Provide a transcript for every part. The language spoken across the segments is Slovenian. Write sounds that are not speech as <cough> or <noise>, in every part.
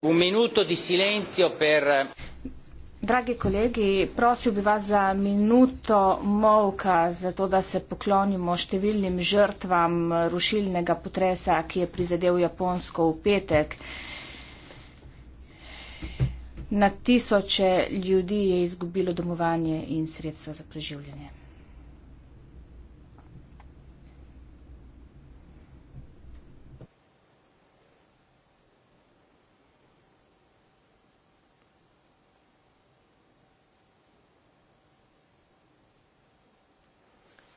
Un minuto di silenzio per. Eh, Dragi kolegi, prosil bi vas za minuto molka, zato da se poklonimo številnim žrtvam eh, rušilnega potresa, ki je prizadel Japonsko v petek. Na tisoče ljudi je izgubilo domovanje in sredstva za preživljanje.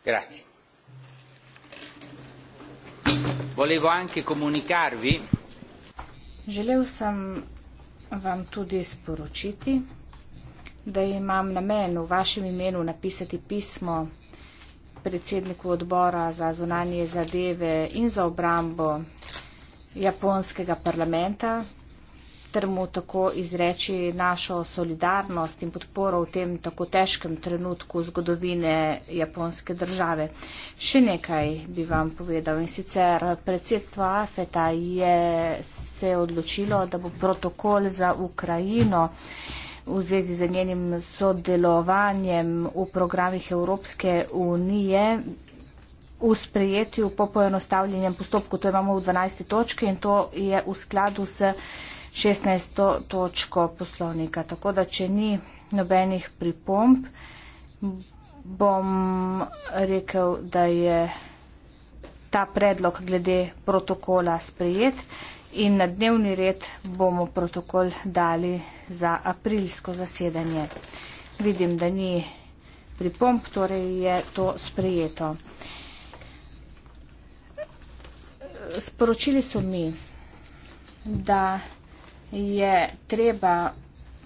Grazie. Volevo anche comunicarvi. Želel sem vam tudi sporočiti, da imam namen v vašem imenu napisati pismo predsedniku odbora za zunanje zadeve in za obrambo japonskega parlamenta, ter mu tako izreči našo solidarnost in podporo v tem tako težkem trenutku zgodovine japonske države. Še nekaj bi vam povedal in sicer predsedstvo AFETA je se odločilo, da bo protokol za Ukrajino v zvezi z njenim sodelovanjem v programih Evropske unije v sprejetju po poenostavljenjem postopku. To imamo v 12. točki in to je v skladu s 16. točko poslovnika. Tako da, če ni nobenih pripomb, bom rekel, da je ta predlog glede protokola sprejet in na dnevni red bomo protokol dali za aprilsko zasedanje. Vidim, da ni pripomb, torej je to sprejeto. Sporočili so mi, da je treba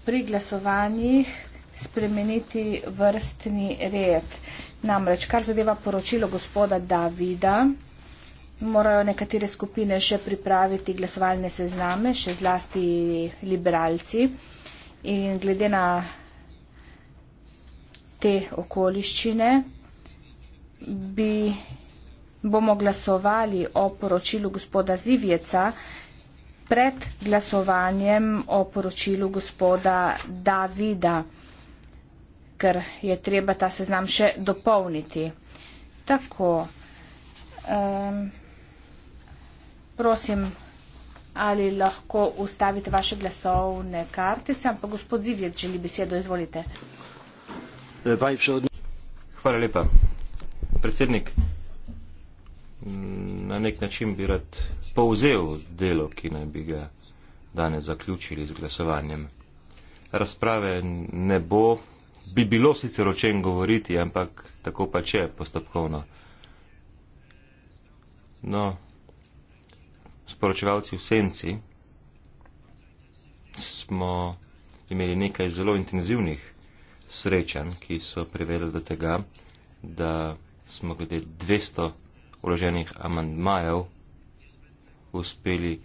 pri glasovanjih spremeniti vrstni red. Namreč, kar zadeva poročilo gospoda Davida, morajo nekatere skupine še pripraviti glasovalne sezname, še zlasti liberalci. In glede na te okoliščine bi, bomo glasovali o poročilu gospoda Zivjeca, pred glasovanjem o poročilu gospoda Davida, ker je treba ta seznam še dopolniti. Tako, um, prosim, ali lahko ustavite vaše glasovne kartice, ampak gospod Zivjet želi besedo, izvolite. Hvala lepa. Predsednik, na nek način bi rad povzel delo, ki naj bi ga danes zaključili z glasovanjem. Razprave ne bo, bi bilo sicer o čem govoriti, ampak tako pa če postopkovno. No, sporočevalci v senci smo imeli nekaj zelo intenzivnih srečanj, ki so privedli do tega, da smo glede 200 vloženih amandmajev uspeli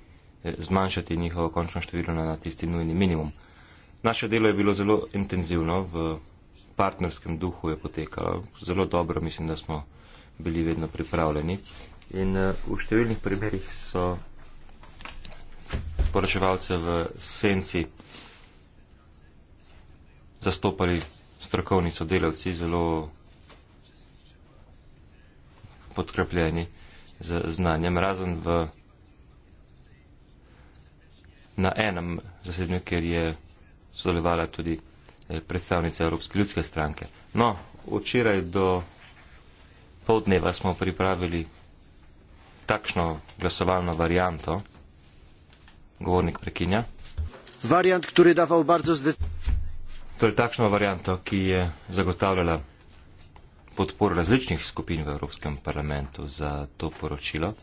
eh, zmanjšati njihovo končno število na tisti nujni minimum. Naše delo je bilo zelo intenzivno, v partnerskem duhu je potekalo, zelo dobro mislim, da smo bili vedno pripravljeni in eh, v številnih primerih so poročevalce v senci zastopali strokovni sodelavci, zelo подкрепленні з знанням разом в на енам засідню, кер є солювала туди представниця Європейської людської странки. Но вчора до полднева смо приправили такшно голосувальну варіанту. Говорник прикиня. Варіант, який давав дуже здецьований. To je eh, no, takšna varianta, torej, ki je zagotavljala podporo različnih skupin v Evropskem parlamentu za to poročilo,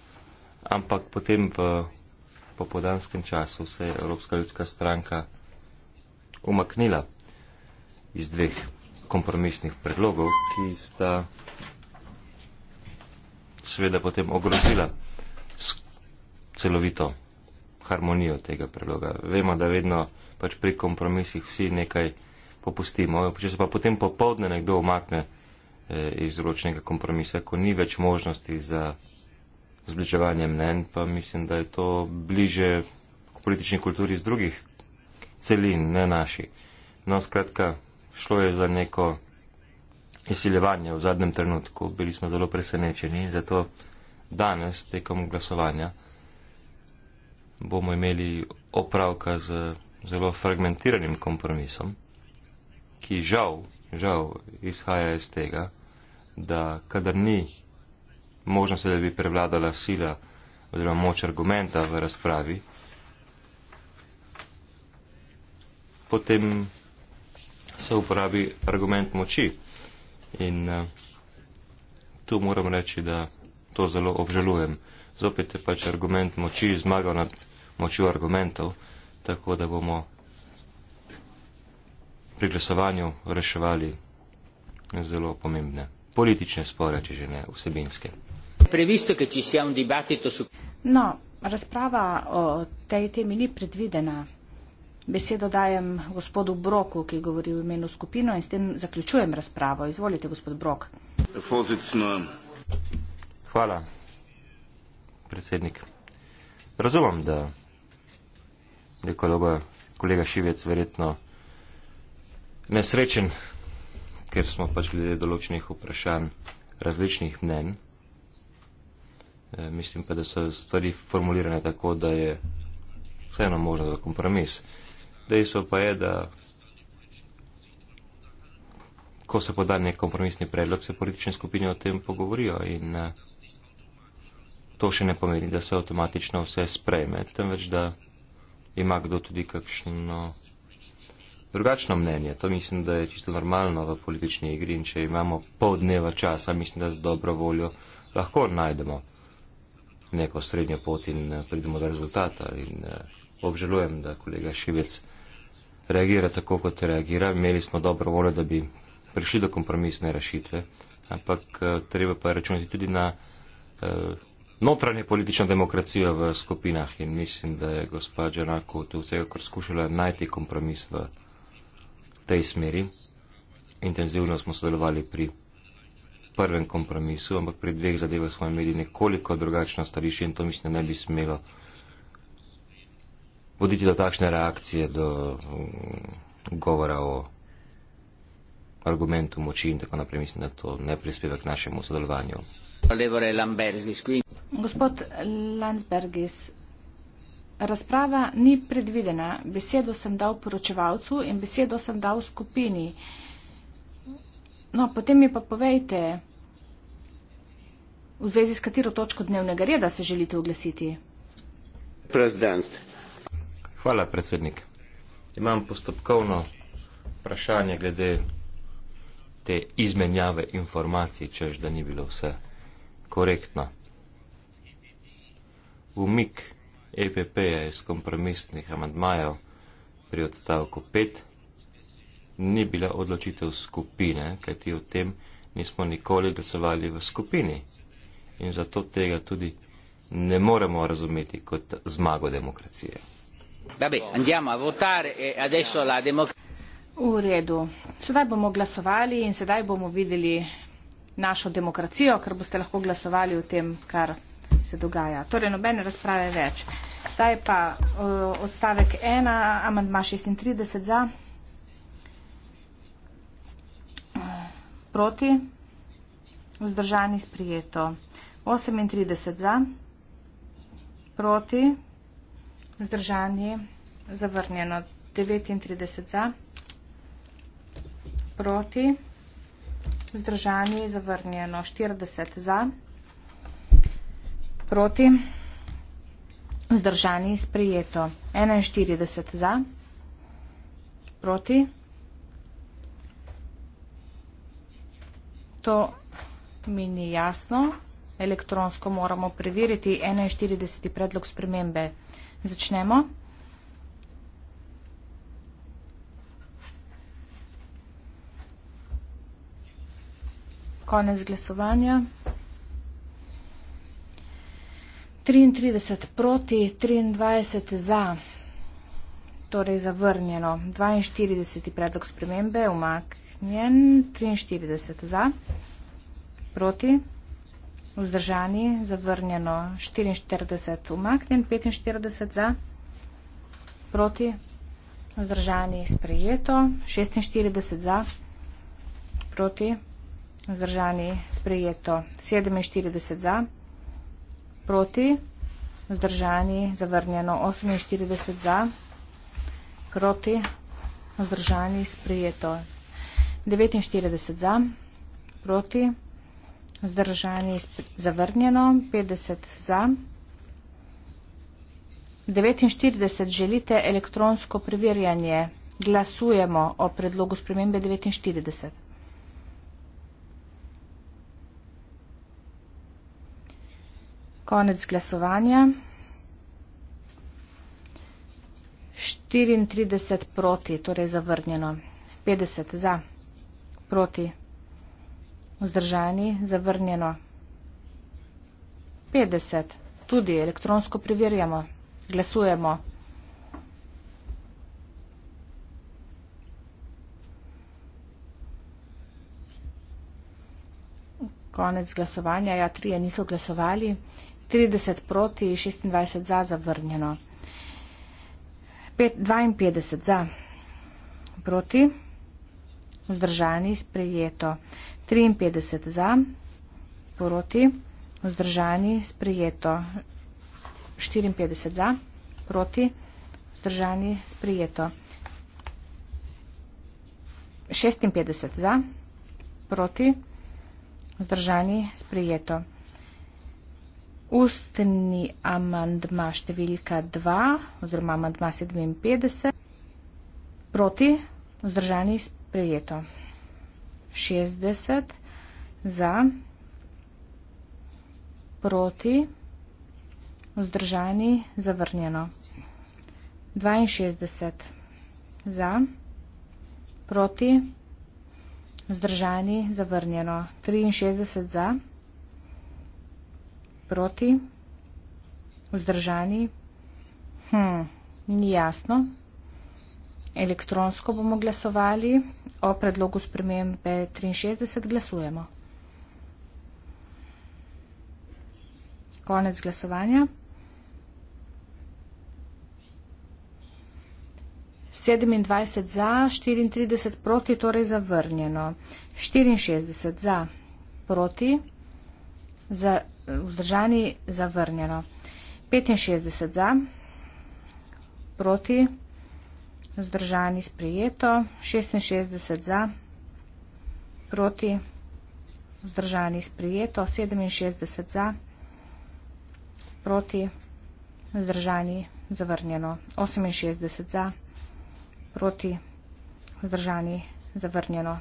ampak potem v popodanskem času se je Evropska ljudska stranka umaknila iz dveh kompromisnih predlogov, ki sta seveda potem ogrozila celovito harmonijo tega predloga. Vemo, da vedno pač pri kompromisih vsi nekaj popustimo, če se pa potem popovdne nekdo umakne Eh, iz določnega kompromisa, ko ni več možnosti za zbliževanje mnen, pa mislim, da je to bliže k politični kulturi iz drugih celin, ne naši. No, skratka, šlo je za neko izsiljevanje v zadnjem trenutku, bili smo zelo presenečeni, zato danes tekom glasovanja bomo imeli opravka z zelo fragmentiranim kompromisom, ki žal, žal izhaja iz tega, da kadar ni možnosti, da bi prevladala sila oziroma moč argumenta v razpravi, potem se uporabi argument moči. In eh, tu moram reči, da to zelo obžalujem. Zopet je pač argument moči zmagal nad močjo argumentov, tako da bomo pri glasovanju reševali zelo pomembne politične spore, če že ne vsebinske. No, razprava o tej temi ni predvidena. Besedo dajem gospodu Broku, ki govori v imenu skupino in s tem zaključujem razpravo. Izvolite, gospod Brok. Hvala, predsednik. Razumem, da je kolega Šivec verjetno nesrečen ker smo pač glede določenih vprašanj različnih mnen. E, mislim pa, da so stvari formulirane tako, da je vseeno možno za kompromis. Dejstvo pa je, da ko se poda nek kompromisni predlog, se politične skupine o tem pogovorijo in e, to še ne pomeni, da se avtomatično vse sprejme, temveč da ima kdo tudi kakšno drugačno mnenje. To mislim, da je čisto normalno v politični igri in če imamo pol dneva časa, mislim, da z dobro voljo lahko najdemo neko srednjo pot in eh, pridemo do rezultata. In eh, obžalujem, da kolega Šivec reagira tako, kot reagira. Imeli smo dobro voljo, da bi prišli do kompromisne rešitve, ampak eh, treba pa računati tudi na notranje politično demokracijo v skupinah in mislim, da je gospod Đanako tu vsega, kar skušala najti kompromis v tej smeri. Intenzivno smo sodelovali pri prvem kompromisu, ampak pri dveh zadevah smo imeli nekoliko drugačno stališče in to mislim, da ne bi smelo voditi do takšne reakcije, do mm, govora o argumentu moči in tako naprej. Mislim, da to ne prispeva k našemu sodelovanju. Gospod Landsbergis, Razprava ni predvidena. Besedo sem dal poročevalcu in besedo sem dal skupini. No, potem mi pa povejte, v zvezi s katero točko dnevnega reda se želite oglasiti. President. Hvala, predsednik. Imam postopkovno vprašanje glede te izmenjave informacij, čež da ni bilo vse korektno. Umik EPP-ja iz kompromisnih amandmajev pri odstavku 5 ni bila odločitev skupine, kajti o tem nismo nikoli glasovali v skupini in zato tega tudi ne moremo razumeti kot zmago demokracije. E v redu. Sedaj bomo glasovali in sedaj bomo videli našo demokracijo, ker boste lahko glasovali o tem, kar se dogaja. Torej, nobene razprave več. Zdaj pa uh, odstavek 1, amandma 36 za. Proti, vzdržani sprijeto. 38 za, proti, vzdržani zavrnjeno. 39 za, proti, vzdržani zavrnjeno. 40 za proti? Vzdržani sprejeto. Enainštirideset za. Proti? To mi ni jasno. Elektronsko moramo preveriti. Enainštirideseti predlog spremembe. Začnemo. Konec glasovanja. 33 proti, 23 za, torej zavrnjeno, 42 predlog spremembe, umaknjen, 43 za, proti, vzdržani, zavrnjeno, 44 umaknjen, 45 za, proti, vzdržani, sprejeto, 46 za, proti, vzdržani, sprejeto, 47 za, proti, proti, vzdržani, zavrnjeno 48 za, proti, vzdržani, sprijeto 49 za, proti, vzdržani, zavrnjeno 50 za. 49 želite elektronsko preverjanje. Glasujemo o predlogu spremembe 49. konec glasovanja. 34 proti, torej zavrnjeno. 50 za, proti, vzdržani, zavrnjeno. 50, tudi elektronsko preverjamo, glasujemo. Konec glasovanja, ja, trije niso glasovali, 30 proti, 26 za zavrnjeno. 5, 52 za proti, vzdržani, sprejeto. 53 za proti, vzdržani, sprejeto. 54 za proti, vzdržani, sprejeto. 56 za proti, vzdržani, sprejeto ustni amandma številka 2 oziroma amandma 57 proti, vzdržani sprejeto. 60 za, proti, vzdržani zavrnjeno. 62 za, proti, vzdržani zavrnjeno. 63 za, proti, vzdržani zavrnjeno. Proti? Vzdržani? Hm, ni jasno. Elektronsko bomo glasovali. O predlogu spremembe 63 glasujemo. Konec glasovanja. 27 za, 34 proti, torej zavrnjeno. 64 za, proti, za vzdržani, zavrnjeno. 65 za, proti, vzdržani, sprejeto, 66 za, proti, vzdržani, sprejeto, 67 za, proti, vzdržani, zavrnjeno, 68 za, proti, vzdržani, zavrnjeno,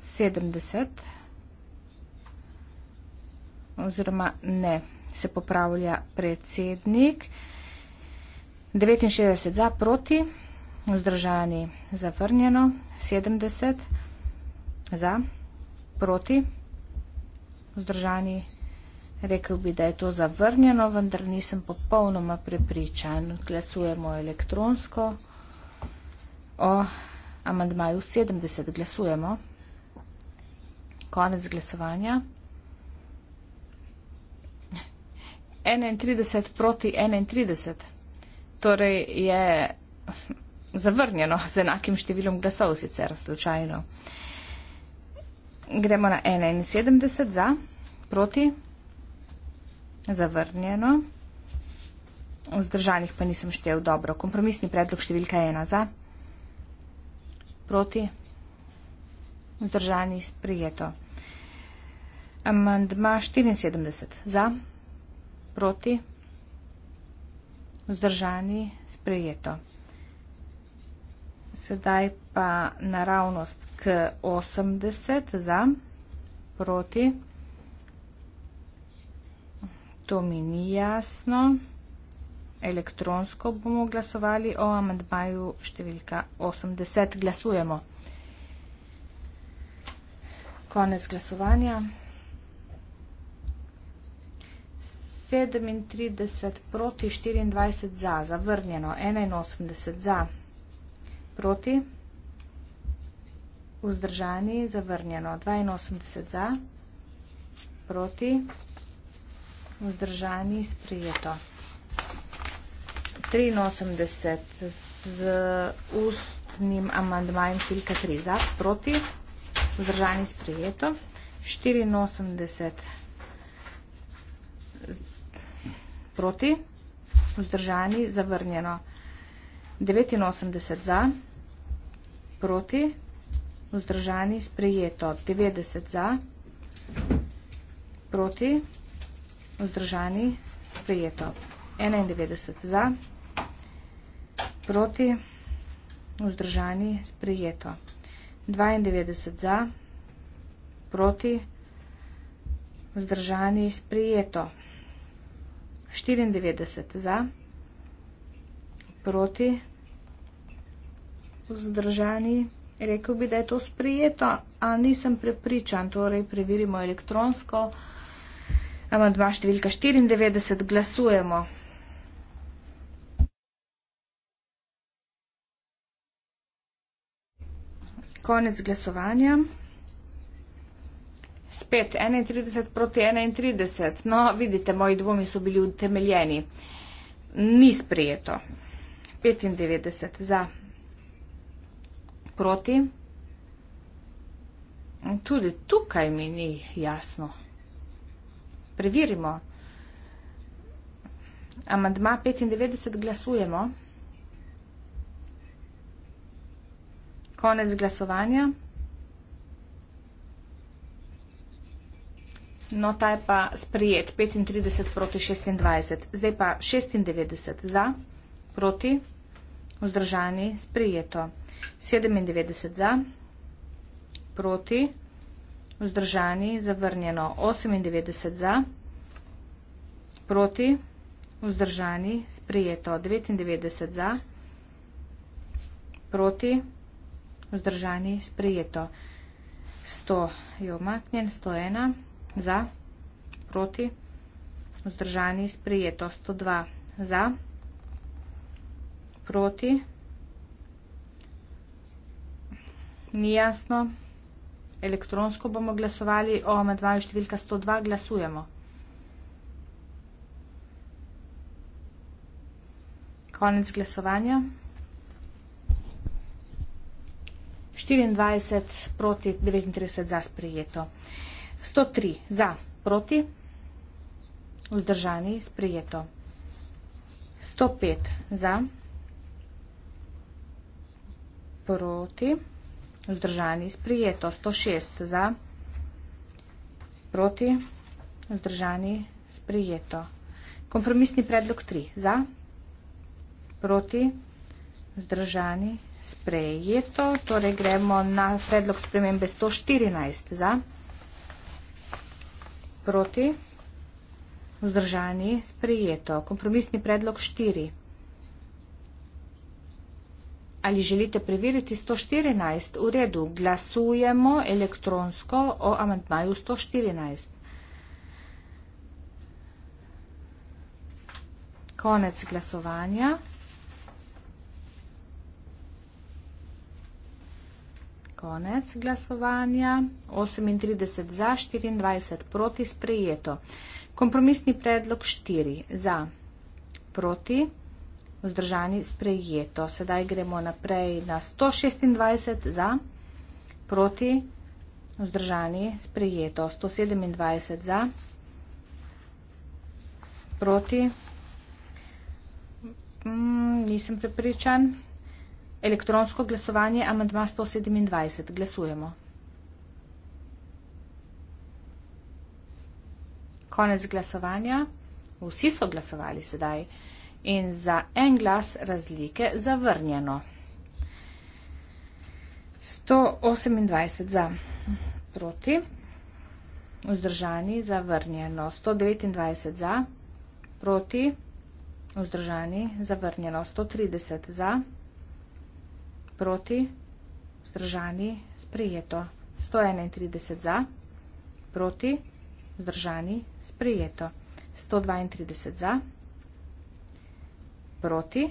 70 za, oziroma ne, se popravlja predsednik. 69 za proti, vzdržani zavrnjeno, 70 za proti, vzdržani. Rekl bi, da je to zavrnjeno, vendar nisem popolnoma prepričan. Glasujemo elektronsko o amandmaju 70. Glasujemo. Konec glasovanja. 31 proti 31. Torej je <laughs> zavrnjeno z enakim številom glasov sicer slučajno. Gremo na 71 za, proti, zavrnjeno. Vzdržanih pa nisem štev dobro. Kompromisni predlog številka 1 za, proti, vzdržani sprijeto. Amandma 74 za, proti. Proti? Vzdržani? Sprejeto. Sedaj pa naravnost k 80 za. Proti? To mi ni jasno. Elektronsko bomo glasovali o amedbaju številka 80. Glasujemo. Konec glasovanja. 37 proti 24 za, zavrnjeno 81 za, proti, vzdržani, zavrnjeno 82 za, proti, vzdržani, sprijeto. 83 z ustnim amandmajem filka 3 za, proti, vzdržani, sprijeto. 84 za. proti, vzdržani, zavrnjeno. 89 za, proti, vzdržani, sprejeto. 90 za, proti, vzdržani, sprejeto. 91 za, proti, vzdržani, sprejeto. 92 za, proti, vzdržani, sprejeto. 92 za, proti, vzdržani, sprejeto. 94 za, proti, vzdržani. Rekl bi, da je to sprijeto, a nisem prepričan, torej preverimo elektronsko. Amandma številka 94, glasujemo. Konec glasovanja spet 31 proti 31. No, vidite, moji dvomi so bili utemeljeni. Ni sprejeto. 95 za proti. Tudi tukaj mi ni jasno. Preverimo. Amandma 95 glasujemo. Konec glasovanja. No, ta je pa sprijet 35 proti 26. Zdaj pa 96 za, proti, vzdržani, sprijeto. 97 za, proti, vzdržani, zavrnjeno. 98 za, proti, vzdržani, sprijeto. 99 za, proti, vzdržani, sprijeto. 100 je omaknjen, 101 za, proti, vzdržani, sprijeto, 102 za, proti, nijasno, elektronsko bomo glasovali o medvaju številka 102, glasujemo. Konec glasovanja. 24 proti 39 za sprijeto. 103 za, proti, vzdržani, sprejeto. 105 za, proti, vzdržani, sprejeto. 106 za, proti, vzdržani, sprejeto. Kompromisni predlog 3 za, proti, vzdržani, sprejeto. Torej gremo na predlog spremembe 114 za, proti, vzdržani, sprejeto proti? Vzdržani, sprejeto. Kompromisni predlog 4. Ali želite preveriti 114? V redu, glasujemo elektronsko o amantmaju 114. Konec glasovanja. konec glasovanja. 38 za, 24 proti sprejeto. Kompromisni predlog 4 za, proti, vzdržani sprejeto. Sedaj gremo naprej na 126 za, proti, vzdržani sprejeto. 127 za, proti. Mm, nisem prepričan. Elektronsko glasovanje, amandma 127. Glasujemo. Konec glasovanja. Vsi so glasovali sedaj. In za en glas razlike zavrnjeno. 128 za proti, vzdržani zavrnjeno. 129 za proti, vzdržani zavrnjeno. 130 za proti proti, vzdržani, sprejeto. 131 za, proti, vzdržani, sprejeto. 132 za, proti,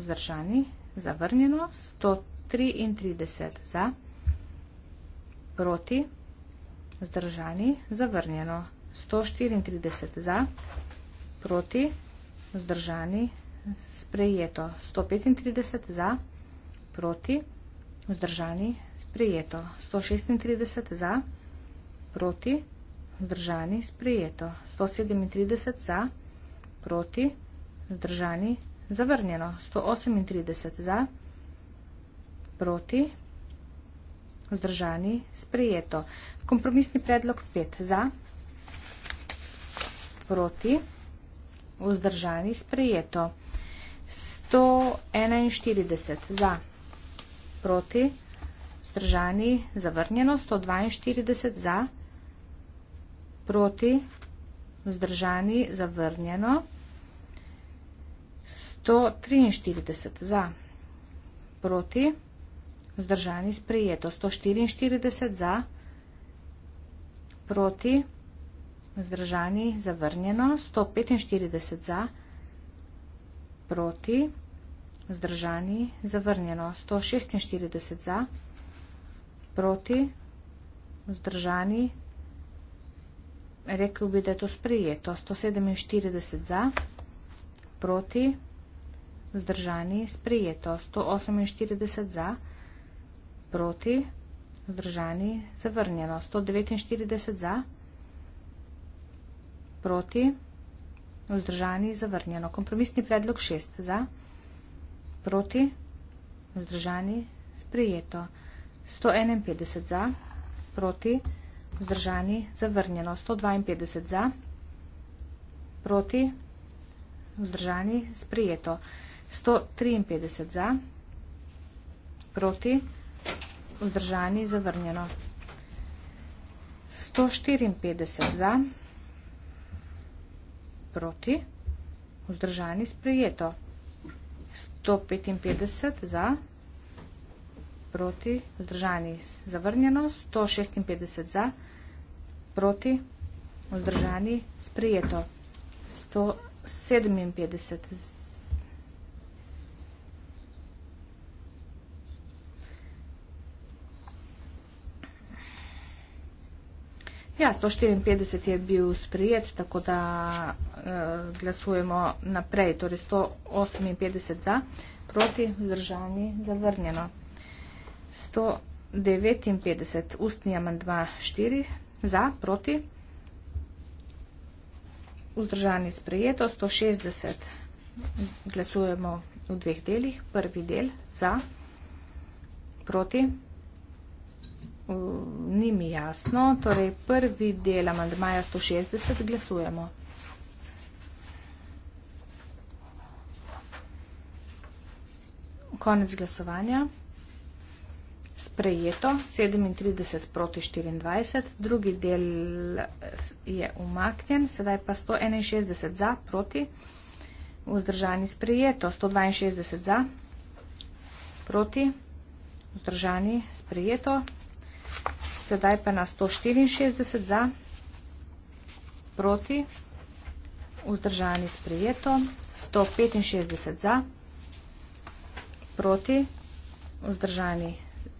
vzdržani, zavrnjeno. 133 za, proti, vzdržani, zavrnjeno. 134 za, proti, vzdržani, sprejeto. 135 za, proti, vzdržani, sprejeto proti, vzdržani, sprijeto. 136 za, proti, vzdržani, sprijeto. 137 za, proti, vzdržani, zavrnjeno. 138 za, proti, vzdržani, sprijeto. Kompromisni predlog 5 za, proti, vzdržani, sprijeto. 141 za, proti, vzdržani, sprijeto proti, vzdržani, zavrnjeno, 142 za, proti, vzdržani, zavrnjeno, 143 za, proti, vzdržani, sprejeto, 144 za, proti, vzdržani, zavrnjeno, 145 za, proti, vzdržani, zavrnjeno, 145 za, proti, vzdržani, zavrnjeno 146 za, proti, vzdržani, rekel bi, da je to sprejeto 147 za, proti, vzdržani, sprejeto 148 za, proti, vzdržani, zavrnjeno 149 za, proti, vzdržani, zavrnjeno. Kompromisni predlog 6 za, proti, vzdržani, zavrnjeno proti, vzdržani, sprijeto. 151 za, proti, vzdržani, zavrnjeno. 152 za, proti, vzdržani, sprijeto. 153 za, proti, vzdržani, zavrnjeno. 154 za, proti, vzdržani, sprijeto. 153 za, proti, vzdržani, sprijeto. 155 za, proti, vzdržani zavrnjeno, 156 za, proti, vzdržani sprijeto, 157 za. Ja, 154 je bil sprejet, tako da uh, glasujemo naprej. Torej 158 za, proti, vzdržani, zavrnjeno. 159 ustni amandma 4 za, proti, vzdržani, sprejeto. 160 glasujemo v dveh delih. Prvi del za, proti ni mi jasno. Torej, prvi del amandmaja 160 glasujemo. Konec glasovanja. Sprejeto 37 proti 24, drugi del eh, je umaknjen, sedaj pa 161 za proti, vzdržani sprejeto 162 za proti, vzdržani sprejeto sedaj pa na 164 za, proti, vzdržani sprejeto, 165 za, proti, vzdržani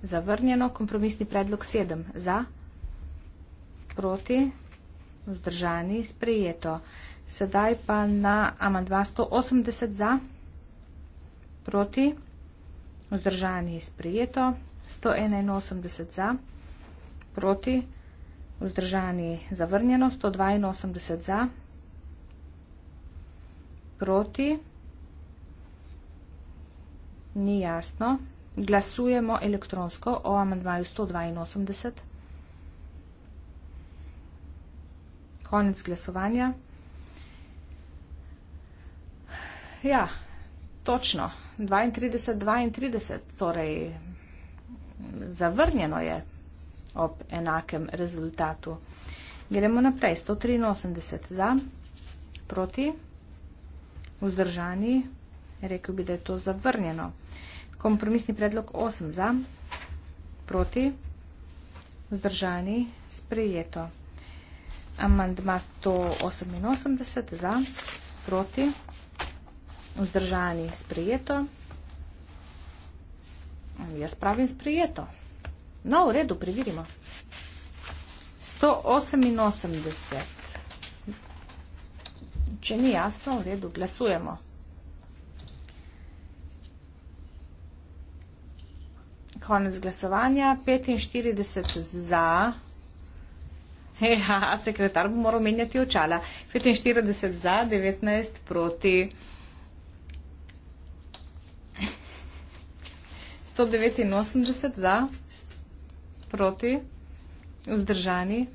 zavrnjeno, kompromisni predlog 7 za, proti, vzdržani sprejeto. Sedaj pa na amandma 180 za, proti, vzdržani sprejeto, 181 za, proti, proti, vzdržani zavrnjeno, 182 za, proti, ni jasno, glasujemo elektronsko o amandmaju 182. Konec glasovanja. Ja, točno, 32-32, torej zavrnjeno je ob enakem rezultatu. Gremo naprej. 183 za, proti, vzdržani, rekel bi, da je to zavrnjeno. Kompromisni predlog 8 za, proti, vzdržani, sprejeto. Amandma 188 za, proti, vzdržani, sprejeto. Jaz pravim sprejeto. No, v redu, preverimo. 188. Če ni jasno, v redu, glasujemo. Konec glasovanja, 45 za. <laughs> Ja, sekretar bo moral menjati očala. 45 za, 19 proti. 189 <laughs> za proti, vzdržani.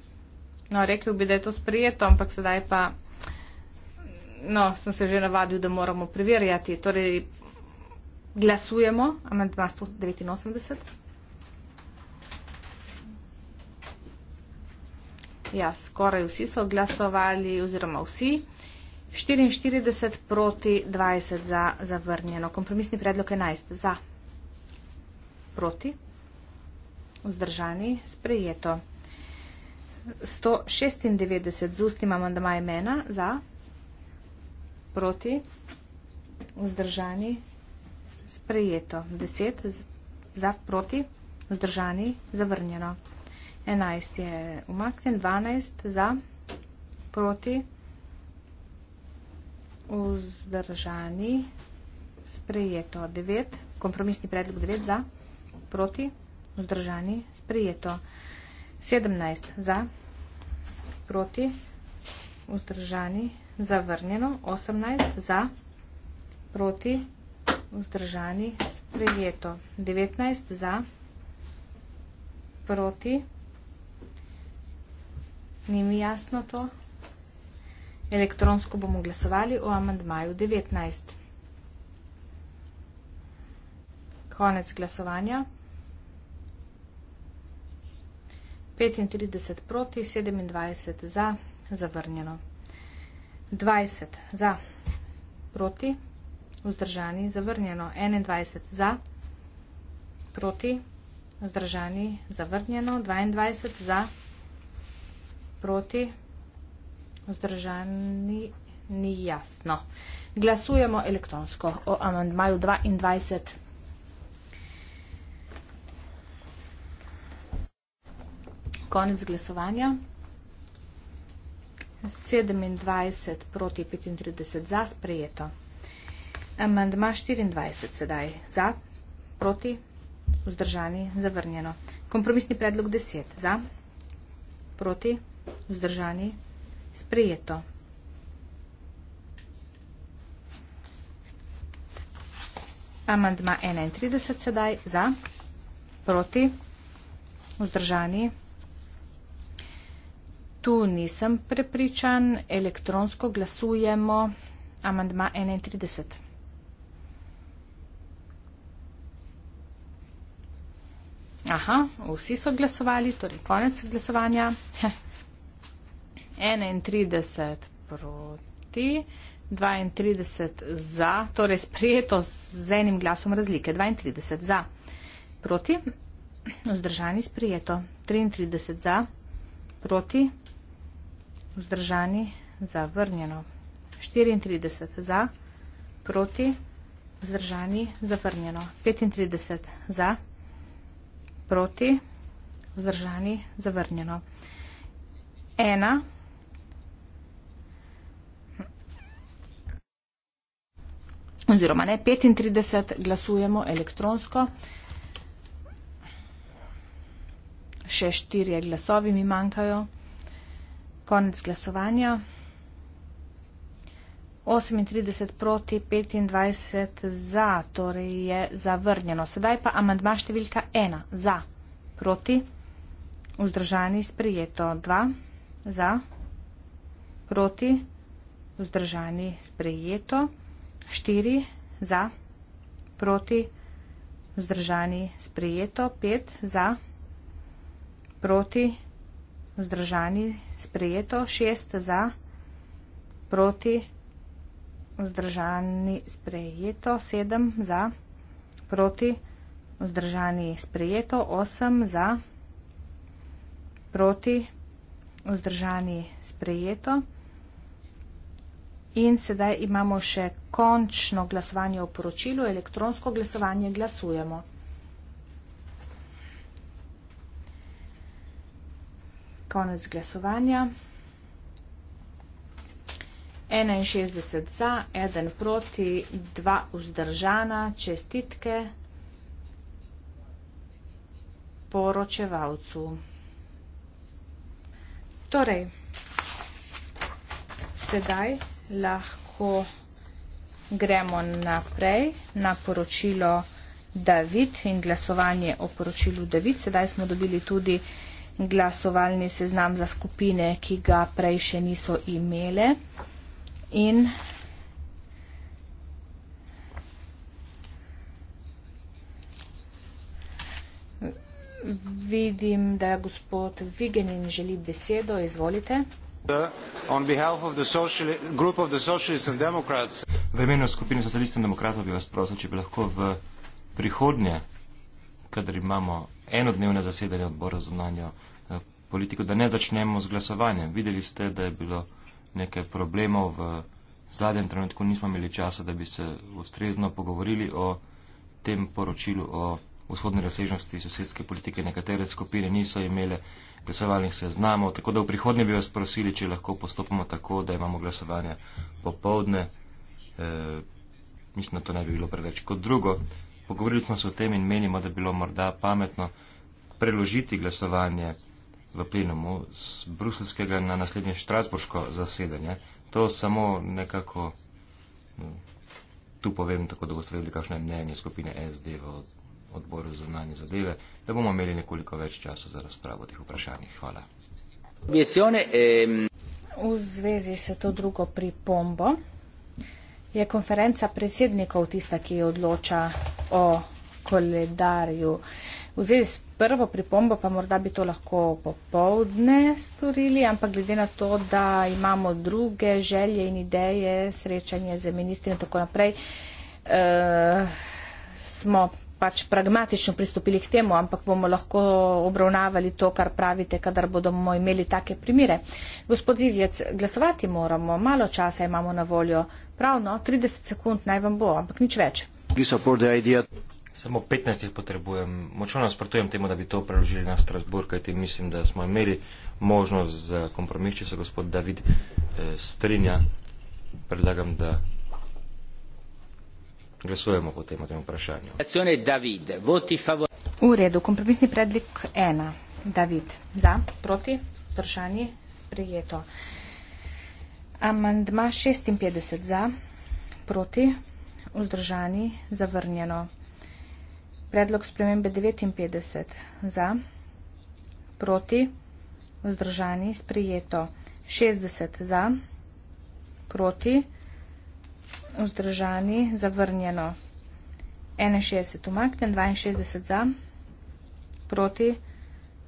No, rekel bi, da je to sprejeto, ampak sedaj pa, no, sem se že navadil, da moramo preverjati. Torej, glasujemo, amantma 189. Ja, skoraj vsi so glasovali, oziroma vsi. 44 proti 20 za zavrnjeno. Kompromisni predlog 11 za proti vzdržani, sprejeto. 196 z ustnim amandmajem ena za, proti, vzdržani, sprejeto. 10 za, proti, vzdržani, zavrnjeno. 11 je umaknjen, 12 za, proti, vzdržani, sprejeto. 9, kompromisni predlog 9 za, proti, vzdržani. Vzdržani. Sprijeto. 17 za, proti, vzdržani, zavrnjeno. 18 za, proti, vzdržani, sprijeto. 19 za, proti, ni mi jasno to. Elektronsko bomo glasovali o amandmaju 19. Konec glasovanja. 35 proti, 27 za, zavrnjeno. 20 za, proti, vzdržani, zavrnjeno. 21 za, proti, vzdržani, zavrnjeno. 22 za, proti, vzdržani, ni jasno. Glasujemo elektronsko o amandmaju 22. konec glasovanja. 27 proti 35 za sprejeto. Amandma 24 sedaj za, proti, vzdržani, zavrnjeno. Kompromisni predlog 10 za, proti, vzdržani, sprejeto. Amandma 31 sedaj za, proti, vzdržani, sprejeto. Tu nisem prepričan, elektronsko glasujemo amandma 31. Aha, vsi so glasovali, torej konec glasovanja. 31 proti, 32 za, torej sprijeto z enim glasom razlike, 32 za, proti, vzdržani sprijeto, 33 za, proti, vzdržani, zavrnjeno. 34 za, proti, vzdržani, zavrnjeno. 35 za, proti, vzdržani, zavrnjeno. 1, 35 glasujemo elektronsko, še 4 glasovi mi manjkajo, 35. Konec glasovanja. 38 proti 25 za, torej je zavrnjeno. Sedaj pa amandma številka 1 za, proti, vzdržani sprejeto 2 za, proti, vzdržani sprejeto 4 za, proti, vzdržani sprejeto 5 za, proti, vzdržani, sprejeto, šest za, proti, vzdržani, sprejeto, sedem za, proti, vzdržani, sprejeto, osem za, proti, vzdržani, sprejeto. In sedaj imamo še končno glasovanje o poročilu, elektronsko glasovanje, glasujemo. Konec glasovanja. 61 za, 1 proti, 2 vzdržana, čestitke poročevalcu. Torej, sedaj lahko gremo naprej na poročilo David in glasovanje o poročilu David. Sedaj smo dobili tudi uh, glasovalni seznam za skupine, ki ga prej še niso imele. In vidim, da je gospod Vigenin želi besedo, izvolite. V imenu skupine socialistov in demokratov bi vas prosil, če bi lahko v prihodnje, kadar imamo enodnevne zasedanje odbora za znanje eh, politiko, da ne začnemo z glasovanjem. Videli ste, da je bilo nekaj problemov v zadnjem trenutku, nismo imeli časa, da bi se ustrezno pogovorili o tem poročilu o vzhodne razsežnosti sosedske politike. Nekatere skupine niso imele glasovalnih seznamov, tako da v prihodnje bi vas prosili, če lahko postopamo tako, da imamo glasovanje popovdne. E, eh, mislim, da to ne bi bilo preveč. Kot drugo, Pogovorili smo se o tem in menimo, da bi bilo morda pametno preložiti glasovanje v plenumu z bruselskega na naslednje štrasburško zasedanje. To samo nekako, no, tu povem, tako da boste vedeli, kakšno je mnenje skupine SD v odboru za znanje zadeve, da bomo imeli nekoliko več časa za razpravo o teh vprašanjih. Hvala. Ehm. V zvezi se to drugo pripombo je konferenca predsednikov tista, ki odloča o koledarju. V zvezi s prvo pripombo pa morda bi to lahko popovdne storili, ampak glede na to, da imamo druge želje in ideje, srečanje z ministri in tako naprej, eh, smo pač pragmatično pristopili k temu, ampak bomo lahko obravnavali to, kar pravite, kadar bomo imeli take primire. Gospod Zivjec, glasovati moramo, malo časa imamo na voljo. Pravno, 30 sekund naj vam bo, ampak nič več. Samo 15 jih potrebujem. Močno nasprotujem temu, da bi to preložili na Strasburg, kajti mislim, da smo imeli možnost za kompromis, če se gospod David eh, strinja. Predlagam, da glasujemo po tem, tem vprašanju. V redu, kompromisni predlik ena. David, za, proti, vprašanje sprejeto. Amandma 56 za, proti, vzdržani, zavrnjeno. Predlog spremembe 59 za, proti, vzdržani, sprejeto. 60 za, proti, vzdržani, zavrnjeno. 61 umaknjen, 62 za, proti,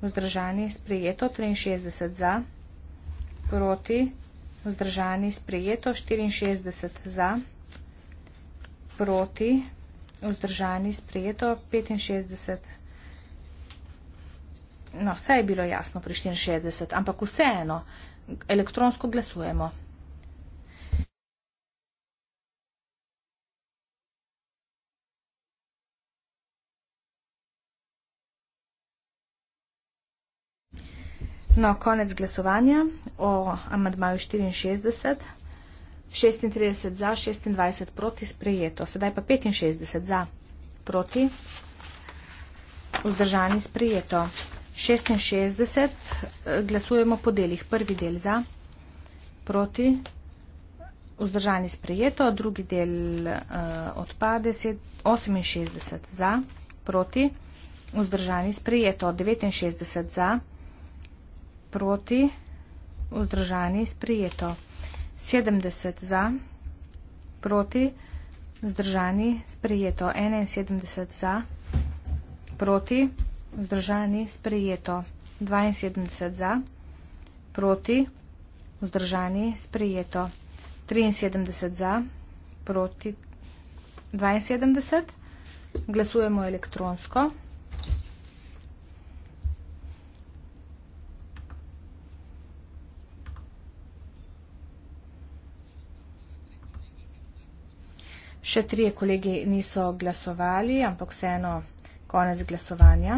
vzdržani, sprejeto. 63 za, proti, vzdržani, sprejeto vzdržani, sprejeto, 64 za, proti, vzdržani, sprejeto, 65. No, vse je bilo jasno pri 64, ampak vseeno, elektronsko glasujemo. No, konec glasovanja o amadmaju 64. 36 za, 26 proti sprejeto. Sedaj pa 65 za, proti, vzdržani sprejeto. 66 eh, glasujemo po delih. Prvi del za, proti, vzdržani sprejeto. Drugi del uh, odpade. 68 za, proti, vzdržani sprejeto. 69 za, proti proti, vzdržani, sprijeto. 70 za, proti, vzdržani, sprijeto. 71 za, proti, vzdržani, sprijeto. 72 za, proti, vzdržani, sprijeto. 73 za, proti, 72. Glasujemo elektronsko. 73. Še trije kolegi niso glasovali, ampak vseeno konec glasovanja.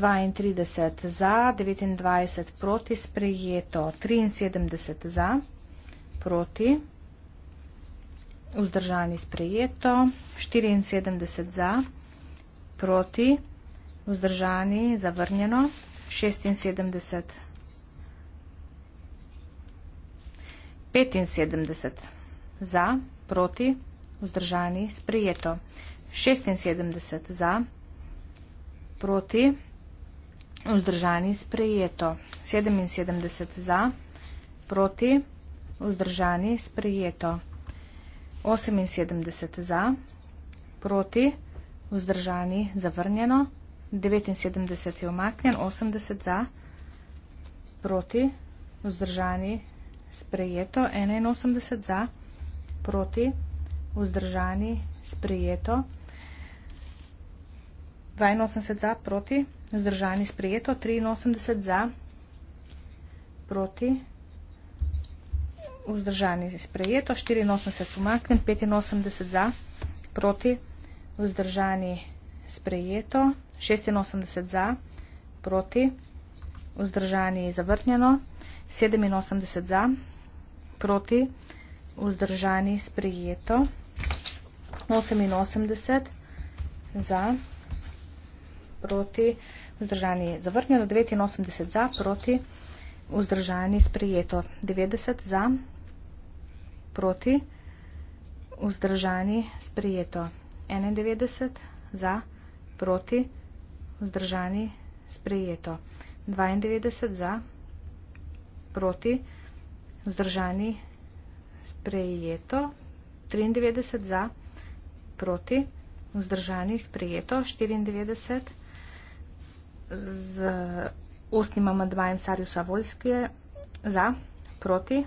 32 za, 29 proti, sprejeto 73 za, proti, vzdržani sprejeto, 74 za, proti, vzdržani, zavrnjeno, 76, 75 za za, proti, vzdržani, sprejeto. 76 za, proti, vzdržani, sprejeto. 77 za, proti, vzdržani, sprejeto. 78 za, proti, vzdržani, zavrnjeno. 79 je omaknjen, 80 za, proti, vzdržani, sprejeto. 81 za, proti, vzdržani, sprejeto proti, vzdržani, sprejeto. 82 za, proti, vzdržani, sprejeto. 83 za, proti, vzdržani, sprejeto. 84 umaknem, 85 za, proti, vzdržani, sprejeto. 86 za, proti, vzdržani, zavrnjeno. 87 za, proti, vzdržani, sprejeto vzdržani sprejeto, 88 za, proti, vzdržani zavrnjeno, 89 za, proti, vzdržani sprejeto, 90 za, proti, vzdržani sprejeto, 91 za, proti, vzdržani sprejeto, 92 za, proti, vzdržani sprejeto, sprejeto, 93 za, proti, vzdržani sprejeto, 94 z ustnim amadbajem Sarjusa Voljske za, proti,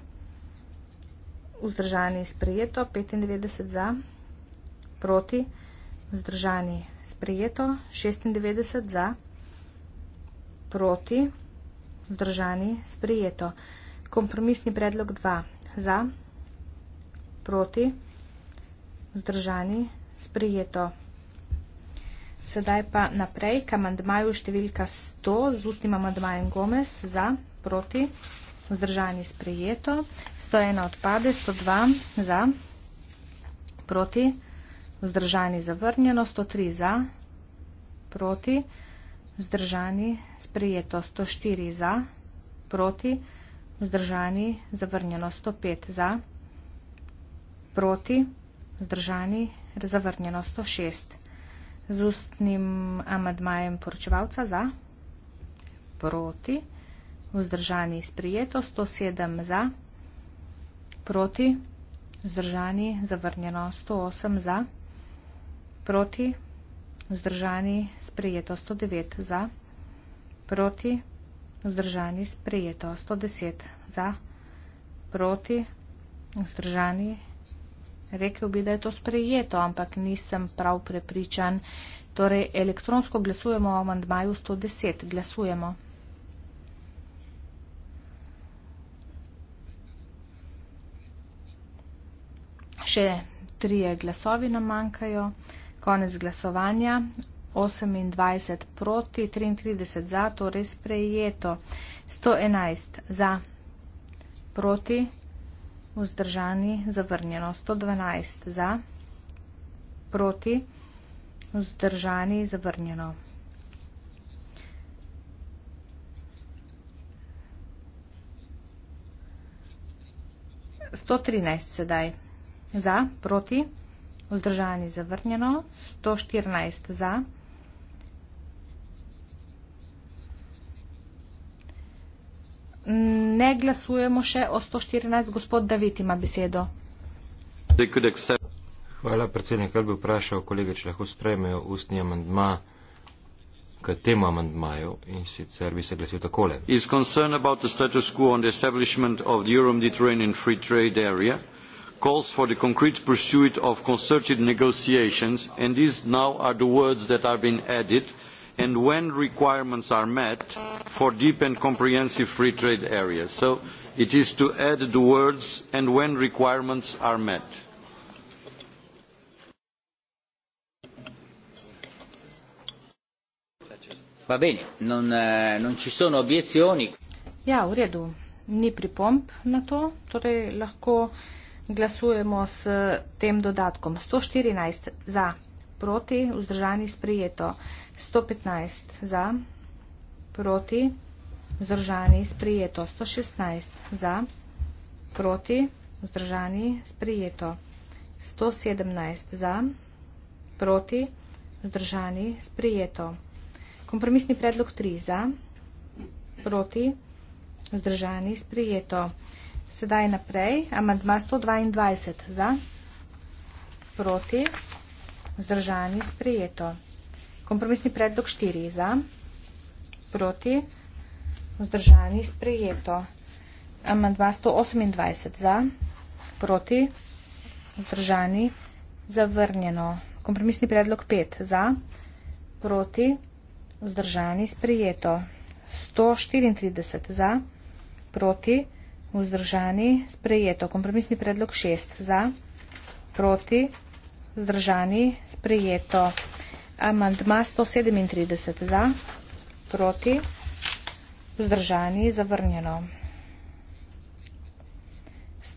vzdržani sprejeto, 95 za, proti, vzdržani sprejeto, 96 za, proti, vzdržani sprejeto. Kompromisni predlog 2 za, proti, proti, vzdržani, sprijeto. Sedaj pa naprej k amandmaju številka 100 z ustnim amandmajem Gomez za, proti, vzdržani, sprijeto. 101 odpade, 102 za, proti, vzdržani, zavrnjeno, 103 za, proti, vzdržani, sprijeto, 104 za, proti, vzdržani, zavrnjeno, 105 za, proti proti, vzdržani, zavrnjeno 106. Z ustnim amadmajem poročevalca za, proti, vzdržani, sprijeto 107 za, proti, vzdržani, zavrnjeno 108 za, proti, vzdržani, sprijeto 109 za, proti, vzdržani, sprijeto 110 za, proti, vzdržani, Rekl bi, da je to sprejeto, ampak nisem prav prepričan. Torej, elektronsko glasujemo o amandmaju 110. Glasujemo. Še trije glasovi nam manjkajo. Konec glasovanja. 28 proti, 33 za, torej sprejeto. 111 za, proti, vzdržani, zavrnjeno 112 za, proti, vzdržani, zavrnjeno. Sto trinajst sedaj za, proti, vzdržani, zavrnjeno, sto štirinajst za, proti, vzdržani, zavrnjeno. ne glasujemo še o 114. Gospod David ima besedo. Hvala, predsednik. Kaj bi vprašal kolege, če lahko sprejmejo ustni amandma k temu amandmaju in sicer bi se glasil takole. Is concern about the status quo on the establishment of the Euro-Mediterranean free trade area calls for the concrete pursuit of concerted negotiations and these now are the words that are being added and when requirements are met for deep and comprehensive free trade areas. so it is to add the words and when requirements are met. Va bene, non, eh, non ci sono obiezioni. Ja, v redu. Ni pripomp na to, torej lahko glasujemo s tem dodatkom. 114 za proti, vzdržani sprejeto. 115 za, proti, vzdržani sprejeto. 116 za, proti, vzdržani sprejeto. 117 za, proti, vzdržani sprejeto. Kompromisni predlog 3 za, proti, vzdržani sprejeto. Sedaj naprej, amandma 122 za, proti, vzdržani sprejeto. Zdržani sprejeto. Kompromisni predlog 4 za, proti, vzdržani sprejeto. Amandma 128 za, proti, vzdržani zavrnjeno. Kompromisni predlog 5 za, proti, vzdržani sprejeto. 134 za, proti, vzdržani sprejeto. Kompromisni predlog 6 za, proti, vzdržani sprejeto. Zdržani, sprejeto. Amandma 137 za, proti, vzdržani, zavrnjeno.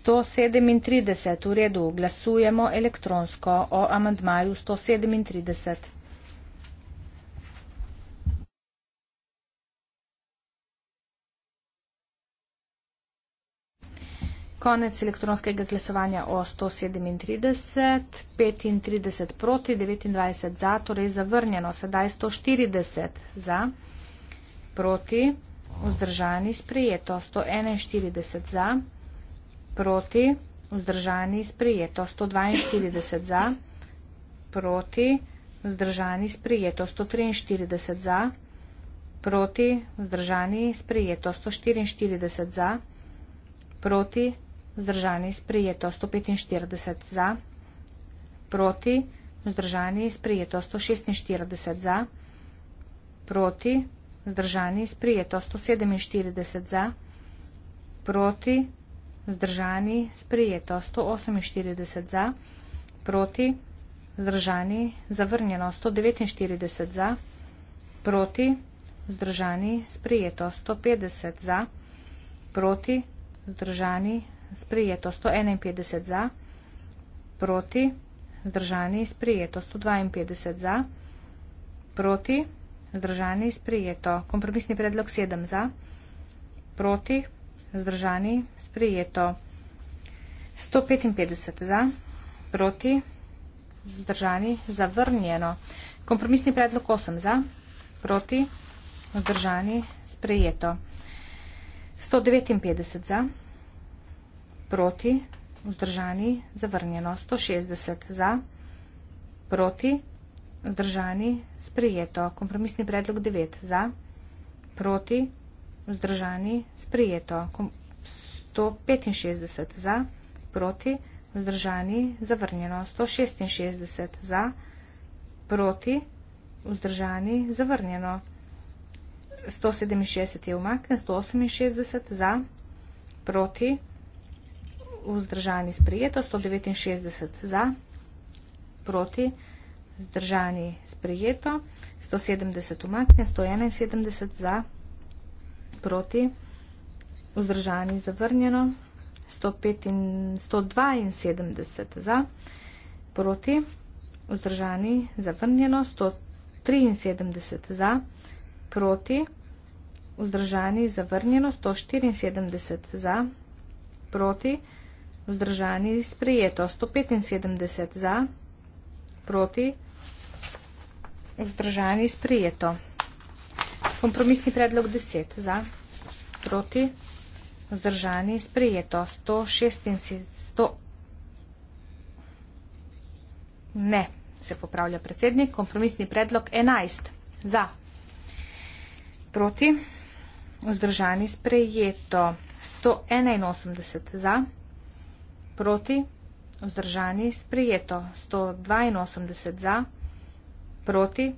137 v redu, glasujemo elektronsko o amandmaju 137. Konec elektronskega glasovanja o 137, 35 proti, 29 za, torej zavrnjeno. Sedaj 140 za, proti, vzdržani, sprejeto. 141 za, proti, vzdržani, sprejeto. 142 za, proti, vzdržani, sprejeto. 143 za, proti, vzdržani, sprejeto. 144 za, proti, vzdržani, sprijeto 145 za, proti, vzdržani, sprijeto 146 za, proti, vzdržani, sprijeto 147 za, proti, vzdržani, sprijeto 148 za, proti, vzdržani, zavrnjeno 149 za, proti, vzdržani, sprijeto 150 za, proti, vzdržani, sprijeto 151 za, proti, zdržani, sprijeto 152 za, proti, zdržani, sprijeto. Kompromisni predlog 7 za, proti, zdržani, sprijeto. 155 za, proti, zdržani, zavrnjeno. Kompromisni predlog 8 za, proti, zdržani, sprijeto. 159 za, proti, zdržani, sprijeto proti, vzdržani, zavrnjeno. 160 za, proti, vzdržani, sprijeto. Kompromisni predlog 9 za, proti, vzdržani, sprijeto. 165 za, proti, vzdržani, zavrnjeno. 166 za, proti, vzdržani, zavrnjeno. 167 je umaknjen, 168 za, proti, vzdržani, zavrnjeno vzdržani sprejeto, 169 za, proti, vzdržani sprejeto, 170 umaknjen, 171 za, proti, vzdržani zavrnjeno, 172 za, proti, vzdržani zavrnjeno, 173 za, proti, vzdržani zavrnjeno, 174 za, proti, vzdržani zavrnjeno, 174 za, proti, vzdržani sprejeto 175 za, proti vzdržani sprejeto. Kompromisni predlog 10 za, proti vzdržani sprejeto 176. Ne, se popravlja predsednik. Kompromisni predlog 11 za, proti vzdržani sprejeto 181 za, proti vzdržani sprejeto. Proti, vzdržani, sprijeto. 182 za, proti,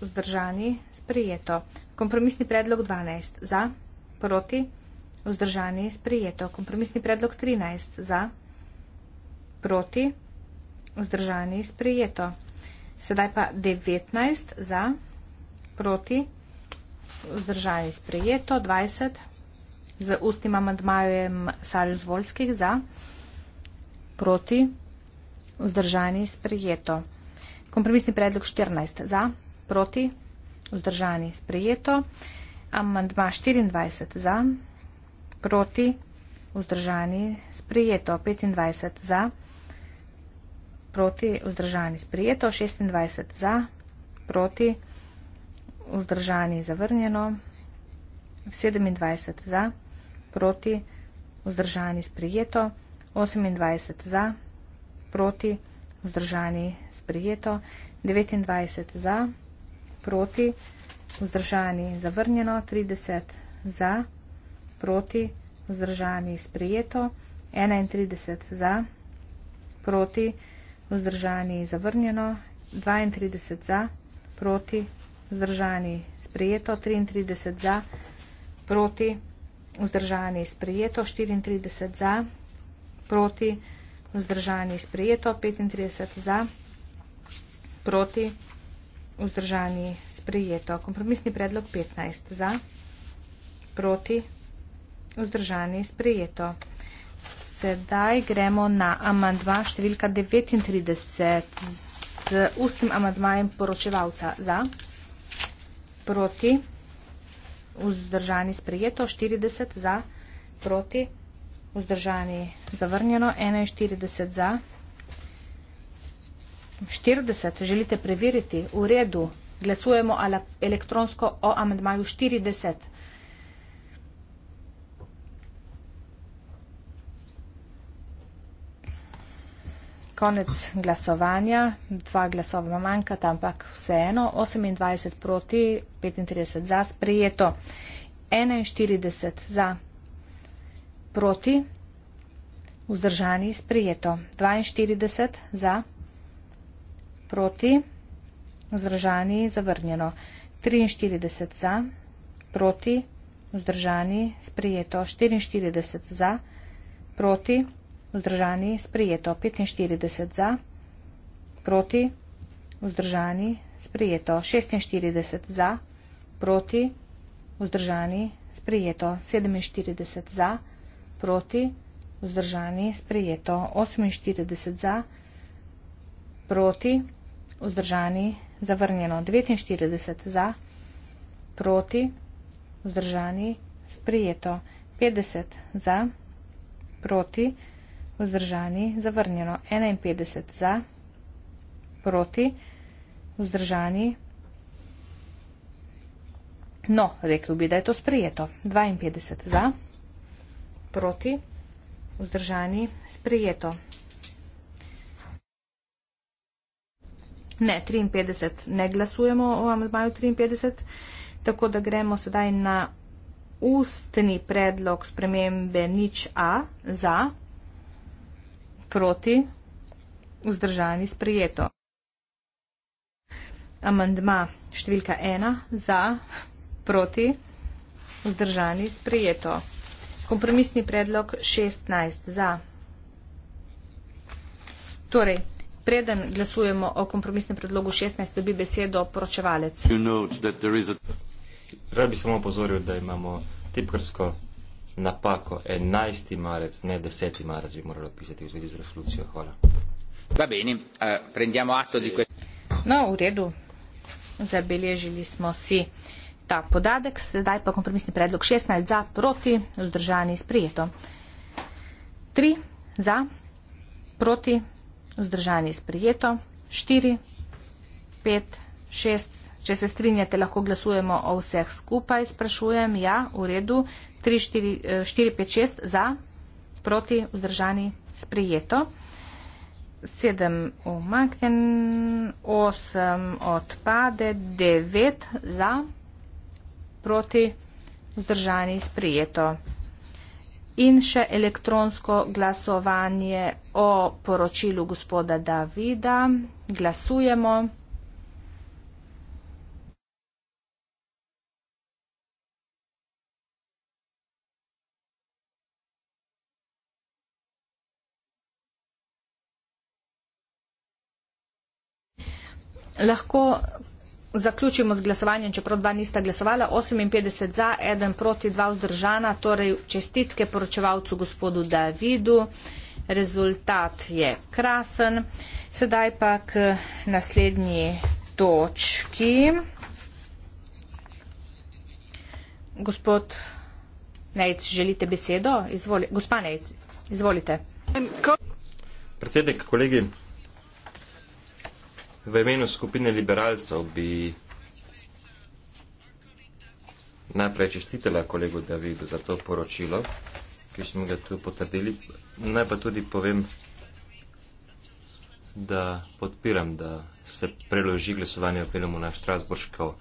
vzdržani, sprijeto. Kompromisni predlog 12 za, proti, vzdržani, sprijeto. Kompromisni predlog 13 za, proti, vzdržani, sprijeto. Sedaj pa 19 za, proti, vzdržani, sprijeto. 20 za ustnim amandmajem Saljo Zvolskih za, proti, proti, vzdržani, sprejeto. Kompromisni predlog 14 za, proti, vzdržani, sprejeto. Amandma 24 za, proti, vzdržani, sprejeto. 25 za, proti, vzdržani, sprejeto. 26 za, proti, vzdržani, zavrnjeno. 27 za, proti, vzdržani, sprejeto. 28 za, proti, vzdržani, sprijeto, 29 za, proti, vzdržani, zavrnjeno, 30 za, proti, vzdržani, sprijeto, 31 za, proti, vzdržani, zavrnjeno, 32 za, proti, vzdržani, sprijeto, 33 za, proti, vzdržani, sprijeto, 34 za, proti, proti, vzdržani sprejeto, 35 za, proti, vzdržani sprejeto. Kompromisni predlog 15 za, proti, vzdržani sprejeto. Sedaj gremo na amandma številka 39 z ustnim amandmajem poročevalca za, proti, vzdržani sprejeto, 40 za, proti, vzdržani sprejeto vzdržani zavrnjeno, 41 za. 40, želite preveriti, v redu, glasujemo elektronsko o amendmaju 40. Konec glasovanja, dva glasova manjka, ampak vseeno, 28 proti, 35 za, sprejeto, 41 za proti, vzdržani, sprijeto. 42 za, proti, vzdržani, zavrnjeno. 43 za, proti, vzdržani, sprijeto. 44 za, proti, vzdržani, sprijeto. 45 za, proti, vzdržani, sprijeto. 46 za, proti, vzdržani, sprijeto. 47 za, proti, vzdržani, sprijeto proti, vzdržani, sprejeto. 48 za, proti, vzdržani, zavrnjeno. 49 za, proti, vzdržani, sprejeto. 50 za, proti, vzdržani, zavrnjeno. 51 za, proti, vzdržani, no, rekel bi, da je to sprejeto. 52 za, proti, vzdržani, zavrnjeno proti, vzdržani, sprejeto. Ne, 53, ne glasujemo o amadmaju 53, tako da gremo sedaj na ustni predlog spremembe nič A za, proti, vzdržani, sprejeto. Amandma številka 1 za, proti, vzdržani, sprejeto. Kompromisni predlog 16 za. Torej, preden glasujemo o kompromisnem predlogu 16, dobi besedo poročevalec. Rad bi samo opozoril, da imamo tipkarsko napako. 11. marec, ne 10. marec bi moralo pisati v zvezi z resolucijo. Hvala. Bene, uh, prendiamo atto di questo. No, v redu. Zabeležili smo si. Uh, ta podatek. Sedaj pa kompromisni predlog 16 za, proti, vzdržani, sprijeto. 3 za, proti, vzdržani, sprijeto. 4, 5, 6. Če se strinjate, lahko glasujemo o vseh skupaj. Sprašujem, ja, v redu. 3, 4, 4 5, 6 za, proti, vzdržani, sprijeto. 7 umaknjen, 8 odpade, 9 za, proti, vzdržani sprijeto. In še elektronsko glasovanje o poročilu gospoda Davida. Glasujemo. Lahko zaključimo z glasovanjem, čeprav dva nista glasovala, 58 za, eden proti, dva vzdržana, torej čestitke poročevalcu gospodu Davidu. Rezultat je krasen. Sedaj pa k naslednji točki. Gospod Nejc, želite besedo? Izvoli. Gospa Nejc, izvolite. Predsednik, kolegi, V imenu skupine liberalcev bi najprej čestitela kolegu Davidu za to poročilo, ki smo ga tu potrdili. Naj pa tudi povem, da podpiram, da se preloži glasovanje v plenumu na Štrasburško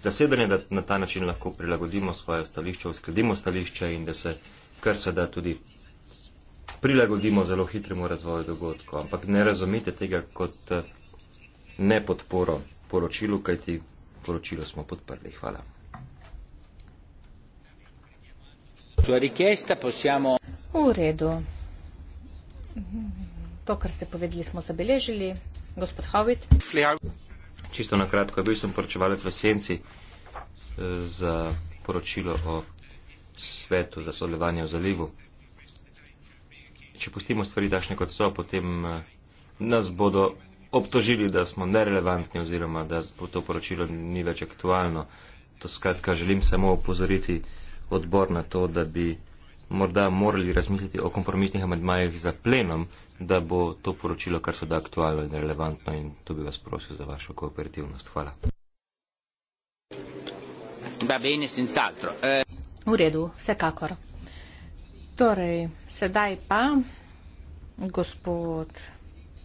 zasedanje, da na ta način lahko prilagodimo svoje stališče, uskladimo stališče in da se kar se da tudi prilagodimo zelo hitremu razvoju dogodkov. Ampak ne razumite tega kot eh, ne podporo poročilu, kajti poročilo smo podprli. Hvala. V redu. To, kar ste povedali, smo zabeležili. Gospod Hovit. Čisto na kratko, bil sem poročevalec v Senci eh, za poročilo o svetu za sodelovanje v zalivu. Če pustimo stvari takšne, kot so, potem eh, nas bodo obtožili, da smo nerelevantni oziroma da to poročilo ni več aktualno. To skratka, želim samo upozoriti odbor na to, da bi morda morali razmisliti o kompromisnih amadmajih za plenom, da bo to poročilo, kar so da aktualno in relevantno in to bi vas prosil za vašo kooperativnost. Hvala. Eh, v redu, vsekakor. Torej, sedaj pa, gospod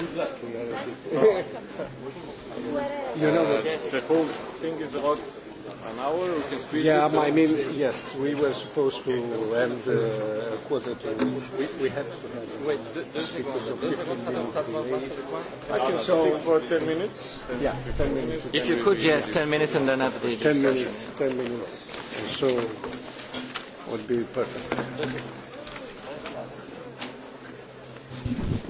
you know, the whole thing is about an hour. We can squeeze yeah, it I mean, yes, we were supposed to end uh, a quarter to. We, we had to. Wait, this is going to uh, for 10 minutes? Yeah, 10 minutes. If you could, yes, 10 minutes and then have the discussion. 10 minutes, 10 minutes. So, would be perfect. Thank you.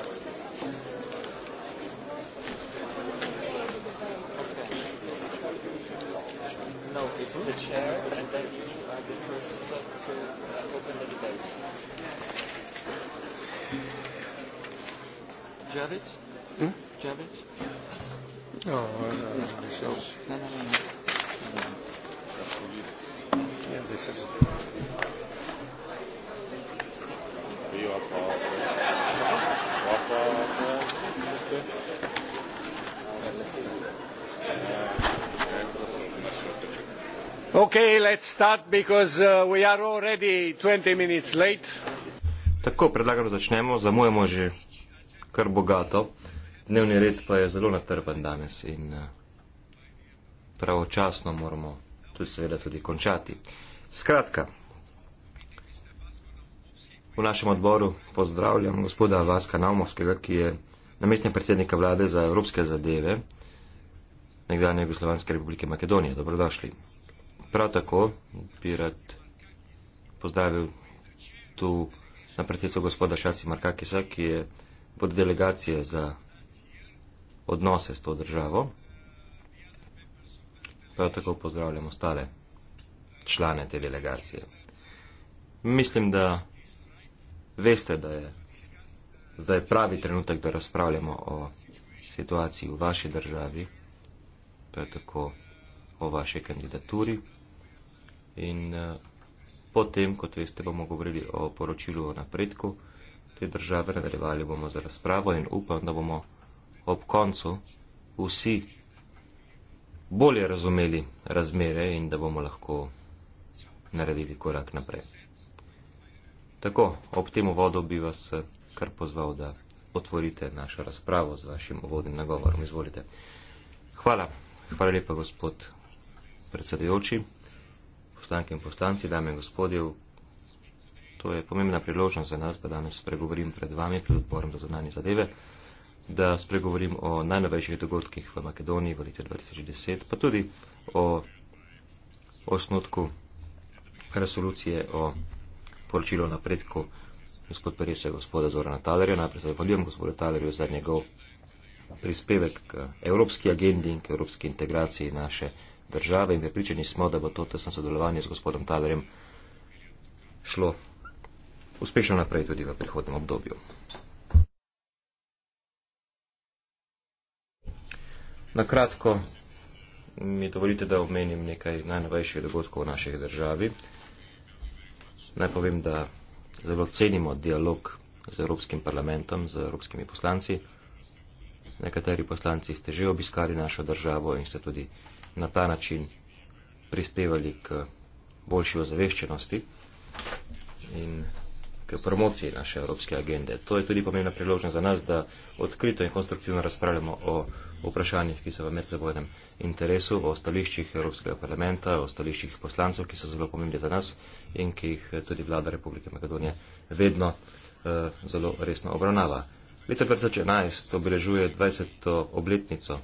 with the chair, and then you are the first to, to uh, open the debate. Javits? Hmm? Javits? Oh, uh, so. No, no, no. no. Yeah, this is. Uh, and also, Uh, Tako, predlagam, da začnemo, zamujamo že kar bogato. Dnevni red pa je zelo natrpan danes in uh, pravočasno moramo tudi seveda tudi končati. Skratka, v našem odboru pozdravljam gospoda Vaska Naumovskega, ki je namestnik predsednika vlade za evropske zadeve nekdanje Jugoslovanske republike Makedonije. Dobrodošli. Prav tako bi rad pozdravil tu na predsedstvo gospoda Šaci Markakisa, ki je vod delegacije za odnose s to državo. Prav tako pozdravljam ostale člane te delegacije. Mislim, da veste, da je zdaj pravi trenutek, da razpravljamo o situaciji v vaši državi, prav tako o vaši kandidaturi. In uh, potem, kot veste, bomo govorili o poročilu o napredku te države, nadaljevali bomo za razpravo in upam, da bomo ob koncu vsi bolje razumeli razmere in da bomo lahko naredili korak naprej. Tako, ob tem uvodu bi vas eh, kar pozval, da otvorite našo razpravo z vašim uvodnim nagovorom. Izvolite. Hvala. Hvala lepa, gospod predsedujoči poslanke in poslanci, dame in gospodje, to je pomembna priložnost za nas, da danes spregovorim pred vami, pred odborom za zadanje zadeve, da spregovorim o najnovejših dogodkih v Makedoniji v letu 2010, pa tudi o osnutku resolucije o poročilu napredku gospod Perese, gospoda Zorana Talerja. Najprej se zahvaljujem gospodu Talerju za njegov prispevek k evropski agendi in k evropski integraciji naše države in pripričani smo, da bo to tesno sodelovanje z gospodom Talerjem šlo uspešno naprej tudi v prihodnem obdobju. Na kratko mi dovolite, da omenim nekaj najnovejših dogodkov v naših državi. Naj povem, da zelo cenimo dialog z Evropskim parlamentom, z Evropskimi poslanci. Nekateri poslanci ste že obiskali našo državo in ste tudi na ta način prispevali k boljši ozaveščenosti in k promociji naše evropske agende. To je tudi pomembna priložnost za nas, da odkrito in konstruktivno razpravljamo o vprašanjih, ki so v medsebojnem interesu, o stališčih Evropskega parlamenta, o stališčih poslancev, ki so zelo pomembni za nas in ki jih tudi vlada Republike Makedonije vedno eh, zelo resno obravnava. Leta 2011 obeležuje 20. obletnico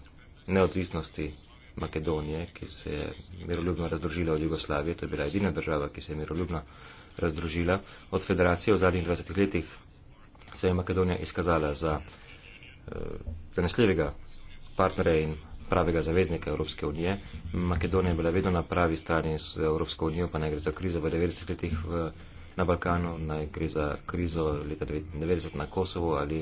neodvisnosti Makedonije, ki se je miroljubno razdružila od Jugoslavije, to je bila edina država, ki se je miroljubno razdružila od federacije v zadnjih 20 letih, se je Makedonija izkazala za prenesljivega eh, partnera in pravega zaveznika Evropske unije. Makedonija je bila vedno na pravi strani z Evropsko unijo, pa naj gre za krizo v 90 letih v, na Balkanu, naj gre za krizo leta 90 na Kosovo ali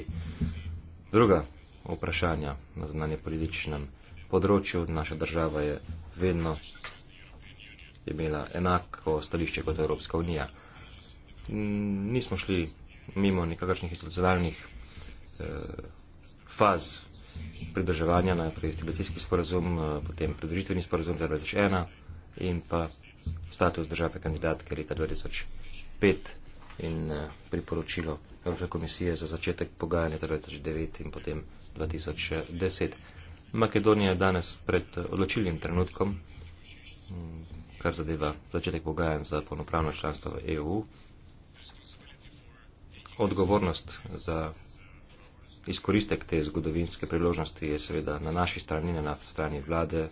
druga vprašanja na znanje političnem področju naša država je vedno imela enako stališče kot Evropska unija. Nismo šli mimo nekakršnih institucionalnih eh, faz pridrževanja, najprej stabilizacijski sporazum, eh, potem pridružitveni sporazum 2001 in pa status države kandidatke leta 2005 in eh, priporočilo Evropske komisije za začetek pogajanja 2009 in potem 2010. Makedonija je danes pred eh, odločilnim trenutkom, mm, kar zadeva začetek pogajanj za polnopravno članstvo v EU. Odgovornost za izkoristek te zgodovinske priložnosti je seveda na naši strani, na strani vlade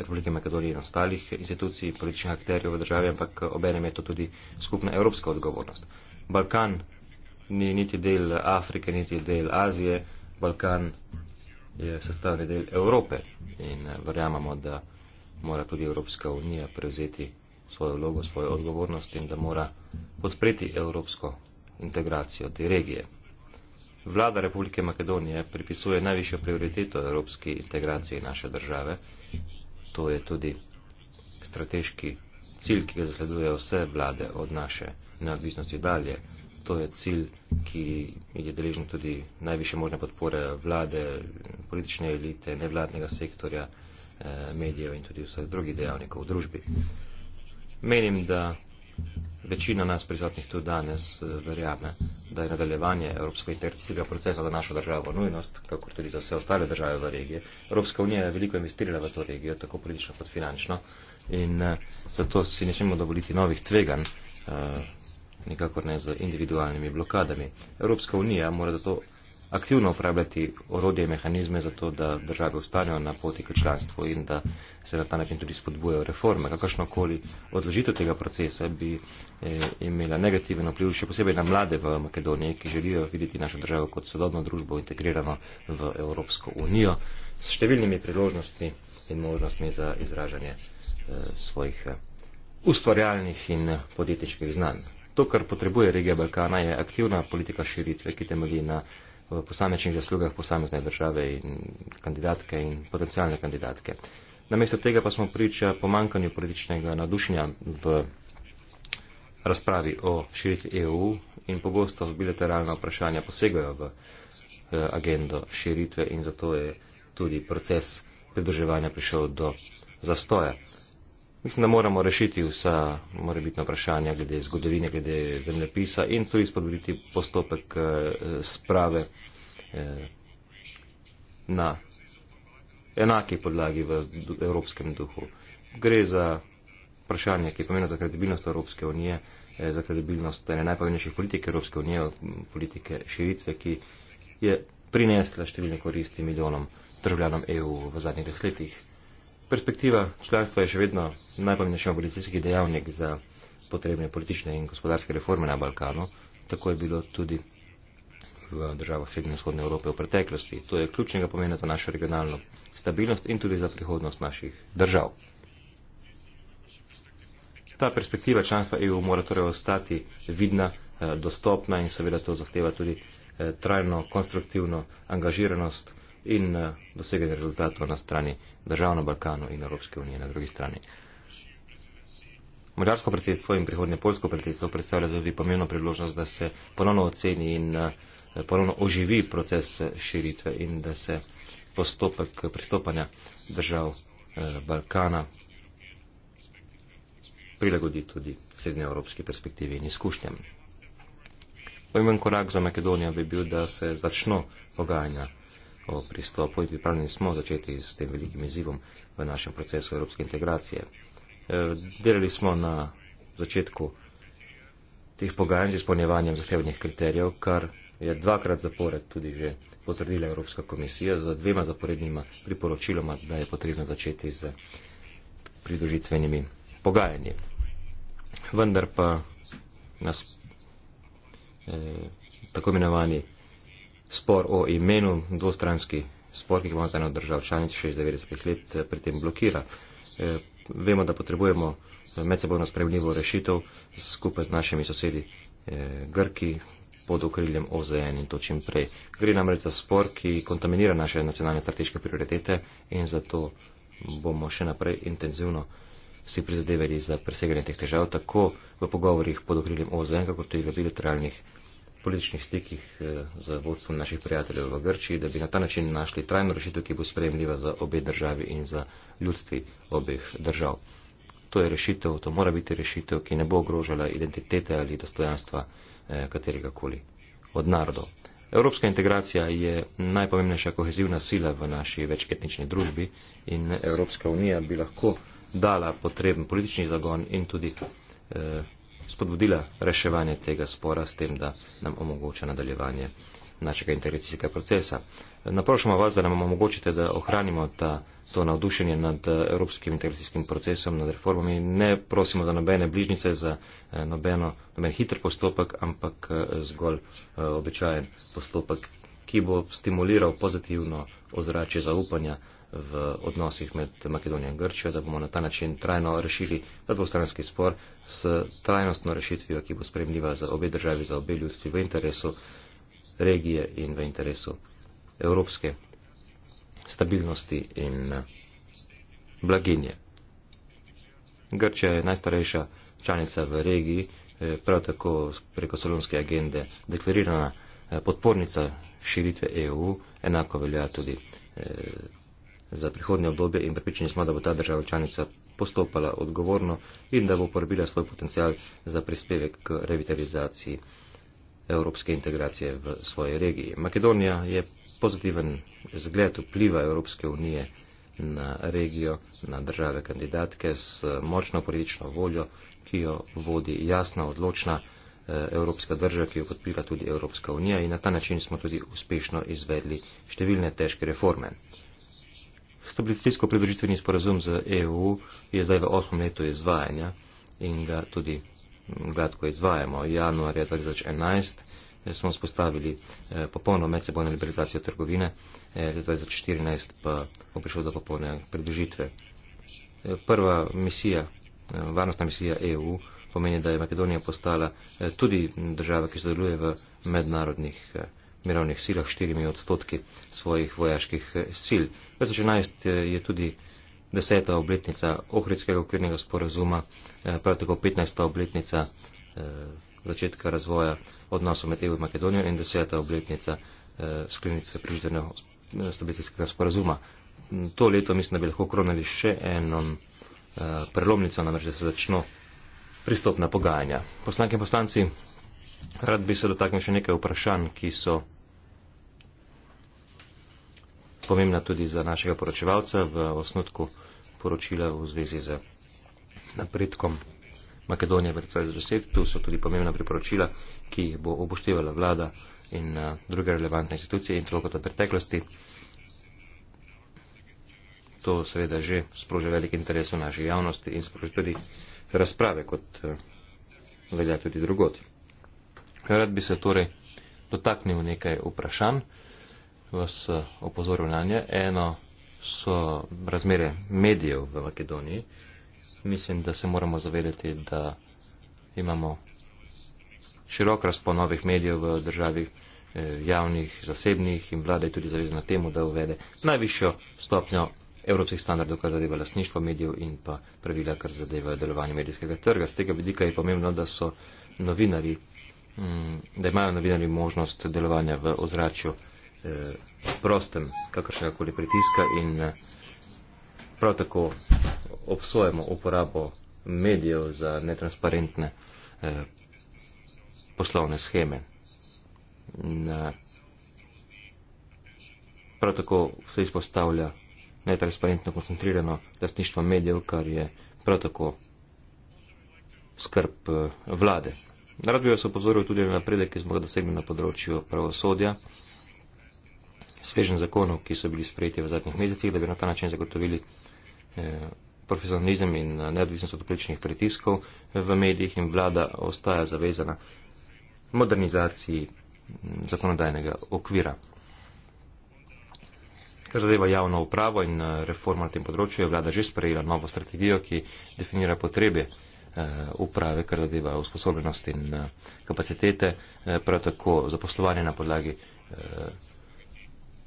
Republike Makedonije in ostalih institucij, političnih akterjev v državi, ampak obenem je to tudi skupna evropska odgovornost. Balkan ni niti del Afrike, niti del Azije. Balkan je sestavni del Evrope in eh, verjamemo, da mora tudi Evropska unija prevzeti svojo vlogo, svojo odgovornost in da mora podpreti evropsko integracijo te regije. Vlada Republike Makedonije pripisuje najvišjo prioriteto evropski integraciji naše države. To je tudi strateški cilj, ki ga zasledujejo vse vlade od naše neodvisnosti dalje, To je cilj, ki je deležen tudi najviše možne podpore vlade, politične elite, nevladnega sektorja, eh, medijev in tudi vseh drugih dejavnikov v družbi. Menim, da večina nas prisotnih tu danes eh, verjame, da je nadaljevanje evropskega integracijskega procesa za našo državo nujnost, kako tudi za vse ostale države v regiji. Evropska unija je veliko investirala v to regijo, tako politično kot finančno, in eh, zato si ne smemo dovoliti novih tveganj nikakor ne z individualnimi blokadami. Evropska unija mora zato aktivno uporabljati orodje in mehanizme za to, da države ostanejo na poti k članstvu in da se na ta način tudi spodbujajo reforme. Kakršnokoli odložitev tega procesa bi eh, imela negativen vpliv, še posebej na mlade v Makedoniji, ki želijo videti našo državo kot sodobno družbo integrirano v Evropsko unijo s številnimi priložnostmi in možnostmi za izražanje eh, svojih eh, ustvarjalnih in podjetniških znanj. To, kar potrebuje regija Balkana, je aktivna politika širitve, ki temelji na eh, posamečnih zaslugah posamezne države in kandidatke in potencijalne kandidatke. Namesto tega pa smo priča pomankanju političnega nadušenja v razpravi o širitvi EU in pogosto bilateralna vprašanja posegajo v eh, agendo širitve in zato je tudi proces pridruževanja prišel do zastoja. Mislim, da moramo rešiti vsa morebitna vprašanja glede zgodovine, glede zemljepisa in tudi spodbuditi postopek eh, sprave eh, na enaki podlagi v evropskem duhu. Gre za vprašanje, ki je pomeno za kredibilnost Evropske unije, eh, za kredibilnost ene najpomembnejših politik Evropske unije, politike širitve, ki je prinesla številne koristi milijonom državljanom EU v zadnjih desetletjih. Perspektiva članstva je še vedno najpomembnejši mobilizacijski dejavnik za potrebne politične in gospodarske reforme na Balkanu. Tako je bilo tudi v državah Srednje in Vzhodne Evrope v preteklosti. To je ključnega pomena za našo regionalno stabilnost in tudi za prihodnost naših držav. Ta perspektiva članstva EU mora torej ostati vidna, eh, dostopna in seveda to zahteva tudi eh, trajno, konstruktivno angažiranost in eh, doseganje rezultatov na strani držav na Balkanu in Evropske unije na drugi strani. Mačarsko predsedstvo in prihodnje polsko predsedstvo predstavlja tudi pomembno priložnost, da se ponovno oceni in eh, ponovno oživi proces eh, širitve in da se postopek pristopanja držav Balkana prilagodi tudi srednjeevropski perspektivi in izkušnjam. Pomemben korak za Makedonijo bi bil, da se začno pogajanja o pristopu in pripravljeni smo začeti s tem velikim izzivom v našem procesu evropske integracije. E, delali smo na začetku teh pogajanj z izpolnjevanjem zahtevnih kriterijev, kar je dvakrat zapored tudi že potrdila Evropska komisija za dvema zaporednima priporočiloma, da je potrebno začeti z pridružitvenimi pogajanji. Vendar pa nas eh, tako imenovani spor o imenu, dvostranski spor, ki ga ima zdaj eno državo članic, 96 let, eh, pri tem blokira. Eh, vemo, da potrebujemo eh, medsebojno spremljivo rešitev skupaj z našimi sosedi Grki pod okriljem OZN in to čim prej. Gre namreč za spor, ki kontaminira naše nacionalne strateške prioritete in zato bomo še naprej intenzivno si prizadevali za preseganje teh težav, tako v pogovorjih pod okriljem OZN, kako tudi v bilateralnih političnih stikih eh, z vodstvom naših prijateljev v Grčiji, da bi na ta način našli trajno rešitev, ki bo sprejemljiva za obe državi in za ljudstvi obeh držav. To je rešitev, to mora biti rešitev, ki ne bo ogrožala identitete ali dostojanstva eh, kateregakoli od narodov. Evropska integracija je najpomembnejša kohezivna sila v naši večetnični družbi in Evropska unija bi lahko dala potreben politični zagon in tudi eh, spodbudila reševanje tega spora s tem, da nam omogoča nadaljevanje našega integracijskega procesa. Naprošamo vas, da nam omogočite, da ohranimo ta, to navdušenje nad eh, evropskim integracijskim procesom, nad reformami. Ne prosimo za nobene bližnice, za eh, nobeno, noben hiter postopek, ampak eh, zgolj običajen postopek, ki bo stimuliral pozitivno ozračje zaupanja v odnosih med Makedonijo in Grčijo, da bomo na ta način trajno rešili dvostranski spor s trajnostno rešitvijo, ki bo spremljiva za obe državi, za obe ljudstvi v interesu regije in v interesu evropske stabilnosti in eh, blaginje. Grčija je najstarejša članica v regiji, eh, prav tako preko solonske agende deklarirana eh, podpornica širitve EU, enako velja tudi. Eh, za prihodnje obdobje in pripričani smo, da bo ta država članica postopala odgovorno in da bo porabila svoj potencial za prispevek k revitalizaciji evropske integracije v svoji regiji. Makedonija je pozitiven zgled vpliva Evropske unije na regijo, na države kandidatke s močno politično voljo, ki jo vodi jasna, odločna eh, evropska država, ki jo podpira tudi Evropska unija in na ta način smo tudi uspešno izvedli številne težke reforme stabilizacijsko pridružitveni sporazum z EU je zdaj v osmem letu izvajanja in ga tudi mm, gladko izvajamo. Januarja 2011 eh, smo spostavili eh, popolno medsebojno liberalizacijo trgovine, 2014 eh, pa bo prišlo do popolne pridružitve. Prva misija, varnostna misija EU, pomeni, da je Makedonija postala tudi država, ki sodeluje v mednarodnih mirovnih silah s 4 odstotki svojih vojaških sil. 2011 eh, je tudi deseta obletnica Ohridskega okvirnega sporazuma, eh, prav tako 15. obletnica eh, začetka razvoja odnosov med EU in Makedonijo in deseta obletnica sklenice prižitevnega stabilizacijskega sporazuma. To leto mislim, da bi lahko kronali še eno prelomnico, namreč da se začno pristopna pogajanja. Poslanke in poslanci, rad bi se dotaknil še nekaj vprašanj, ki so pomembna tudi za našega poročevalca v osnutku poročila v zvezi z napredkom Makedonije v 2020. Tu so tudi pomembna priporočila, ki jih bo upoštevala vlada in eh, druge relevantne institucije in toliko kot v preteklosti. To seveda že sproža velik interes v naši javnosti in sproža tudi razprave, kot eh, velja tudi drugod. Rad bi se torej dotaknil nekaj vprašanj vas eh, opozoril na nje. Eno so razmere medijev v Makedoniji. Mislim, da se moramo zavedati, da imamo širok razpon novih medijev v državi eh, javnih, zasebnih in vlada je tudi zavezana temu, da uvede najvišjo stopnjo evropskih standardov, kar zadeva lasništvo medijev in pa pravila, kar zadeva delovanje medijskega trga. Z tega vidika je pomembno, da so novinari, mm, da imajo novinari možnost delovanja v ozračju Eh, prosten kakršnega koli pritiska in eh, prav tako obsojamo uporabo medijev za netransparentne eh, poslovne scheme. In prav tako se izpostavlja netransparentno koncentrirano lastništvo medijev, kar je prav tako skrb vlade. Rad bi vas opozoril tudi na napredek, ki smo ga dosegli na področju pravosodja svežen zakonov, ki so bili sprejeti v zadnjih mesecih, da bi na ta način zagotovili eh, profesionalizem in eh, neodvisnost od političnih pritiskov eh, v medijih in vlada ostaja zavezana modernizaciji mm, zakonodajnega okvira. Kar zadeva javno upravo in reformo na tem področju, je vlada že sprejela novo strategijo, ki definira potrebe uprave, kar zadeva usposobljenost in kapacitete, prav tako zaposlovanje na podlagi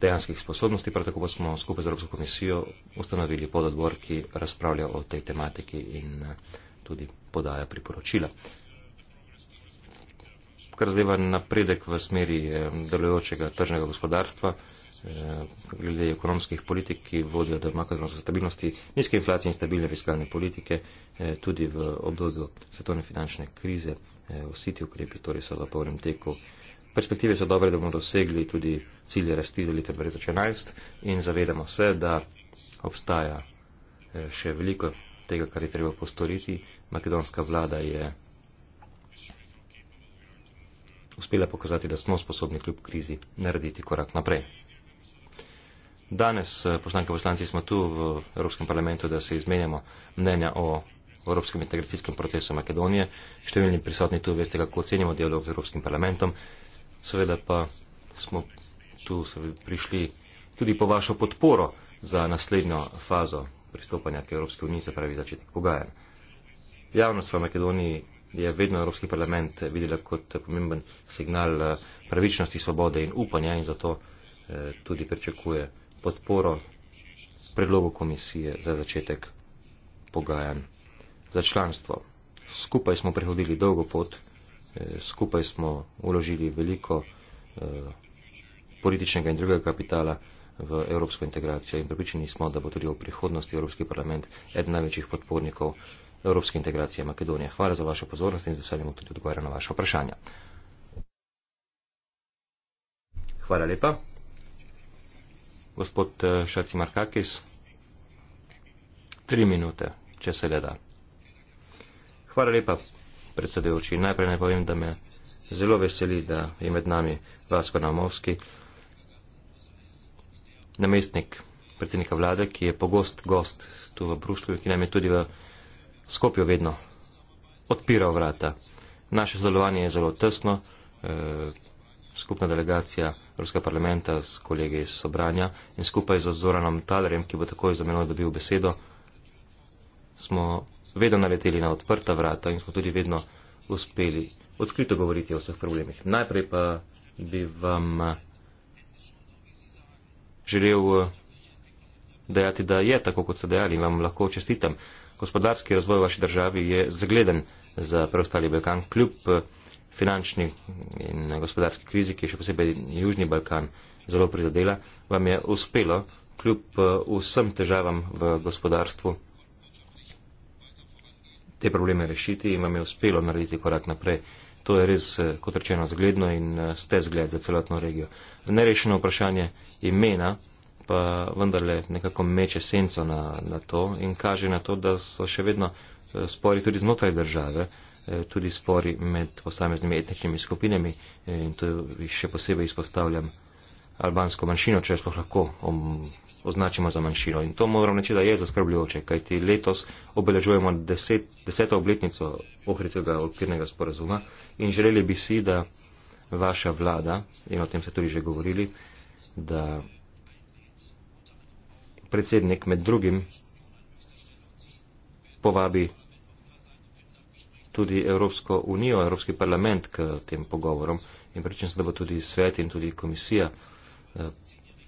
dejanskih sposobnosti, prav tako pa smo skupaj z Evropsko komisijo ustanovili pododbor, ki razpravlja o tej tematiki in eh, tudi podaja priporočila. Kar zadeva napredek v smeri eh, delujočega tržnega gospodarstva, eh, glede ekonomskih politik, ki vodijo do makroekonomske stabilnosti, nizke inflacije in stabilne fiskalne politike, tudi v obdobju svetovne finančne krize, vsi ti ukrepi torej so v polnem teku. Perspektive so dobre, da bomo dosegli tudi cilje rasti za leto 2011 in zavedamo se, da obstaja eh, še veliko tega, kar je treba postoriti. Makedonska vlada je uspela pokazati, da smo sposobni kljub krizi narediti korak naprej. Danes, eh, poslanke poslanci, smo tu v Evropskem parlamentu, da se izmenjamo mnenja o Evropskem integracijskem procesu Makedonije. Številni prisotni tu veste, kako ocenimo dialog z Evropskim parlamentom seveda pa smo tu prišli tudi po vašo podporo za naslednjo fazo pristopanja k Evropski uniji, se pravi začetek pogajanj. Javnost v Makedoniji je vedno Evropski parlament videla kot pomemben signal eh, pravičnosti, svobode in upanja in zato eh, tudi pričakuje podporo predlogu komisije za začetek pogajanj za članstvo. Skupaj smo prehodili dolgo pot. Eh, skupaj smo uložili veliko eh, političnega in drugega kapitala v evropsko integracijo in pripričani smo, da bo tudi v prihodnosti Evropski parlament eden največjih podpornikov Evropske integracije Makedonije. Hvala za vašo pozornost in z veseljem tudi odgovarjam na vaše vprašanja. Hvala lepa. Gospod eh, Šaci Markakis, tri minute, če se le da. Hvala lepa predsedujoči. Najprej naj povem, da me zelo veseli, da je med nami Vasko Namovski, namestnik predsednika vlade, ki je pogost gost tu v Bruslju in ki nam je tudi v Skopju vedno odpiral vrata. Naše sodelovanje je zelo tesno. E, skupna delegacija Evropskega parlamenta s kolegi iz Sobranja in skupaj z Zoranom Talerjem, ki bo takoj za menoj dobil besedo, smo vedno naleteli na odprta vrata in smo tudi vedno uspeli odkrito govoriti o vseh problemih. Najprej pa bi vam eh, želel eh, dejati, da je tako, kot ste dejali in vam lahko čestitam. Gospodarski razvoj v vaši državi je zgleden za preostali Balkan, kljub eh, finančni in gospodarski krizi, ki je še posebej Južni Balkan zelo prizadela, vam je uspelo kljub vsem težavam v gospodarstvu te probleme rešiti in vam je uspelo narediti korak naprej. To je res, eh, kot rečeno, zgledno in eh, ste zgled za celotno regijo. Nerešeno vprašanje imena pa vendarle nekako meče senco na, na to in kaže na to, da so še vedno eh, spori tudi znotraj države, tudi spori med posameznimi etničnimi skupinami in to še posebej izpostavljam albansko manjšino, če sploh lahko označimo za manjšino. In to moram reči, da je zaskrbljujoče, kajti letos obeležujemo deset, deseto obletnico Ohridskega okvirnega sporazuma in želeli bi si, da vaša vlada, in o tem ste tudi že govorili, da predsednik med drugim povabi tudi Evropsko unijo, Evropski parlament k tem pogovorom in pričem se, da bo tudi svet in tudi komisija eh,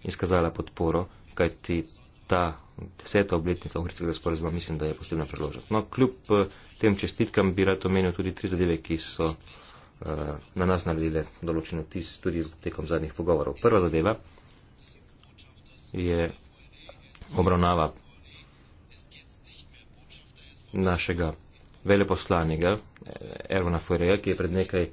izkazala podporo kajti ta deseta obletnica Ohridskega sporozuma mislim, da je posebna priložnost. No, kljub eh, tem čestitkam bi rad omenil tudi tri zadeve, ki so eh, na nas naredile določen vtis tudi tekom zadnjih pogovorov. Prva zadeva je obravnava našega veleposlanega eh, Ervona Fureja, ki je pred nekaj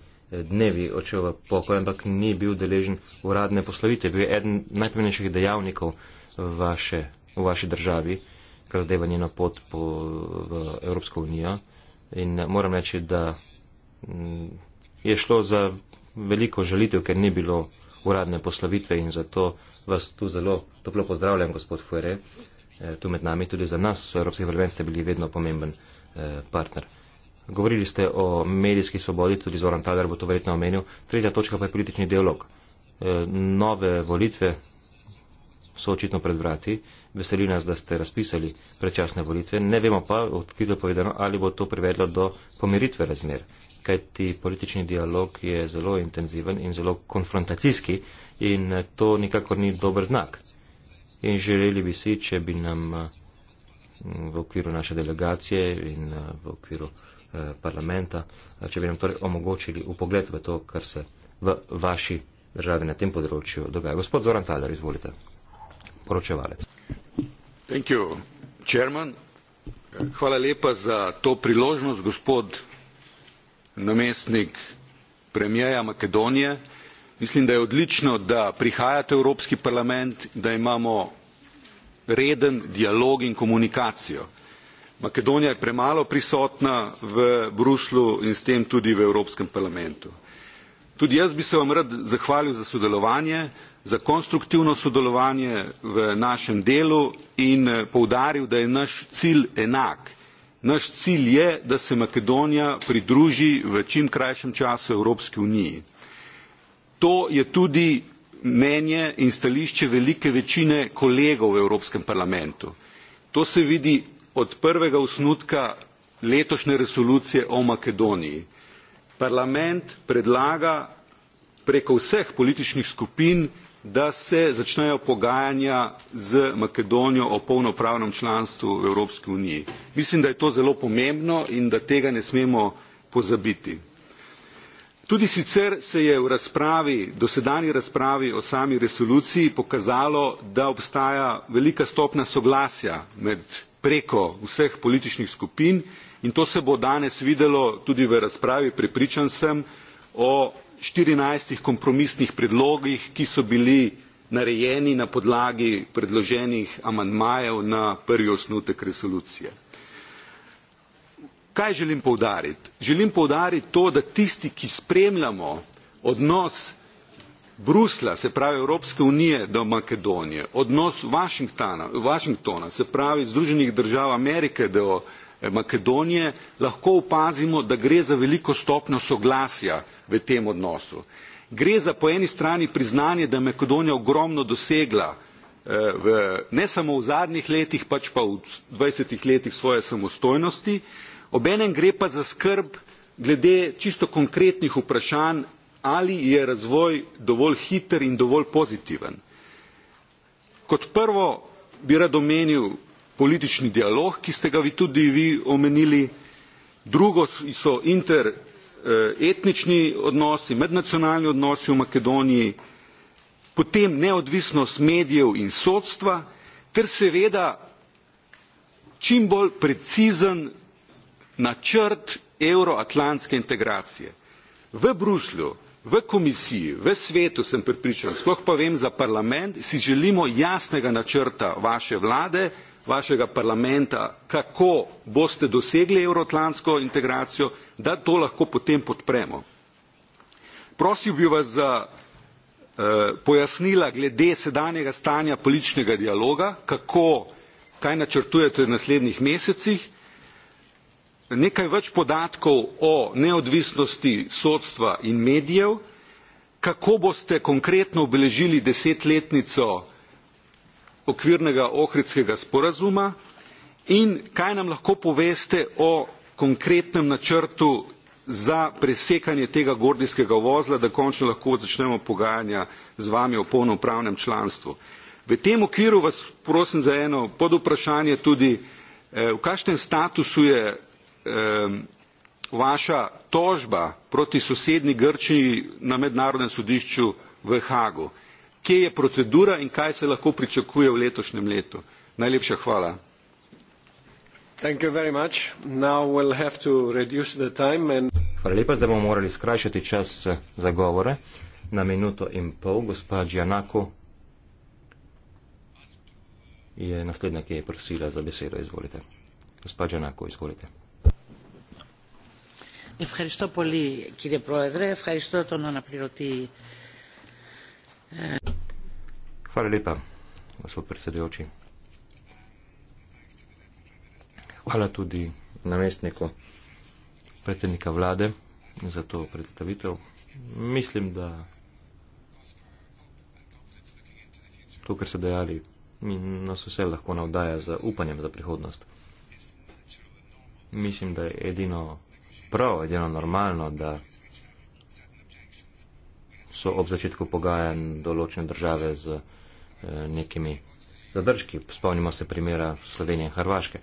dnevi odšel v pokoj, ampak ni bil deležen uradne poslovitve. Bil je eden najpomembnejših dejavnikov vaše, v vaši državi, kar zadeva njeno pot po, v Evropsko unijo. In moram reči, da mm, je šlo za veliko želitev, ker ni bilo uradne poslovitve in zato vas tu zelo toplo pozdravljam, gospod Fuere, e, tu med nami, tudi za nas, Evropski parlament ste bili vedno pomemben e, partner. Govorili ste o medijski svobodi, tudi Zoran Tadar bo to verjetno omenil. Tretja točka pa je politični dialog. E, nove volitve, so očitno pred vrati. Veseli nas, da ste razpisali predčasne volitve. Ne vemo pa, odkrito povedano, ali bo to privedlo do pomiritve razmer. Kaj ti politični dialog je zelo intenziven in zelo konfrontacijski in eh, to nikakor ni dober znak. In želeli bi si, če bi nam eh, v okviru naše delegacije in eh, v okviru parlamenta, če bi nam torej omogočili upogled v to, kar se v vaši državi na tem področju dogaja. Gospod Zoran Tadar, izvolite poročevalec. Hvala lepa za to priložnost, gospod namestnik premijeja Makedonije. Mislim, da je odlično, da prihajate v Evropski parlament, da imamo reden dialog in komunikacijo. Makedonija je premalo prisotna v Bruslu in s tem tudi v Evropskem parlamentu. Tudi jaz bi se vam rad zahvalil za sodelovanje, za konstruktivno sodelovanje v našem delu in eh, poudaril, da je naš cilj enak. Naš cilj je, da se Makedonija pridruži v čim krajšem času Evropski uniji. To je tudi mnenje in stališče velike večine kolegov v Evropskem parlamentu. To se vidi od prvega osnutka letošnje resolucije o Makedoniji parlament predlaga preko vseh političnih skupin, da se začnejo pogajanja z Makedonijo o polnopravnem članstvu v Evropski uniji. Mislim, da je to zelo pomembno in da tega ne smemo pozabiti. Tudi sicer se je v razpravi, dosedanji razpravi o sami resoluciji pokazalo, da obstaja velika stopna soglasja med preko vseh političnih skupin in to se bo danes videlo tudi v razpravi, pripričan sem, o 14 kompromisnih predlogih, ki so bili narejeni na podlagi predloženih amandmajev na prvi osnutek resolucije. Kaj želim povdariti? Želim povdariti to, da tisti, ki spremljamo odnos Brusla, se pravi Evropske unije do Makedonije, odnos Washingtona, se pravi Združenih držav Amerike do Makedonije, lahko opazimo, da gre za veliko stopnjo soglasja v tem odnosu. Gre za po eni strani priznanje, da je Makedonija ogromno dosegla eh, v, ne samo v zadnjih letih, pač pa v 20 letih svoje samostojnosti, obenem gre pa za skrb glede čisto konkretnih vprašanj, ali je razvoj dovolj hiter in dovolj pozitiven. Kot prvo bi rad omenil politični dialog, ki ste ga vi tudi vi omenili, drugo so interetnični eh, odnosi, mednacionalni odnosi v Makedoniji, potem neodvisnost medijev in sodstva ter seveda čim bolj precizen načrt euroatlantske integracije. V Bruslju, v komisiji, v svetu sem prepričan, sploh pa vem za parlament, si želimo jasnega načrta vaše vlade, vašega parlamenta, kako boste dosegli evroatlantsko integracijo, da to lahko potem podpremo. Prosil bi vas za eh, pojasnila glede sedanjega stanja političnega dialoga, kako, kaj načrtujete v naslednjih mesecih, nekaj več podatkov o neodvisnosti sodstva in medijev, kako boste konkretno obeležili desetletnico okvirnega ohridskega sporazuma in kaj nam lahko poveste o konkretnem načrtu za presekanje tega gordijskega vozla, da končno lahko začnemo pogajanja z vami o polnopravnem članstvu. V tem okviru vas prosim za eno podvprašanje tudi, eh, v kakšnem statusu je vaša tožba proti sosednji Grčiji na mednarodnem sodišču v Haagu kje je procedura in kaj se lahko pričakuje v letošnjem letu. Najlepša hvala. Hvala lepa, zdaj bomo morali skrajšati čas za govore na minuto in pol. Gospa Džianako je naslednja, ki je prosila za besedo. Izvolite. Gospa Džianako, izvolite. Ευχαριστώ πολύ κύριε Πρόεδρε, ευχαριστώ τον αναπληρωτή. Ε... Hvala lepa, gospod predsedujoči. Hvala tudi namestniku predsednika vlade za to predstavitev. Mislim, da to, kar ste dejali, nas vse lahko navdaja z upanjem za prihodnost. Mislim, da je edino prav, edino normalno, da so ob začetku pogajanj določene države z Eh, nekimi zadržki. Spomnimo se primera Slovenije in Hrvaške.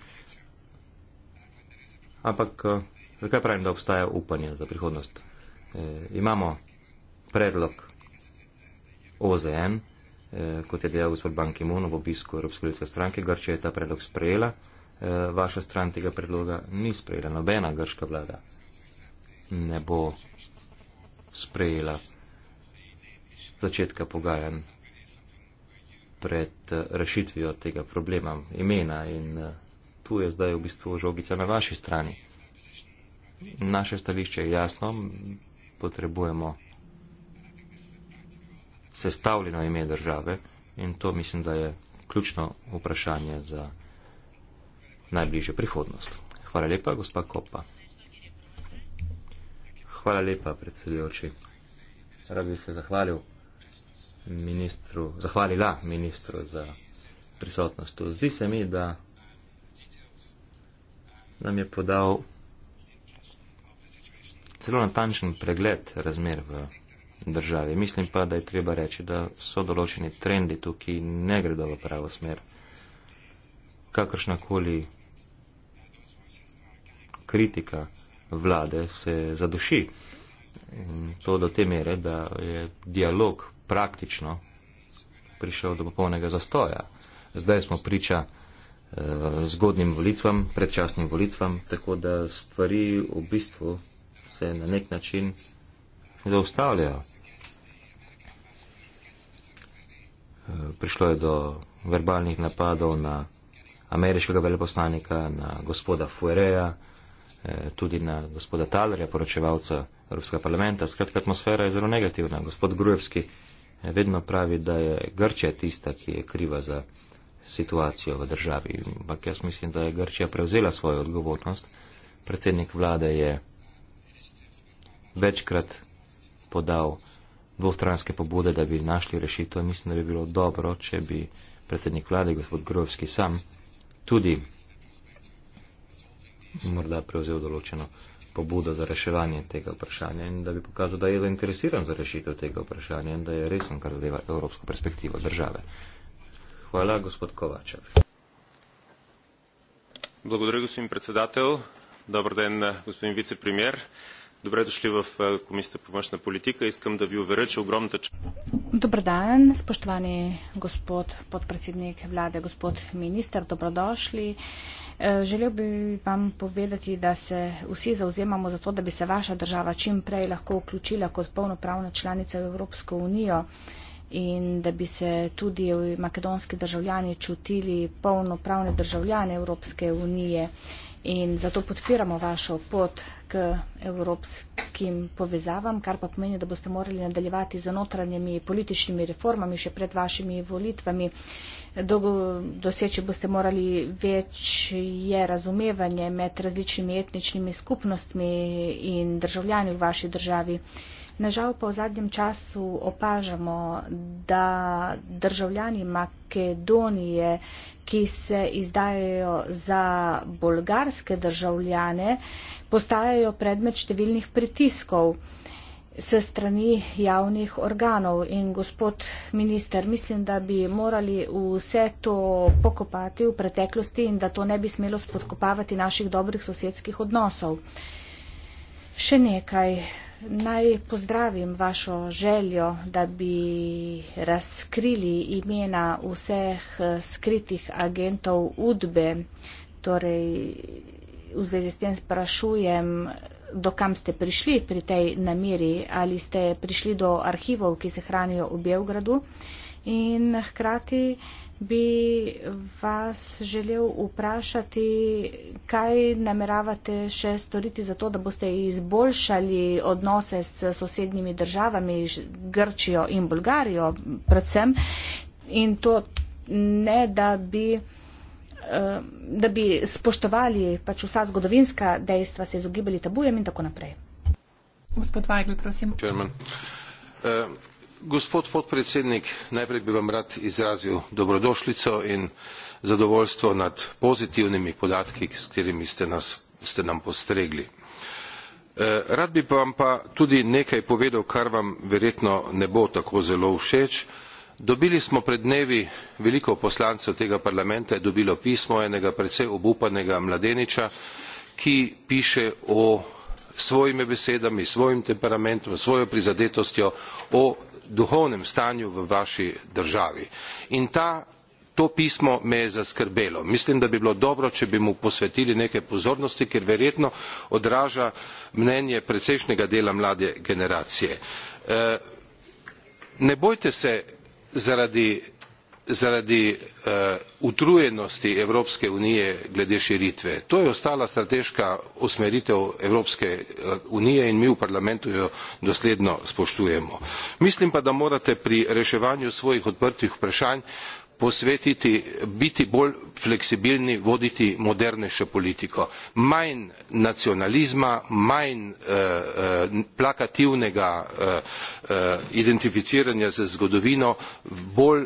Ampak eh, zakaj pravim, da obstaja upanje za prihodnost? E, imamo predlog OZN, e, kot je dejal gospod Banki Mun v obisku Evropske ljudske stranke. Grčija je ta predlog sprejela, e, vaša stran tega predloga ni sprejela. Nobena grška vlada ne bo sprejela začetka pogajanj pred eh, rešitvijo tega problema imena in eh, tu je zdaj v bistvu žogica na vaši strani. Naše stališče je jasno, potrebujemo sestavljeno ime države in to mislim, da je ključno vprašanje za najbližjo prihodnost. Hvala lepa, gospa Kopa. Hvala lepa, predsedujoči. Rad bi se zahvalil ministru, zahvalila ministru za prisotnost. Zdi se mi, da nam je podal zelo natančen pregled razmer v državi. Mislim pa, da je treba reči, da so določeni trendi tukaj ne gredo v pravo smer. Kakršnakoli kritika vlade se zaduši. In to do te mere, da je dialog praktično prišel do popolnega zastoja. Zdaj smo priča eh, zgodnim volitvam, predčasnim volitvam, tako da stvari v bistvu se na nek način zaustavljajo. Eh, prišlo je do verbalnih napadov na ameriškega veleposlanika, na gospoda Fuereja, eh, tudi na gospoda Talerja, poročevalca Evropskega parlamenta. Skratka, atmosfera je zelo negativna. Gospod Grujevski vedno pravi, da je Grčija tista, ki je kriva za situacijo v državi. Ampak jaz mislim, da je Grčija prevzela svojo odgovornost. Predsednik vlade je večkrat podal dvostranske pobude, da bi našli rešitev. Mislim, da bi bilo dobro, če bi predsednik vlade, gospod Grovski sam, tudi morda prevzel določeno odgovornost pobudo za reševanje tega vprašanja in da bi pokazal, da je zainteresiran za rešitev tega vprašanja in da je resen, kar zadeva evropsko perspektivo države. Hvala, gospod Kovačev. Blagodaj, gospod predsedatelj. Dobro dan, gospod vicepremier. Dobrodošli v Komisijo za pomočno politiko. Iskam, da bi uverečil ogromno čas. Dobro dan, spoštovani gospod podpredsednik vlade, gospod minister, dobrodošli. Uh, Eh, želel bi vam povedati, da se vsi zauzemamo za to, da bi se vaša država čim prej lahko vključila kot polnopravna članica v Evropsko unijo in da bi se tudi makedonski državljani čutili polnopravne državljane Evropske unije in zato podpiramo vašo pot k evropskim povezavam, kar pa pomeni, da boste morali nadaljevati z notranjimi političnimi reformami še pred vašimi volitvami. Dogo, doseči boste morali večje razumevanje med različnimi etničnimi skupnostmi in državljani v vaši državi. Nažal pa v zadnjem času opažamo, da državljani Makedonije ki se izdajajo za bolgarske državljane, postajajo predmet številnih pritiskov se strani javnih organov. In gospod minister, mislim, da bi morali vse to pokopati v preteklosti in da to ne bi smelo spodkopavati naših dobrih sosedskih odnosov. Še nekaj. Naj pozdravim vašo željo, da bi razkrili imena vseh skritih agentov Udbe. Torej, v zvezi s tem sprašujem, dokam ste prišli pri tej nameri, ali ste prišli do arhivov, ki se hranijo v Belgradu in hkrati bi vas želel vprašati, kaj nameravate še storiti za to, da boste izboljšali odnose s sosednjimi državami, Grčijo in Bolgarijo predvsem. In to ne, da bi, eh, da bi spoštovali pač vsa zgodovinska dejstva, se izogibali tabujem in tako naprej. Gospod Vajgl, prosim. Čermen gospod podpredsednik najprej bi vam rad izrazil dobrodošlico in zadovoljstvo nad pozitivnimi podatki s katerimi ste nas ste nam postregli eh, rad bi vam pa tudi nekaj povedal kar vam verjetno ne bo tako zelo všeč dobili smo pred dnevi veliko poslancev tega parlamenta je dobilo pismo enega precej obupanega mladeniča ki piše o svojimi besedami svojim temperamentom svojo prizadetostjo o duhovnem stanju v vaši državi. In ta, to pismo me je zaskrbelo. Mislim, da bi bilo dobro, če bi mu posvetili nekaj pozornosti, ker verjetno odraža mnenje precejšnjega dela mlade generacije. Eh, ne bojte se zaradi zaradi eh, utrujenosti evropske unije glede širitve to je ostala strateška usmeritev evropske eh, unije in mi v parlamentu jo dosledno spoštujemo mislim pa da morate pri reševanju svojih odprtih vprašanj posvetiti biti bolj fleksibilni voditi modernejšo politiko manj nacionalizma manj eh, eh plakativnega eh, identificiranja z zgodovino bolj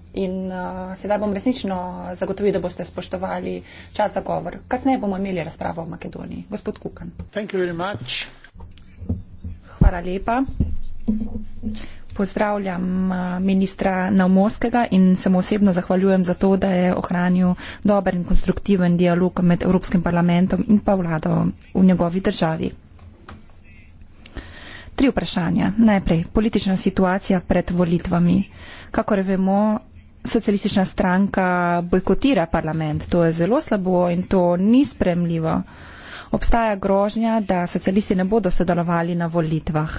In uh, sedaj bom resnično zagotovil, da boste spoštovali čas za govor. Kasneje bomo imeli razpravo v Makedoniji. Gospod Kukan. Hvala lepa. Pozdravljam uh, ministra Navmoskega in se mu osebno zahvaljujem za to, da je ohranil dober in konstruktiven dialog med Evropskim parlamentom in pa vlado v njegovi državi. Tri vprašanja. Najprej, politična situacija pred volitvami. Kakor vemo, socialistična stranka bojkotira parlament. To je zelo slabo in to ni spremljivo. Obstaja grožnja, da socialisti ne bodo sodelovali na volitvah.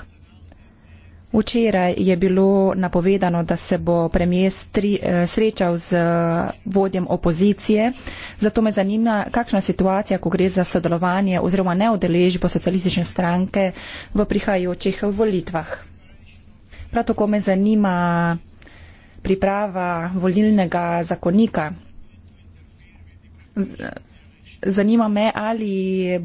Včeraj je bilo napovedano, da se bo premijer eh, srečal z vodjem opozicije. Zato me zanima, kakšna situacija, ko gre za sodelovanje oziroma neodeležbo socialistične stranke v prihajajočih volitvah. Prav tako me zanima, priprava volilnega zakonika. Zanima me, ali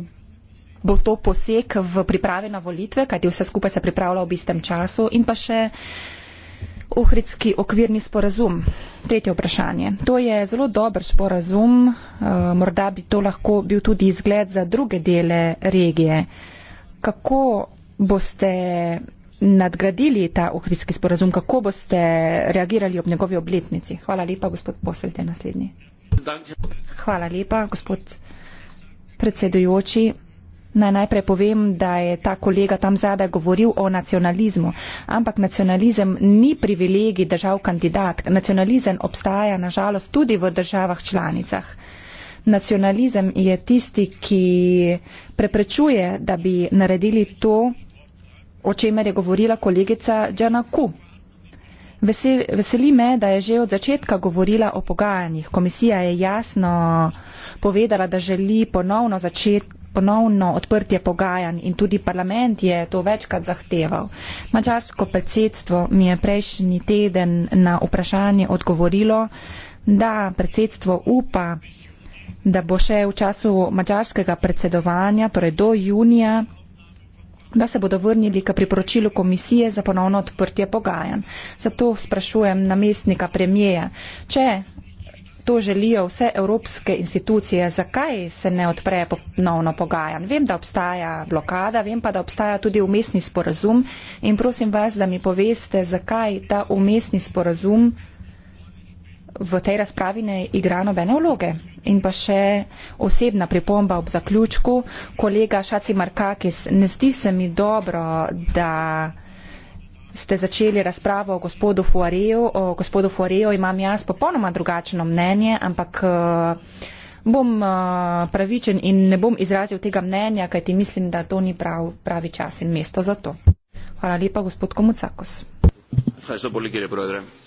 bo to poseg v priprave na volitve, kajti vse skupaj se pripravlja v istem času in pa še Ohridski okvirni sporazum. Tretje vprašanje. To je zelo dober sporazum, eh, morda bi to lahko bil tudi izgled za druge dele regije. Kako boste nadgradili ta ohrijski sporazum, kako boste reagirali ob njegovi obletnici. Hvala lepa, gospod Poselte, naslednji. Hvala lepa, gospod predsedujoči. Naj najprej povem, da je ta kolega tam zadaj govoril o nacionalizmu, ampak nacionalizem ni privilegij držav kandidatk. Nacionalizem obstaja nažalost tudi v državah članicah. Nacionalizem je tisti, ki preprečuje, da bi naredili to, o čemer je govorila kolegica Džanaku. Vesel, veseli me, da je že od začetka govorila o pogajanjih. Komisija je jasno povedala, da želi ponovno začeti ponovno odprtje pogajanj in tudi parlament je to večkrat zahteval. Mačarsko predsedstvo mi je prejšnji teden na vprašanje odgovorilo, da predsedstvo upa, da bo še v času mačarskega predsedovanja, torej do junija, da se bodo vrnili k priporočilu komisije za ponovno odprtje pogajanj. Zato sprašujem namestnika premijeja, če to želijo vse evropske institucije, zakaj se ne odpre ponovno pogajanj. Vem, da obstaja blokada, vem pa, da obstaja tudi umestni sporazum in prosim vas, da mi poveste, zakaj ta umestni sporazum v tej razpravi ne igra nobene vloge. In pa še osebna pripomba ob zaključku. Kolega Šaci Markakis, ne zdi se mi dobro, da ste začeli razpravo o gospodu Fuareju. O gospodu Fuareju imam jaz popolnoma drugačno mnenje, ampak eh, bom eh, pravičen in ne bom izrazil tega mnenja, kajti mislim, da to ni prav, pravi čas in mesto za to. Hvala lepa, gospod Komucakos. Hvala lepa, gospod Komucakos.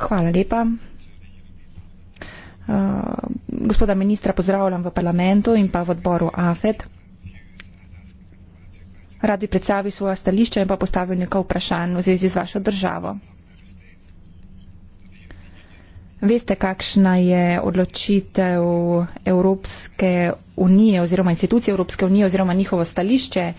Hvala lepa. Uh, gospoda ministra pozdravljam v parlamentu in pa v odboru AFED. Rad bi predstavil svoja stališča in pa postavil nekaj vprašanj v zvezi z vašo državo. Veste, kakšna je odločitev Evropske unije oziroma institucije Evropske unije oziroma njihovo stališče uh,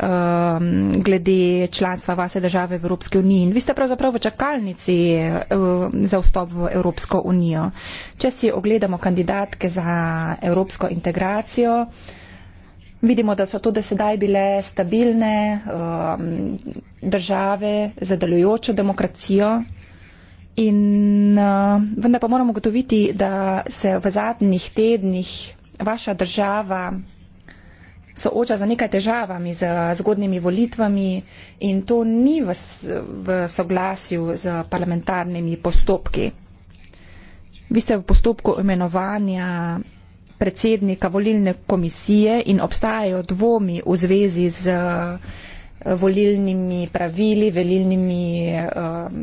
um, glede članstva vase države v Evropski uniji. In vi ste pravzaprav v čakalnici um, za vstop v Evropsko unijo. Če si ogledamo kandidatke za evropsko integracijo, vidimo, da so tudi sedaj bile stabilne um, države za delujočo demokracijo. In uh, vendar pa moramo gotoviti, da se v zadnjih tednih vaša država sooča za nekaj težavami z zgodnimi volitvami in to ni v, v soglasju z parlamentarnimi postopki. Vi ste v postopku imenovanja predsednika volilne komisije in obstajajo dvomi v zvezi z eh, volilnimi pravili, volilnimi um, ehm,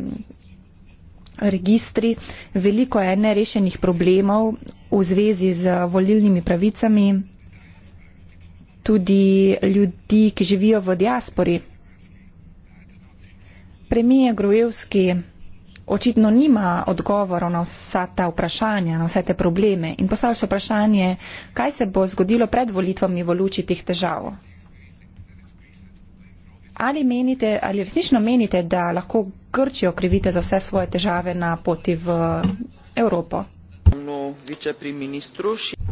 registri. Veliko je nerešenih problemov v zvezi z volilnimi pravicami tudi ljudi, ki živijo v diaspori. Premije Grujevski očitno nima odgovora na vsa ta vprašanja, na vse te probleme in postavlja se vprašanje, kaj se bo zgodilo pred volitvami v luči teh težav. Ali, menite, ali resnično menite, da lahko Grčijo krivite za vse svoje težave na poti v Evropo? No,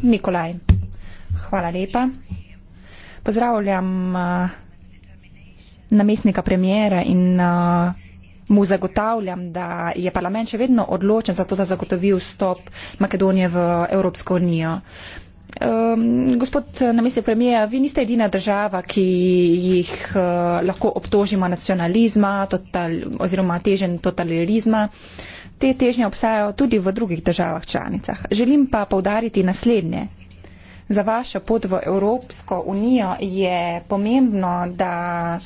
Nikolaj, hvala lepa. Pozdravljam eh, namestnika premjera in eh, mu zagotavljam, da je parlament še vedno odločen za to, da zagotovi vstop Makedonije v Evropsko unijo. Um, gospod eh, namestnik premijeja, vi niste edina država, ki jih uh, lahko obtožimo nacionalizma total, oziroma težen totalirizma. Te težnje obstajajo tudi v drugih državah članicah. Želim pa povdariti naslednje za vašo pot v Evropsko unijo je pomembno, da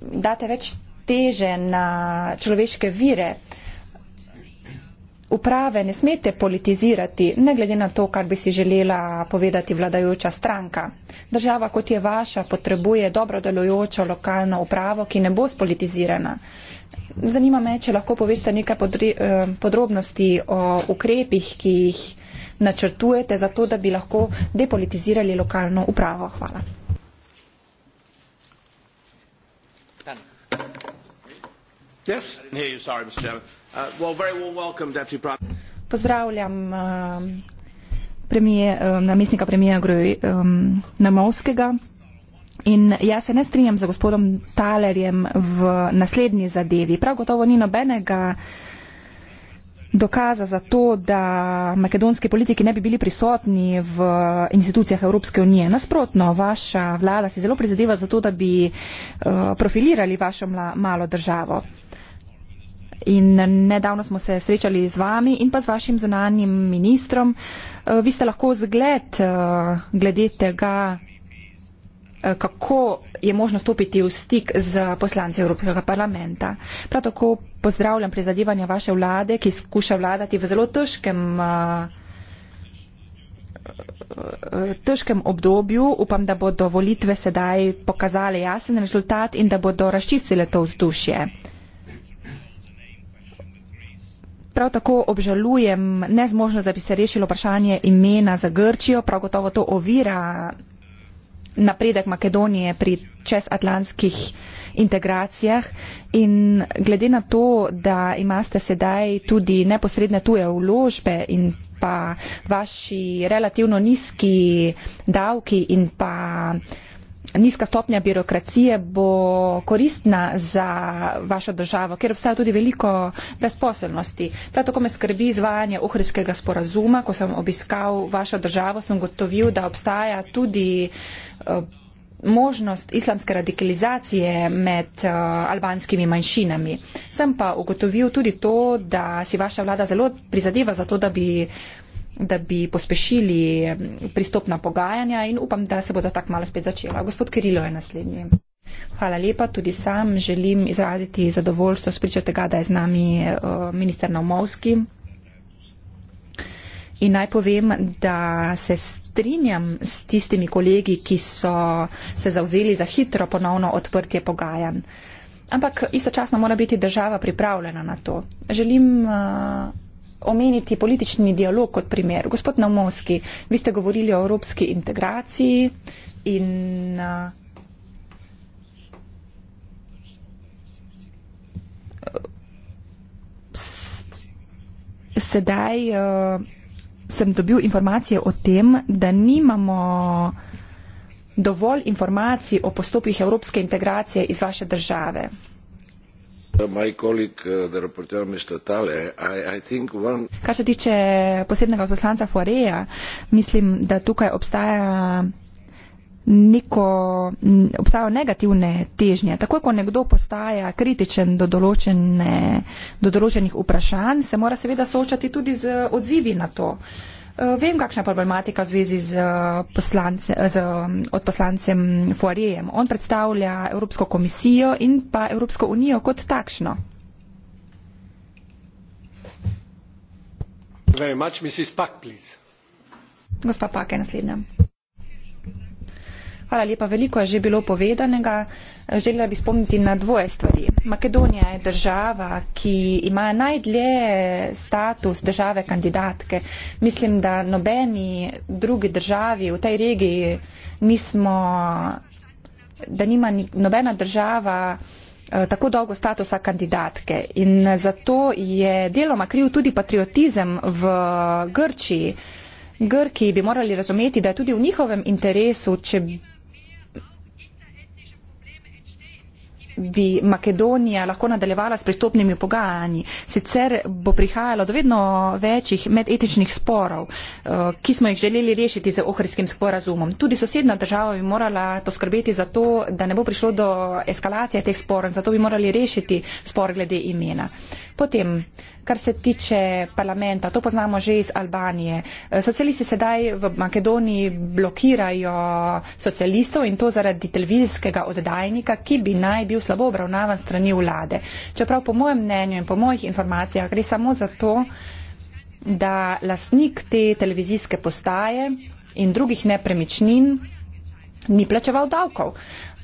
date več teže na človeške vire. Uprave ne smete politizirati, ne glede na to, kar bi si želela povedati vladajoča stranka. Država, kot je vaša, potrebuje dobro delujočo lokalno upravo, ki ne bo spolitizirana. Zanima me, če lahko poveste nekaj podri, eh, podrobnosti o ukrepih, ki jih načrtujete za to, da bi lahko depolitizirali lokalno upravo. Hvala. Yes? You, sorry, uh, well, very well welcome, Pozdravljam um, um, namestnika premije um, Namovskega. In jaz se ne strinjam za gospodom Talerjem v naslednji zadevi. Prav gotovo ni nobenega uh, dokaza za to, da makedonski politiki ne bi bili prisotni v institucijah Evropske unije. Nasprotno, vaša vlada si zelo prizadeva za to, da bi eh, profilirali vašo malo državo. In nedavno smo se srečali z vami in pa z vašim zunanjim ministrom. Eh, vi ste lahko zgled eh, glede tega, Eh, kako je možno stopiti v stik z poslanci Evropskega parlamenta. Prav tako pozdravljam prizadevanja vaše vlade, ki skuša vladati v zelo težkem, eh, eh, težkem obdobju. Upam, da bodo volitve sedaj pokazale jasen rezultat in da bodo razčistile to vzdušje. Prav tako obžalujem nezmožnost, da bi se rešilo vprašanje imena za Grčijo. Prav gotovo to ovira napredek Makedonije pri čezatlantskih integracijah in glede na to, da imate sedaj tudi neposredne tuje vložbe in pa vaši relativno nizki davki in pa nizka stopnja birokracije bo koristna za vašo državo, ker obstaja tudi veliko brezposelnosti. Prav tako me skrbi izvajanje uhrskega sporazuma. Ko sem obiskal vašo državo, sem gotovil, da obstaja tudi uh, Eh, možnost islamske radikalizacije med uh, albanskimi manjšinami. Sem pa ugotovil tudi to, da si vaša vlada zelo prizadeva za to, da bi, da bi pospešili mm, pristopna pogajanja in upam, da se bodo tako malo spet začela. Gospod Kirilo je naslednji. Hvala lepa, tudi sam želim izraziti zadovoljstvo spričo tega, da je z nami uh, minister Novovski. In naj povem, da se strinjam s tistimi kolegi, ki so se zauzeli za hitro ponovno odprtje pogajan. Ampak istočasno mora biti država pripravljena na to. Želim uh, omeniti politični dialog kot primer. Gospod Namoski, vi ste govorili o evropski integraciji in. Uh, Sedaj eh, sem dobil informacije o tem, da nimamo dovolj informacij o postopkih evropske integracije iz vaše države. Uh, Kar se tiče posebnega poslanca Foreja, mislim, da tukaj obstaja neko, obstajajo negativne težnje. Takoj, ko nekdo postaja kritičen do, določene, do določenih vprašanj, se mora seveda soočati tudi z odzivi na to. E, vem, kakšna je problematika v zvezi z poslance, z, od poslancem Fuarejem. On predstavlja Evropsko komisijo in pa Evropsko unijo kot takšno. Gospa Pake, naslednja. Hvala lepa. Veliko je že bilo povedanega. Želela bi spomniti na dvoje stvari. Makedonija je država, ki ima najdlje status države kandidatke. Mislim, da nobeni drugi državi v tej regiji nismo, da nima nobena država eh, tako dolgo statusa kandidatke. In zato je deloma kriv tudi patriotizem v Grčiji. Grki bi morali razumeti, da je tudi v njihovem interesu, če bi Makedonija lahko nadaljevala s pristopnimi pogajanji. Sicer bo prihajalo do vedno večjih medetičnih sporov, eh, ki smo jih želeli rešiti z ohrskim sporazumom. Tudi sosedna država bi morala poskrbeti za to, da ne bo prišlo do eskalacije teh sporov, zato bi morali rešiti spor glede imena. Potem kar se tiče parlamenta. To poznamo že iz Albanije. Eh, socialisti sedaj v Makedoniji blokirajo socialistov in to zaradi televizijskega oddajnika, ki bi naj bil slabo obravnavan strani vlade. Čeprav po mojem mnenju in po mojih informacijah gre samo za to, da lasnik te televizijske postaje in drugih nepremičnin ni plačeval davkov.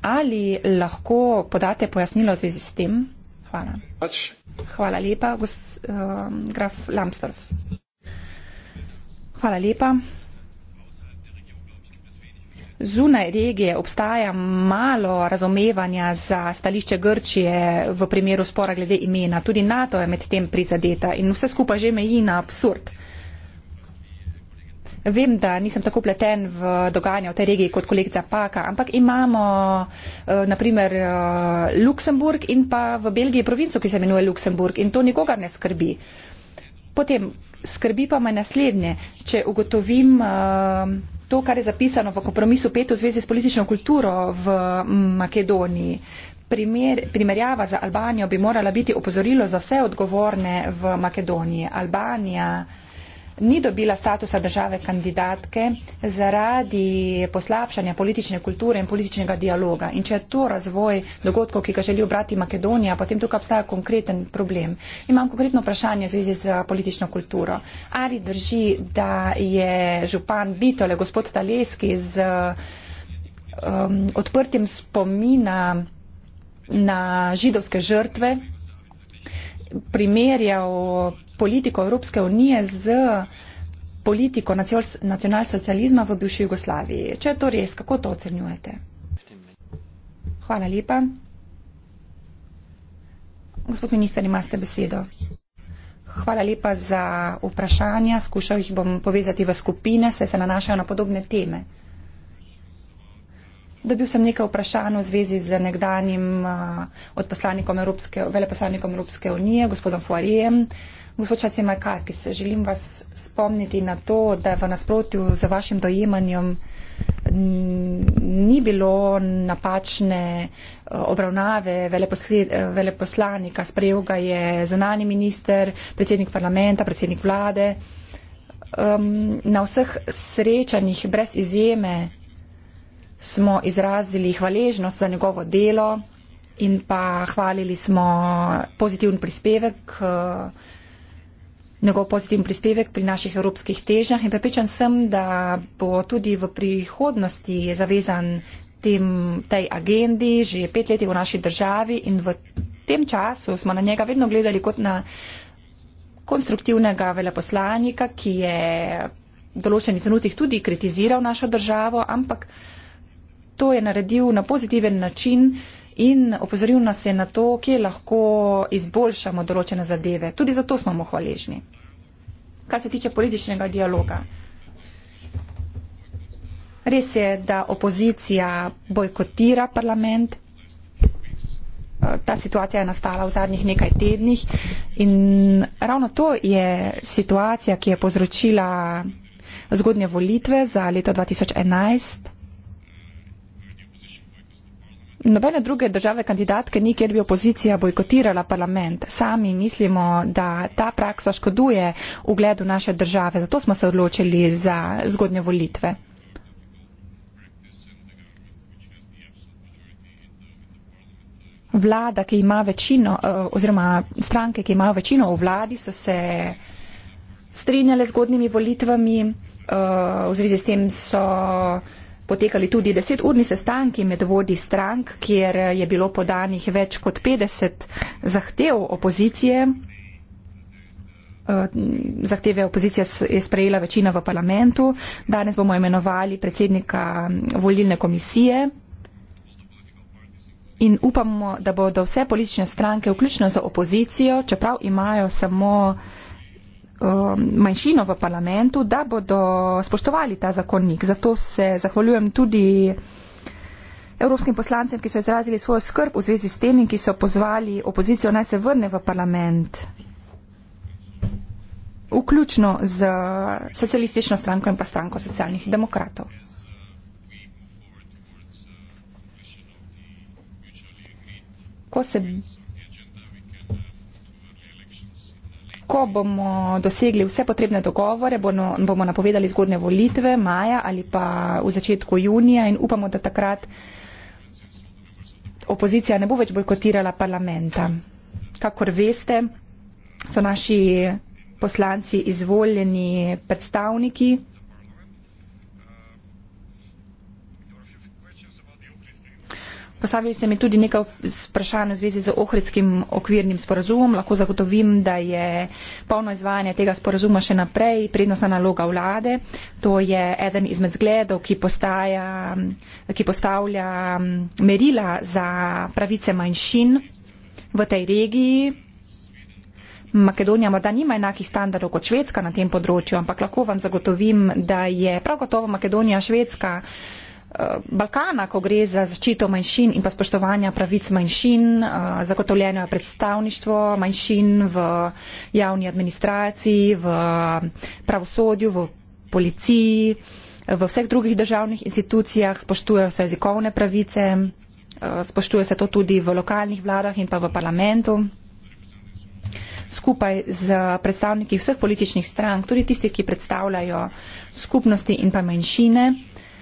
Ali lahko podate pojasnilo v zvezi s tem? Hvala. Pač Hvala lepa, gos, uh, graf Lambsdorff. Hvala lepa. Zunaj regije obstaja malo razumevanja za stališče Grčije v primeru spora glede imena. Tudi NATO je med tem prizadeta in vse skupaj že meji na absurd. Uh, Vem, da nisem tako pleten v dogajanje v tej regiji kot kolegica Paka, ampak imamo eh, naprimer eh, Luksemburg in pa v Belgiji provinco, ki se imenuje Luksemburg in to nikogar ne skrbi. Potem skrbi pa me naslednje, če ugotovim eh, to, kar je zapisano v kompromisu pet v zvezi s politično kulturo v Makedoniji. Primer, primerjava za Albanijo bi morala biti opozorilo za vse odgovorne v Makedoniji. Albanija ni dobila statusa države kandidatke zaradi poslabšanja politične kulture in političnega dialoga. In če je to razvoj dogodkov, ki ga želi obrati Makedonija, potem tukaj obstaja konkreten problem. Imam konkretno vprašanje zvezi z politično kulturo. Ali drži, da je župan Bitole, gospod Taleski, z um, odprtjem spomina na židovske žrtve primerjal politiko Evropske unije z politiko nacionalsocializma v bivši Jugoslaviji. Če je to res, kako to ocenjujete? Hvala lepa. Gospod minister, imate besedo. Hvala lepa za vprašanja. Skušal jih bom povezati v skupine, saj se nanašajo na podobne teme. Dobil sem nekaj vprašanj v zvezi z nekdanjim uh, odposlanikom Evropske, veleposlanikom Evropske unije, gospodom Fuarijem. Gospod Čacimajkakis, želim vas spomniti na to, da v nasprotju z vašim dojemanjem ni bilo napačne eh, obravnave veleposlanika, sprejel ga je zunani minister, predsednik parlamenta, predsednik vlade. Na vseh srečanjih brez izjeme smo izrazili hvaležnost za njegovo delo in pa hvalili smo pozitivn prispevek k eh, njegov pozitiven prispevek pri naših evropskih težnjah in prepričan sem, da bo tudi v prihodnosti zavezan tem, tej agendi že pet let v naši državi in v tem času smo na njega vedno gledali kot na konstruktivnega veleposlanika, ki je v določenih trenutih tudi kritiziral našo državo, ampak to je naredil na pozitiven način in opozoril nas je na to, kje lahko izboljšamo določene zadeve. Tudi zato smo mu hvaležni. Kar se tiče političnega dialoga. Res je, da opozicija bojkotira parlament. Eh, ta situacija je nastala v zadnjih nekaj tednih in ravno to je situacija, ki je povzročila zgodnje volitve za leto 2011 nobene druge države kandidatke ni, kjer bi opozicija bojkotirala parlament. Sami mislimo, da ta praksa škoduje ugledu naše države, zato smo se odločili za zgodnje volitve. Vlada, ki ima večino, eh, oziroma stranke, ki imajo večino v vladi, so se strinjale z zgodnimi volitvami, eh, v zvezi s tem so potekali tudi deseturni sestanki med vodi strank, kjer je bilo podanih več kot 50 zahtev opozicije. Eh, zahteve opozicije je sprejela večina v parlamentu. Danes bomo imenovali predsednika mm, volilne komisije. In upamo, da bodo vse politične stranke, vključno z opozicijo, čeprav imajo samo Um, manjšino v parlamentu, da bodo spoštovali ta zakonnik. Zato se zahvaljujem tudi evropskim poslancem, ki so izrazili svojo skrb v zvezi s tem in ki so pozvali opozicijo naj se vrne v parlament, vključno z socialistično stranko in pa stranko socialnih demokratov. Ko se Ko bomo dosegli vse potrebne dogovore, bomo, bomo napovedali zgodne volitve maja ali pa v začetku junija in upamo, da takrat opozicija ne bo več bojkotirala parlamenta. Kakor veste, so naši poslanci izvoljeni predstavniki Postavili ste mi tudi nekaj vprašanj v zvezi z Ohridskim okvirnim sporazumom. Lahko zagotovim, da je polno izvajanje tega sporazuma še naprej prednostna naloga vlade. To je eden izmed zgledov, ki, postaja, ki postavlja merila za pravice manjšin v tej regiji. Makedonija morda nima enakih standardov kot Švedska na tem področju, ampak lahko vam zagotovim, da je prav gotovo Makedonija Švedska. Uh, Eh, Balkana, ko gre za zaščito manjšin in pa spoštovanja pravic manjšin, eh, zagotovljeno je predstavništvo manjšin v javni administraciji, v pravosodju, v policiji, v vseh drugih državnih institucijah, spoštujejo se jezikovne pravice, eh, spoštuje se to tudi v lokalnih vladah in pa v parlamentu skupaj z predstavniki vseh političnih strank, tudi tistih, ki predstavljajo skupnosti in pa manjšine, uh,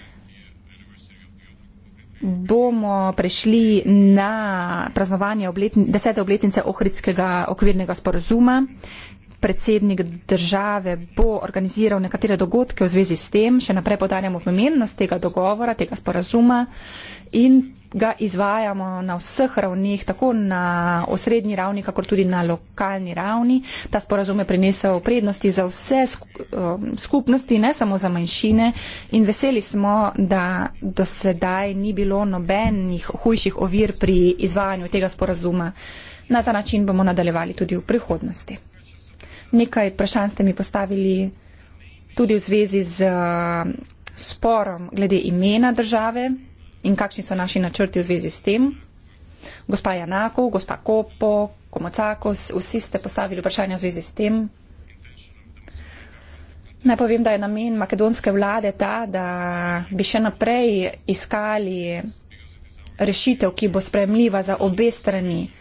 bomo prišli na praznovanje obletni, desete obletnice Ohridskega okvirnega sporozuma. Predsednik države bo organiziral nekatere dogodke v zvezi s tem, še naprej podarjamo pomembnost tega dogovora, tega sporazuma in ga izvajamo na vseh ravnih, tako na osrednji ravni, kako tudi na lokalni ravni. Ta sporazum je prinesel prednosti za vse um, skupnosti, ne samo za manjšine in veseli smo, da do sedaj ni bilo nobenih hujših ovir pri izvajanju tega sporazuma. Na ta način bomo nadaljevali tudi v prihodnosti. Nekaj vprašanj ste mi postavili tudi v zvezi z um, sporom glede imena države in kakšni so naši načrti v zvezi s tem. Gospa Janakov, gospa Kopo, Komocakos, vsi ste postavili vprašanja v zvezi s tem. Naj povem, da je namen makedonske vlade ta, da bi še naprej iskali rešitev, ki bo spremljiva za obe strani. Uh,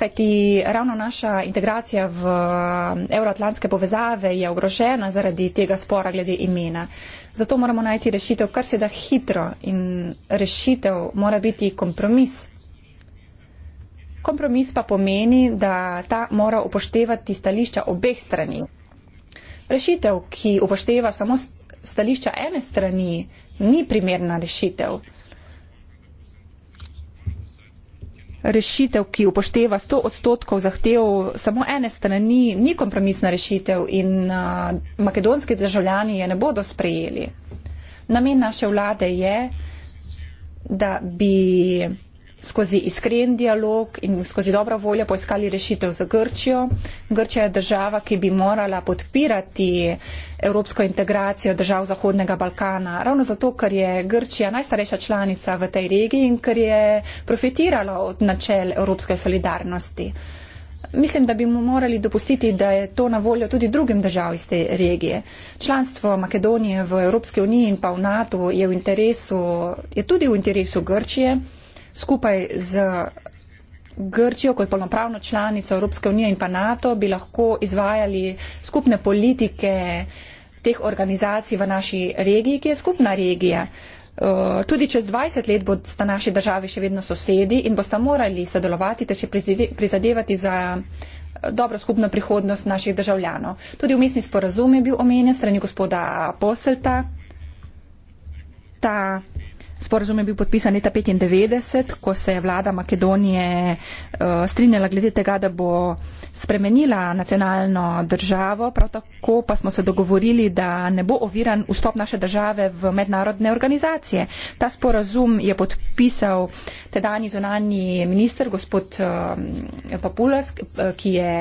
kajti ravno naša integracija v um, euroatlantske povezave je ogrožena zaradi tega spora glede imena. Zato moramo najti rešitev, kar se da hitro in rešitev mora biti kompromis. Kompromis pa pomeni, da ta mora upoštevati stališča obeh strani. Rešitev, ki upošteva samo stališča ene strani, ni primerna rešitev. rešitev, ki upošteva 100 odstotkov zahtev samo ene strani, ni kompromisna rešitev in uh, makedonski državljani je ne bodo sprejeli. Namen naše vlade je, da bi skozi iskren dialog in skozi dobro voljo poiskali rešitev za Grčijo. Grčija je država, ki bi morala podpirati evropsko integracijo držav Zahodnega Balkana, ravno zato, ker je Grčija najstarejša članica v tej regiji in ker je profitirala od načel evropske solidarnosti. Mislim, da bi mu morali dopustiti, da je to na voljo tudi drugim državam iz te regije. Članstvo Makedonije v Evropski uniji in pa v NATO je, v interesu, je tudi v interesu Grčije skupaj z Grčijo kot polnopravno članico Evropske unije in pa NATO bi lahko izvajali skupne politike teh organizacij v naši regiji, ki je skupna regija. Uh, tudi čez 20 let bodo naši državi še vedno sosedi in boste morali sodelovati ter se prizadevati za uh, dobro skupno prihodnost naših državljanov. Tudi umestni sporazum je bil omenjen strani gospoda Poselta. Ta Sporazum je bil podpisan leta 1995, ko se je vlada Makedonije uh, strinjala glede tega, da bo spremenila nacionalno državo, prav tako pa smo se dogovorili, da ne bo oviran vstop naše države v mednarodne organizacije. Ta sporazum je podpisal tedajni zonalni minister, gospod uh, Papulas, uh, ki je.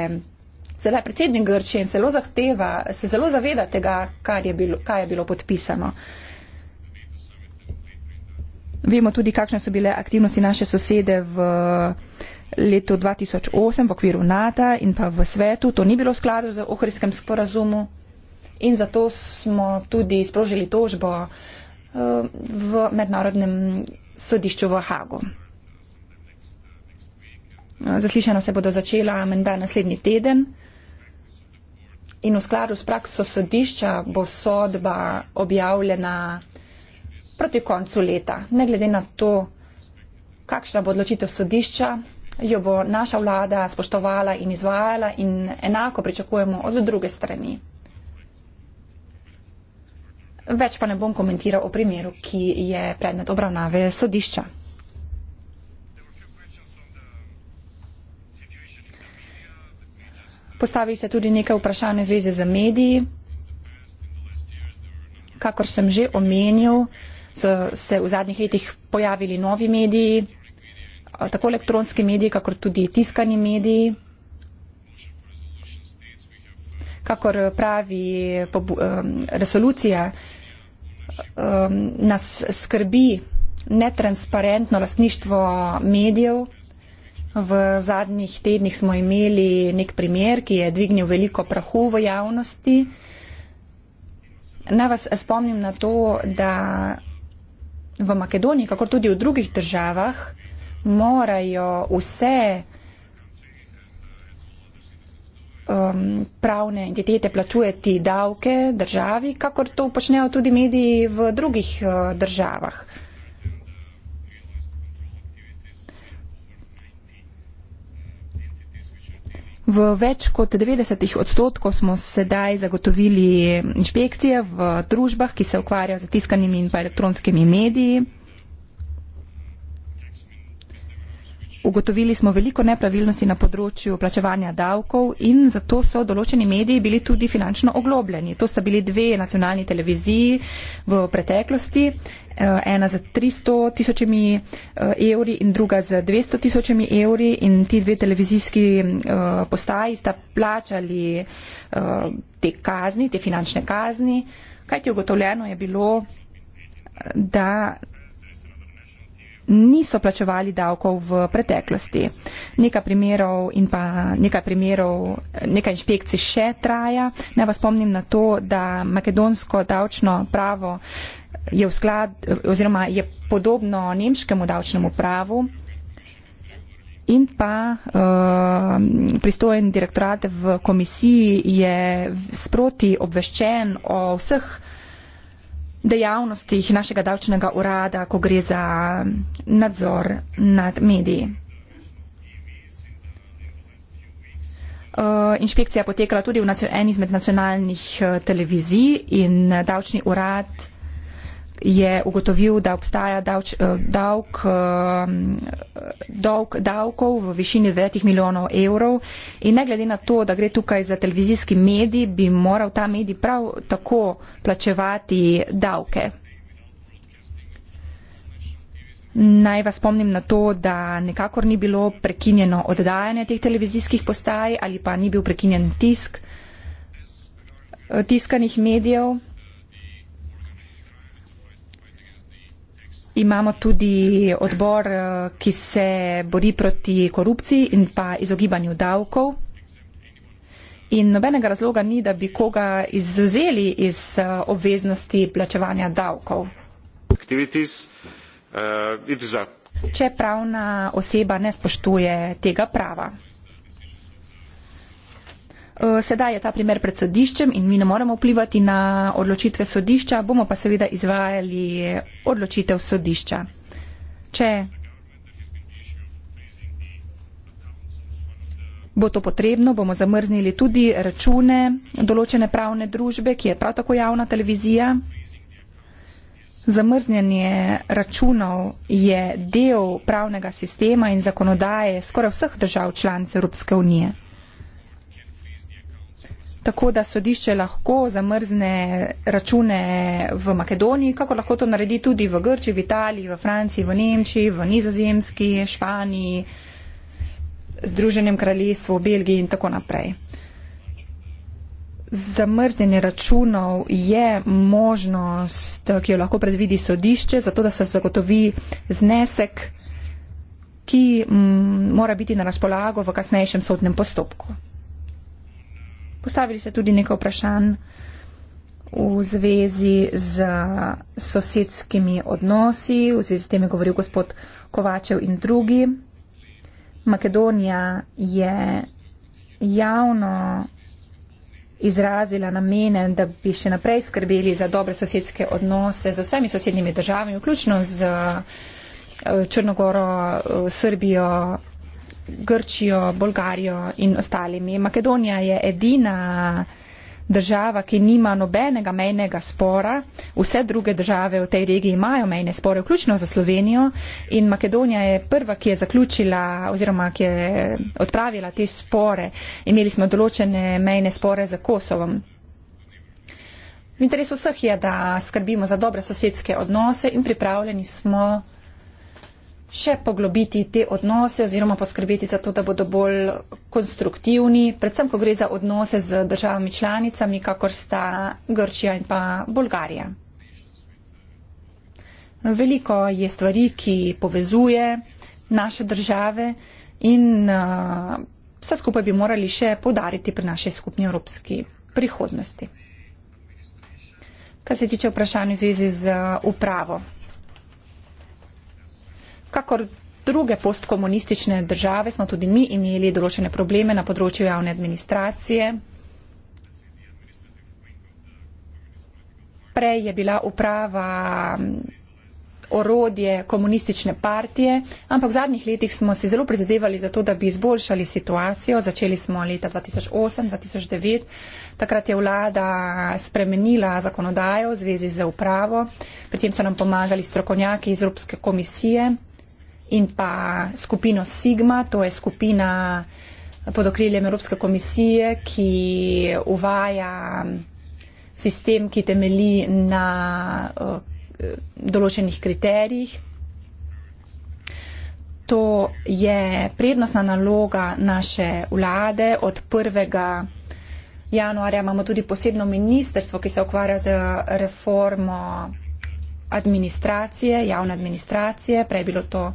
Sedaj predsednik Grčije in zelo zahteva, se zelo zaveda tega, kar je bilo, kaj je bilo podpisano. Uh, Vemo tudi, kakšne so bile aktivnosti naše sosede v letu 2008 v okviru NATO in pa v svetu. To ni bilo v skladu z ohrijskem sporazumu in zato smo tudi sprožili tožbo eh, v mednarodnem sodišču v Hagu. Zaslišanja se bodo začela menda naslednji teden in v skladu s prakso sodišča bo sodba objavljena proti koncu leta. Ne glede na to, kakšna bo odločitev sodišča, jo bo naša vlada spoštovala in izvajala in enako pričakujemo od druge strani. Več pa ne bom komentiral o primeru, ki je predmet obravnave sodišča. Postavi se tudi nekaj vprašanj v zvezi z mediji. Kakor sem že omenil, so se v zadnjih letih pojavili novi mediji, tako elektronski mediji, kakor tudi tiskani mediji. Kakor pravi resolucija, nas skrbi netransparentno lastništvo medijev. V zadnjih tednih smo imeli nek primer, ki je dvignil veliko prahu v javnosti. Naj vas spomnim na to, da v Makedoniji, kakor tudi v drugih državah, morajo vse um, pravne entitete plačujeti davke državi, kakor to počnejo tudi mediji v drugih uh, državah. Uh, V več kot 90 odstotkov smo sedaj zagotovili inšpekcije v družbah, ki se ukvarjajo z tiskanimi in pa elektronskimi mediji. Ugotovili smo veliko nepravilnosti na področju plačevanja davkov in zato so določeni mediji bili tudi finančno oglobljeni. To sta bili dve nacionalni televiziji v preteklosti Eh, ena z 300 tisočimi eh, evri in druga z 200 tisočimi evri in ti dve televizijski eh, postaji sta plačali te kazni, te finančne kazni. Kaj ti je ugotovljeno je bilo, da niso plačevali davkov v preteklosti. Nekaj primerov in pa nekaj primerov, nekaj inšpekcij še traja. Naj vas spomnim na to, da makedonsko davčno pravo je v sklad oziroma je podobno nemškemu davčnemu pravu in pa uh, pristojen direktorat v komisiji je sproti obveščen o vseh dejavnostih našega davčnega urada, ko gre za nadzor nad mediji. Uh, inšpekcija potekala tudi v en izmed nacionalnih eh, televizij in eh, davčni urad uh, je ugotovil, da obstaja davč, eh, davk, eh, dolg davkov v višini 9 milijonov evrov in ne glede na to, da gre tukaj za televizijski medij, bi moral ta medij prav tako plačevati davke. Naj vas spomnim na to, da nekakor ni bilo prekinjeno oddajanje teh televizijskih postaj ali pa ni bil prekinjen tisk eh, tiskanih medijev. Imamo tudi odbor, eh, ki se bori proti korupciji in pa izogibanju davkov. In nobenega razloga ni, da bi koga izuzeli iz eh, obveznosti plačevanja davkov. Uh, Če pravna oseba ne spoštuje tega prava. Eh, sedaj je ta primer pred sodiščem in mi ne moremo vplivati na odločitve sodišča, bomo pa seveda izvajali odločitev sodišča. Če bo to potrebno, bomo zamrznili tudi račune določene pravne družbe, ki je prav tako javna televizija. Zamrznjanje računov je del pravnega sistema in zakonodaje skoraj vseh držav članic Evropske unije tako da sodišče lahko zamrzne račune v Makedoniji, kako lahko to naredi tudi v Grči, v Italiji, v Franciji, v Nemčiji, v Nizozemski, Španiji, Združenem kraljestvu, Belgiji in tako naprej. Zamrznjenje računov je možnost, ki jo lahko predvidi sodišče, zato da se zagotovi znesek, ki m, mm, mora biti na razpolago v kasnejšem sodnem postopku postavili ste tudi nekaj vprašanj v zvezi z sosedskimi odnosi, v zvezi s tem je govoril gospod Kovačev in drugi. Makedonija je javno izrazila namene, da bi še naprej skrbeli za dobre sosedske odnose z vsemi sosednjimi državami, vključno z eh, Črnogoro, eh, Srbijo, Grčijo, Bolgarijo in ostalimi. Makedonija je edina država, ki nima nobenega mejnega spora. Vse druge države v tej regiji imajo mejne spore, vključno za Slovenijo. In Makedonija je prva, ki je zaključila oziroma ki je odpravila te spore. Imeli smo določene mejne spore za Kosovom. V interesu vseh je, da skrbimo za dobre sosedske odnose in pripravljeni smo še poglobiti te odnose oziroma poskrbeti za to, da bodo bolj konstruktivni, predvsem, ko gre za odnose z državami članicami, kakor sta Grčija in pa Bolgarija. Veliko je stvari, ki povezuje naše države in uh, vse skupaj bi morali še podariti pri naši skupni evropski prihodnosti. Kar se tiče vprašanja v zvezi z uh, upravo kakor druge postkomunistične države smo tudi mi imeli določene probleme na področju javne administracije. Prej je bila uprava orodje komunistične partije, ampak v zadnjih letih smo si zelo prizadevali za to, da bi izboljšali situacijo. Začeli smo leta 2008-2009. Takrat je vlada spremenila zakonodajo v zvezi z upravo. Pri tem so nam pomagali strokovnjaki iz Evropske komisije in pa skupino Sigma, to je skupina pod okriljem Evropske komisije, ki uvaja sistem, ki temeli na eh, določenih kriterijih. To je prednostna naloga naše vlade. Od 1. januarja imamo tudi posebno ministerstvo, ki se ukvarja z reformo administracije, javne administracije, prej bilo to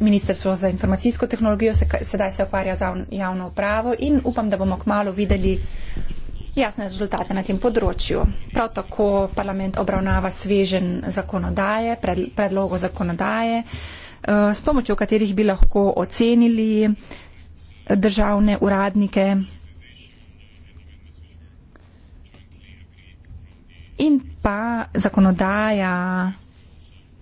Ministrstvo za informacijsko tehnologijo, sedaj se ukvarja z javno upravo in upam, da bomo kmalo videli jasne rezultate na tem področju. Prav tako parlament obravnava svežen zakonodaje, predlogo zakonodaje, eh, s pomočjo katerih bi lahko ocenili državne uradnike in pa zakonodaja.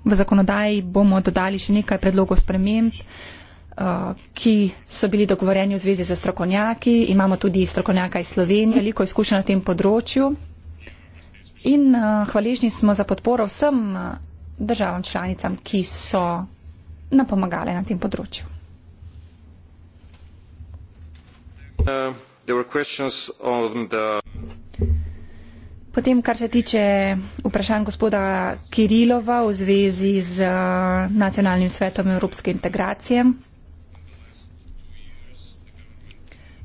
V zakonodaji bomo dodali še nekaj predlogov sprememb, uh, ki so bili dogovorjeni v zvezi z strokovnjaki. Imamo tudi strokovnjaka iz Slovenije, veliko izkušenj na tem področju. In uh, hvaležni smo za podporo vsem uh, državam članicam, ki so nam pomagale na tem področju. Uh, Potem, kar se tiče vprašanj gospoda Kirilova v zvezi z eh, Nacionalnim svetom Evropske integracije.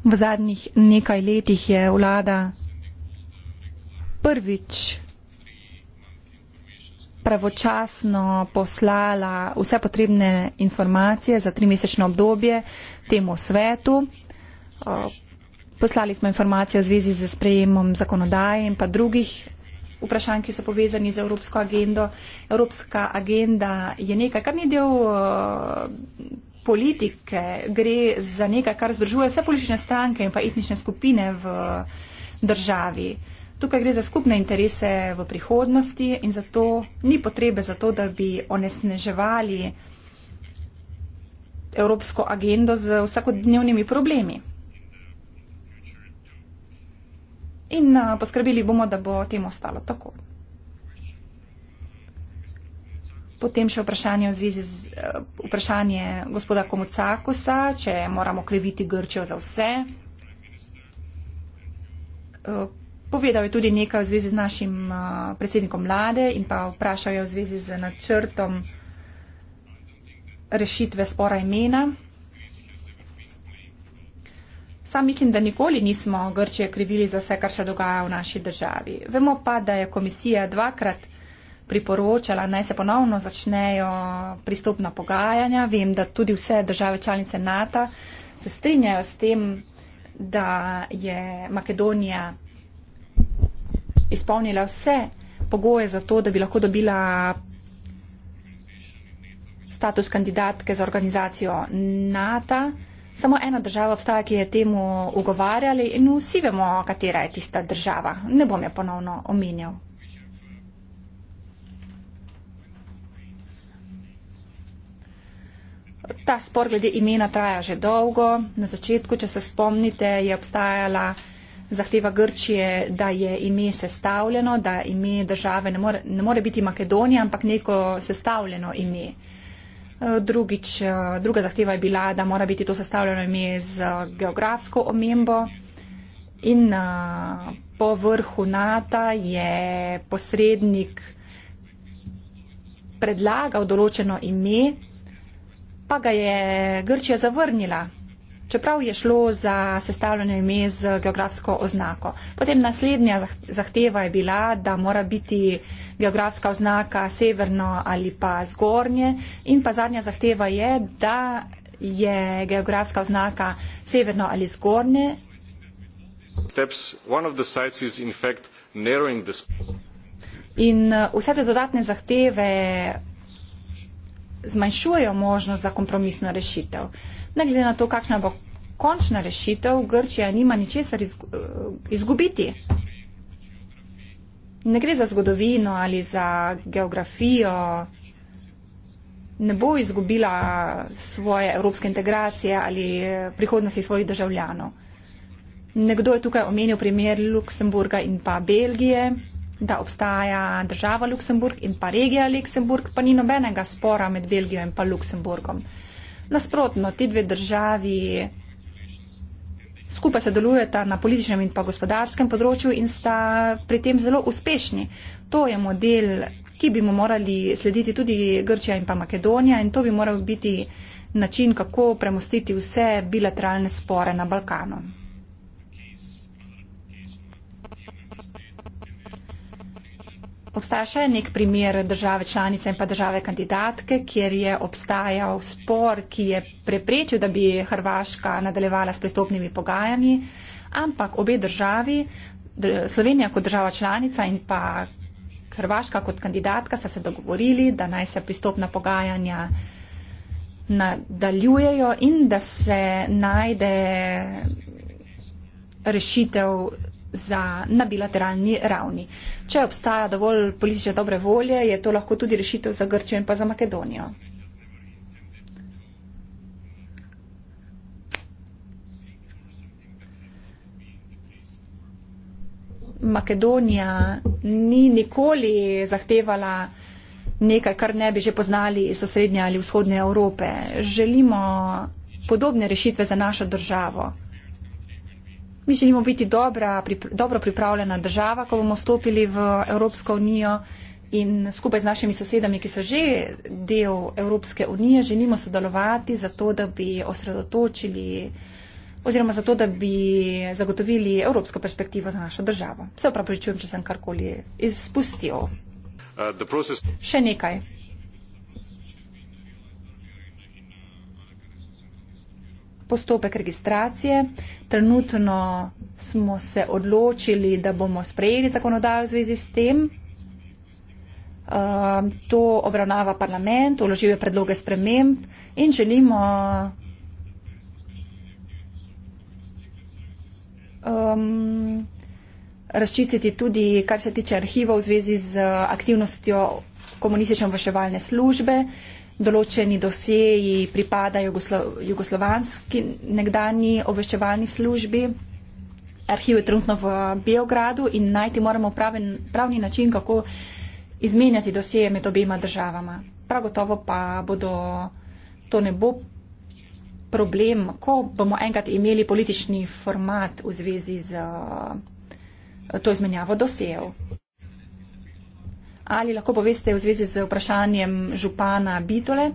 V zadnjih nekaj letih je vlada prvič pravočasno poslala vse potrebne informacije za trimesečno obdobje temu svetu. Eh, Poslali smo informacije v zvezi z sprejemom zakonodaje in pa drugih vprašanj, ki so povezani z Evropsko agendo. Evropska agenda je nekaj, kar ni del uh, politike, gre za nekaj, kar združuje vse politične stranke in pa etnične skupine v eh, državi. Tukaj gre za skupne interese v prihodnosti in zato ni potrebe za to, da bi onesneževali Evropsko agendo z vsakodnevnimi problemi. in eh, poskrbeli bomo, da bo temu ostalo tako. Potem še vprašanje v zvezi z eh, vprašanjem gospoda Komucakusa, če moramo kriviti Grčijo za vse. Eh, povedal je tudi nekaj v zvezi z našim predsednikom vlade in pa vprašal je v zvezi z načrtom rešitve spora imena. Sam mislim, da nikoli nismo Grčije krivili za vse, kar se dogaja v naši državi. Vemo pa, da je komisija dvakrat priporočala, naj se ponovno začnejo pristopna pogajanja. Vem, da tudi vse države članice NATO se strinjajo s tem, da je Makedonija izpolnila vse pogoje za to, da bi lahko dobila status kandidatke za organizacijo NATO. Samo ena država obstaja, ki je temu ugovarjali in vsi vemo, katera je tista država. Ne bom jo ponovno omenjal. Ta spor glede imena traja že dolgo. Na začetku, če se spomnite, je obstajala zahteva Grčije, da je ime sestavljeno, da ime države ne more, ne more biti Makedonija, ampak neko sestavljeno ime. Eh, drugič, eh, druga zahteva je bila, da mora biti to sestavljeno ime z eh, geografsko omembo. In uh, po vrhu NATO je posrednik predlagal določeno ime, pa ga je Grčija zavrnila čeprav je šlo za sestavljanje ime z geografsko oznako. Potem naslednja zahteva je bila, da mora biti geografska oznaka severno ali pa zgornje in pa zadnja zahteva je, da je geografska oznaka severno ali zgornje. In uh, vse te dodatne zahteve zmanjšujejo možnost za kompromisno rešitev. Uh, Ne glede na to, kakšna bo končna rešitev, Grčija nima ničesar izgubiti. Ne gre za zgodovino ali za geografijo, ne bo izgubila svoje evropske integracije ali eh, prihodnosti svojih državljanov. Nekdo je tukaj omenil primer Luksemburga in pa Belgije, da obstaja država Luksemburg in pa regija Luksemburg, pa ni nobenega spora med Belgijo in pa Luksemburgom. Nasprotno, ti dve državi skupaj sodelujeta na političnem in pa gospodarskem področju in sta pri tem zelo uspešni. To je model, ki bi mu morali slediti tudi Grčija in pa Makedonija in to bi moral biti način, kako premostiti vse bilateralne spore na Balkanu. Obstaja še nek primer države članice in pa države kandidatke, kjer je obstajal spor, ki je preprečil, da bi Hrvaška nadaljevala s pristopnimi pogajanji, ampak obe državi, Slovenija kot država članica in pa Hrvaška kot kandidatka, sta se dogovorili, da naj se pristopna pogajanja nadaljujejo in da se najde rešitev za, na bilateralni ravni. Če obstaja dovolj politične dobre volje, je to lahko tudi rešitev za Grčijo in pa za Makedonijo. Makedonija ni nikoli zahtevala nekaj, kar ne bi že poznali iz osrednje ali vzhodne Evrope. Želimo podobne rešitve za našo državo. Mi želimo biti dobra, prip, dobro pripravljena država, ko bomo stopili v Evropsko unijo in skupaj z našimi sosedami, ki so že del Evropske unije, želimo sodelovati za to, da bi osredotočili oziroma za to, da bi zagotovili evropsko perspektivo za našo državo. Se upravičujem, če sem karkoli izpustil. Uh, process... Še nekaj. postopek registracije. Trenutno smo se odločili, da bomo sprejeli zakonodajo v zvezi s tem. Uh, to obravnava parlament, uložil je predloge sprememb in želimo um, razčistiti tudi, kar se tiče arhivov v zvezi z aktivnostjo komunistične obveševalne službe, uh, določeni dosjeji pripada jugoslo, jugoslovanski nekdani obveščevalni službi. Arhiv je trenutno v Beogradu in najti moramo praven, pravni način, kako izmenjati dosjeje med obema državama. Prav gotovo pa bodo, to ne bo problem, ko bomo enkrat imeli politični format v zvezi z to izmenjavo dosjejev. Ali lahko poveste v zvezi z vprašanjem župana Bitole?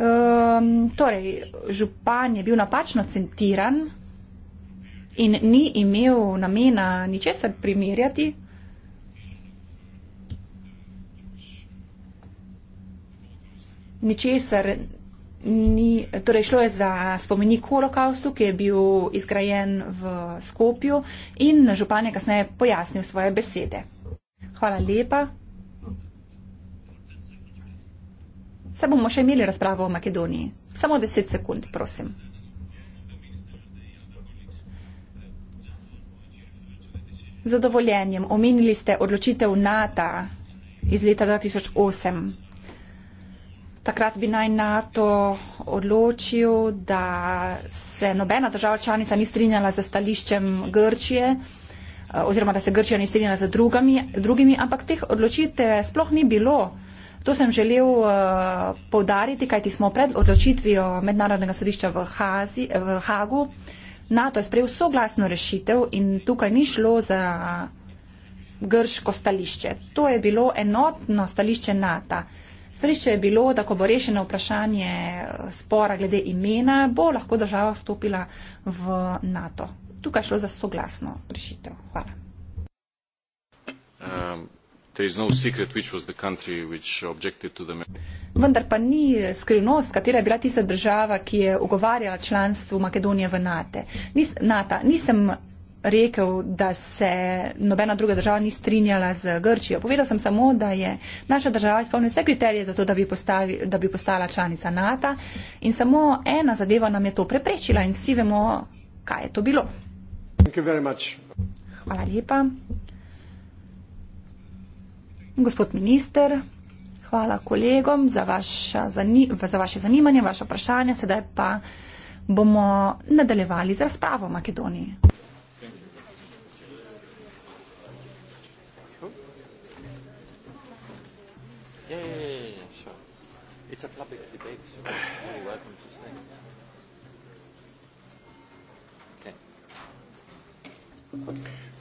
Um, torej, župan je bil napačno centiran in ni imel namena ničesar primerjati. Ničesar ni, torej šlo je za spomenik holokaustu, ki je bil izgrajen v Skopju in župan je kasneje pojasnil svoje besede. Hvala lepa. Se bomo še imeli razpravo o Makedoniji. Samo deset sekund, prosim. Zadovoljenjem omenili ste odločitev NATO iz leta 2008. Takrat bi naj NATO odločil, da se nobena država članica ni strinjala za stališčem Grčije. Eh, oziroma da se Grčija ni strinjala z drugami, drugimi, ampak teh odločitev sploh ni bilo. To sem želel uh, eh, povdariti, kajti smo pred odločitvijo Mednarodnega sodišča v, Hazi, eh, v Hagu NATO je sprejel soglasno rešitev in tukaj ni šlo za grško stališče. To je bilo enotno stališče NATO. Stališče je bilo, da ko bo rešeno vprašanje spora glede imena, bo lahko država vstopila v NATO tukaj šlo za soglasno rešitev. Hvala. Um, no Vendar pa ni skrivnost, katera je bila tista država, ki je ogovarjala članstvo Makedonije v NATO. Nis, NATO. Nisem rekel, da se nobena druga država ni strinjala z Grčijo. Povedal sem samo, da je naša država izpolnila vse kriterije za to, da bi, postavi, da bi postala članica NATO in samo ena zadeva nam je to preprečila in vsi vemo, kaj je to bilo. Hvala lepa. Gospod minister, hvala kolegom za, zani, za vaše zanimanje, vaše vprašanje. Sedaj pa bomo nadaljevali z razpravo o Makedoniji. Yeah, yeah, yeah, yeah, sure. It's a public.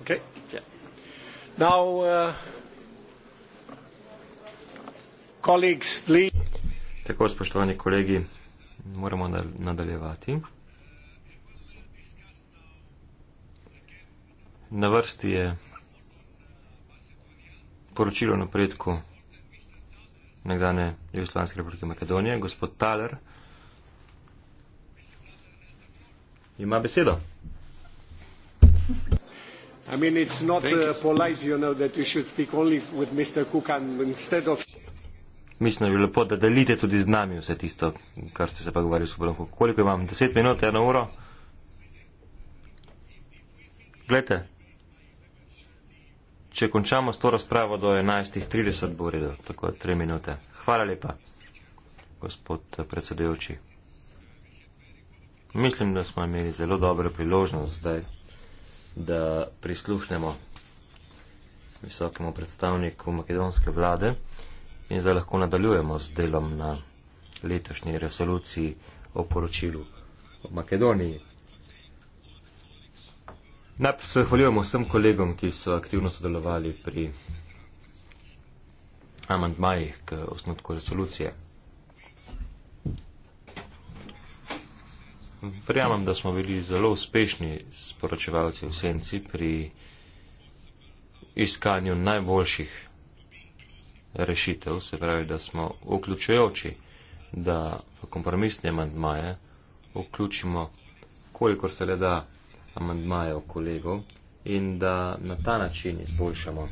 Okay. Yeah. Now, uh, colleagues, please. Tako, spoštovani kolegi, moramo nadaljevati. Na vrsti je poročilo napredku nekdane Jugoslavijske republike Makedonije. Gospod Taler ima besedo. I mean, it's not uh, polite, you know, that you should speak only with Mr. Cook and instead of. Mislim, da bi bilo lepo, da delite tudi z nami vse tisto, kar ste se pa govorili s Bronko. Koliko imam? Deset minut, eno uro? Glejte, če končamo s to razpravo do 11.30, bo redo, tako tri minute. Hvala lepa, gospod predsedujoči. Mislim, da smo imeli zelo dobro priložnost zdaj da prisluhnemo visokemu predstavniku makedonske vlade in zdaj lahko nadaljujemo z delom na letošnji resoluciji o poročilu o Makedoniji. Najprej se hvaljujemo vsem kolegom, ki so aktivno sodelovali pri amandmajih k osnutku resolucije. Verjamem, da smo bili zelo uspešni sporočevalci v senci pri iskanju najboljših rešitev, se pravi, da smo vključujoči, da v kompromisne amantmaje vključimo, koliko se le da, amantmaje v kolegov in da na ta način izboljšamo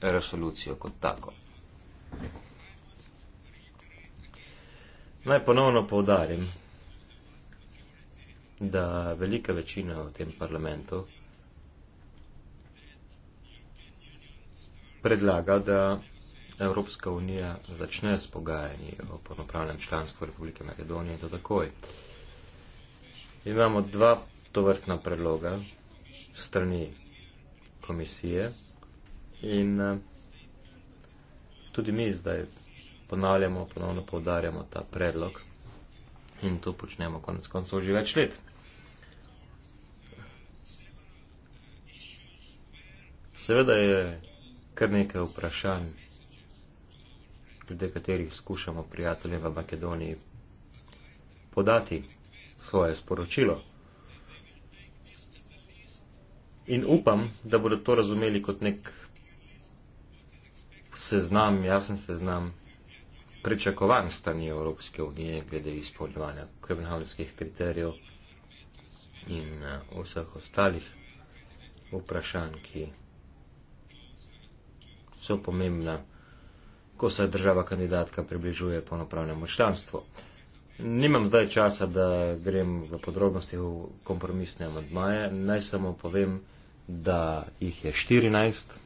resolucijo kot tako. Naj ponovno povdarim, da velika večina v tem parlamentu predlaga, da Evropska unija začne s pogajanji o ponopravnem članstvu Republike Makedonije do takoj. Imamo dva tovrstna predloga strani komisije in tudi mi zdaj ponavljamo, ponovno poudarjamo ta predlog in to počnemo konec koncev že več let. Seveda je kar nekaj vprašanj, glede katerih skušamo prijatelje v Makedoniji podati svoje sporočilo. In upam, da bodo to razumeli kot nek seznam, jasen seznam prečakovanj strani Evropske unije glede izpolnjevanja kopenhavnskih kriterijev in eh, vseh ostalih vprašanj, ki so pomembna, ko se država kandidatka približuje polnopravnemu članstvu. Nimam zdaj časa, da grem v podrobnosti v kompromisne amadmaje, naj samo povem, da jih je 14.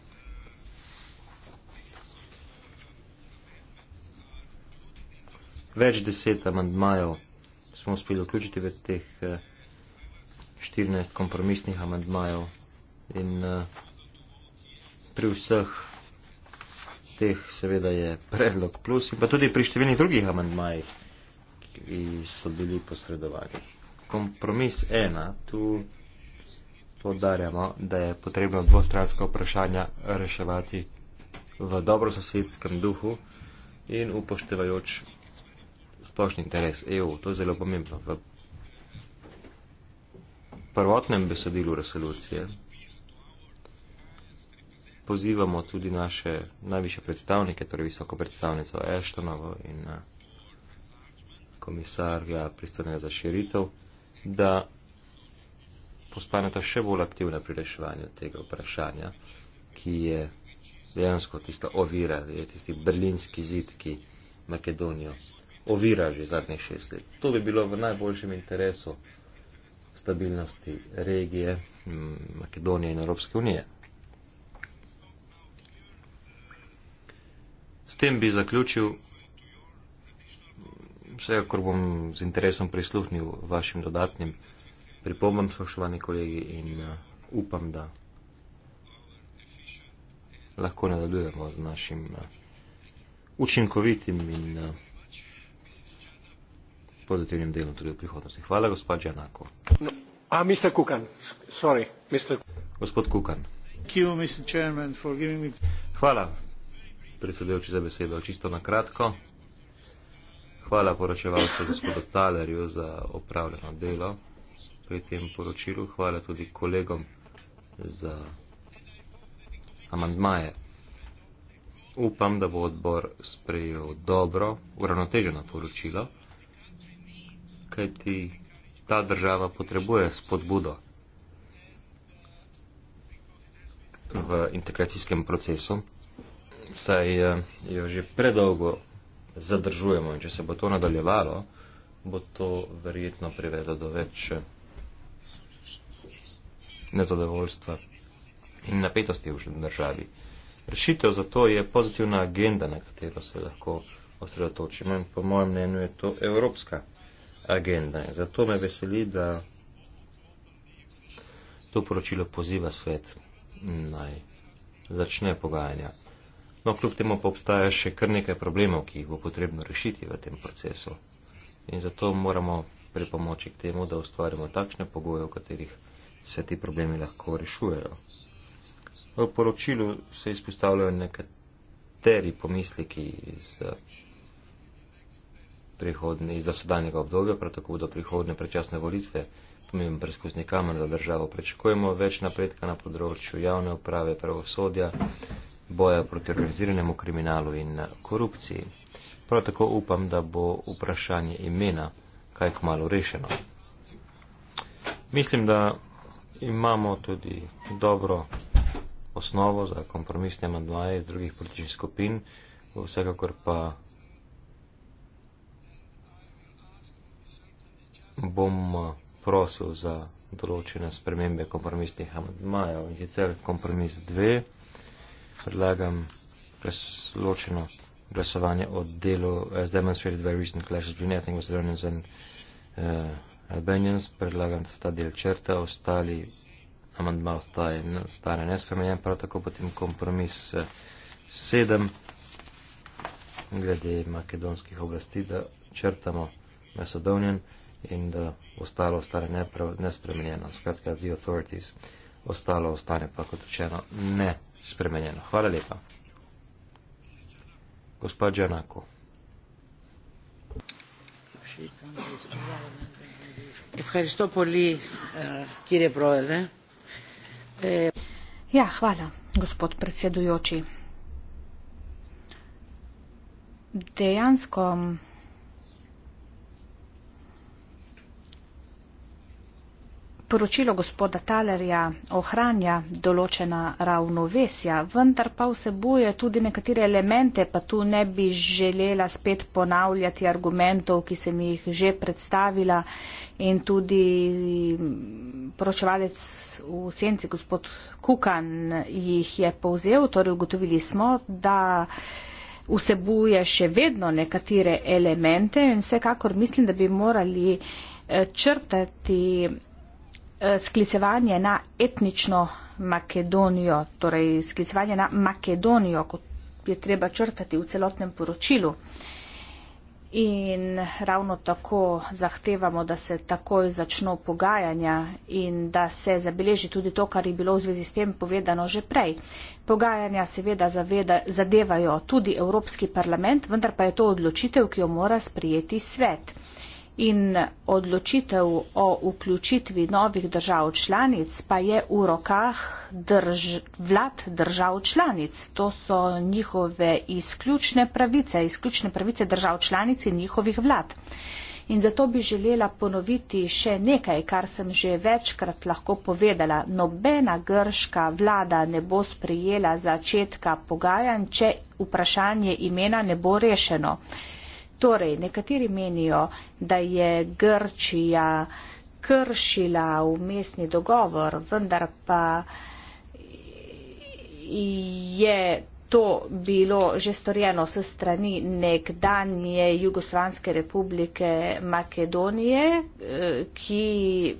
Več deset amadmajev smo uspeli vključiti v teh 14 eh, kompromisnih amadmajev in eh, pri vseh teh seveda je predlog plus in pa tudi pri številnih drugih amandmajih, ki so bili posredovani. Kompromis ena, tu podarjamo, da je potrebno dvostranska vprašanja reševati v dobrososedskem duhu in upoštevajoč splošni interes EU. To je zelo pomembno. V prvotnem besedilu resolucije, pozivamo tudi naše najviše predstavnike, torej visoko predstavnico Eštonovo in eh, komisarja pristojnega za širitev, da postaneta še bolj aktivna pri reševanju tega vprašanja, ki je dejansko tista ovira, je tisti berlinski zid, ki Makedonijo ovira že zadnjih šest let. To bi bilo v najboljšem interesu stabilnosti regije Makedonije in Evropske unije. S tem bi zaključil, vsekakor bom z interesom prisluhnil vašim dodatnim pripombam, spoštovani kolegi, in eh, upam, da lahko nadaljujemo z našim eh, učinkovitim in eh, pozitivnim delom tudi v prihodnosti. Hvala, gospod Džanako. No, a, Mr. Kukan, sorry, Mr. Gospod Kukan. Thank you, Mr. Chairman, for giving me... Hvala, predsedujoči za besedo. Čisto na kratko. Hvala poročevalcu gospodu Talerju za opravljeno delo pri tem poročilu. Hvala tudi kolegom za amandmaje. Upam, da bo odbor sprejel dobro, uravnoteženo poročilo, kajti ta država potrebuje spodbudo v integracijskem procesu saj eh, jo že predolgo zadržujemo in če se bo to nadaljevalo, bo to verjetno privedlo do več eh, nezadovoljstva in napetosti v državi. Rešitev za to je pozitivna agenda, na katero se lahko osredotočimo in po mojem mnenju je to evropska agenda. Zato me veseli, da to poročilo poziva svet naj začne pogajanja No, kljub temu pa obstaja še kar nekaj problemov, ki jih bo potrebno rešiti v tem procesu. In zato moramo pripomoči k temu, da ustvarimo takšne pogoje, v katerih se ti problemi lahko rešujejo. V poročilu se izpostavljajo nekateri pomisliki iz eh, prihodne, iz zasedanjega obdobja, prav tako do prihodne predčasne volitve, pomemben preskusni kamen za državo. Prečakujemo več napredka na področju javne uprave, pravosodja, boja proti organiziranemu kriminalu in korupciji. Prav tako upam, da bo vprašanje imena kaj kmalo rešeno. Mislim, da imamo tudi dobro osnovo za kompromisne mandvaje iz drugih političnih skupin, vsekakor pa bomo prosil za določene spremembe kompromisnih amantmajev in sicer kompromis 2. Predlagam ločeno glasovanje od delu as eh, demonstrated by recent clashes between ethnic Macedonians and uh, Albanians. Predlagam, da ta del črta, ostali amantma ostane nespremenjen, prav tako potem kompromis 7 eh, glede makedonskih oblasti, da črtamo Macedonian in da ostalo ostane nespremenjeno. Skratka, the authorities ostalo ostane pa kot rečeno nespremenjeno. Hvala lepa. Gospod Džanako. Eh, eh. Ja, hvala, gospod predsedujoči. Dejansko poročilo gospoda Talerja ohranja določena ravnovesja, vendar pa vsebuje tudi nekatere elemente, pa tu ne bi želela spet ponavljati argumentov, ki sem jih že predstavila in tudi poročevalec v senci gospod Kukan jih je povzel, torej ugotovili smo, da vsebuje še vedno nekatere elemente in vsekakor mislim, da bi morali eh, črtati Eh, sklicevanje na etnično Makedonijo, torej sklicevanje na Makedonijo, kot je treba črtati v celotnem poročilu. In ravno tako zahtevamo, da se takoj začno pogajanja in da se zabeleži tudi to, kar je bilo v zvezi s tem povedano že prej. Pogajanja seveda zaveda, zadevajo tudi Evropski parlament, vendar pa je to odločitev, ki jo mora sprijeti svet in odločitev o vključitvi novih držav članic pa je v rokah drž vlad držav članic. To so njihove izključne pravice, izključne pravice držav članic in njihovih vlad. In zato bi želela ponoviti še nekaj, kar sem že večkrat lahko povedala. Nobena grška vlada ne bo sprejela začetka pogajanj, če vprašanje imena ne bo rešeno. Torej, nekateri menijo, da je Grčija kršila umestni dogovor, vendar pa je to bilo že storjeno s strani nekdanje Jugoslovanske republike Makedonije, eh, ki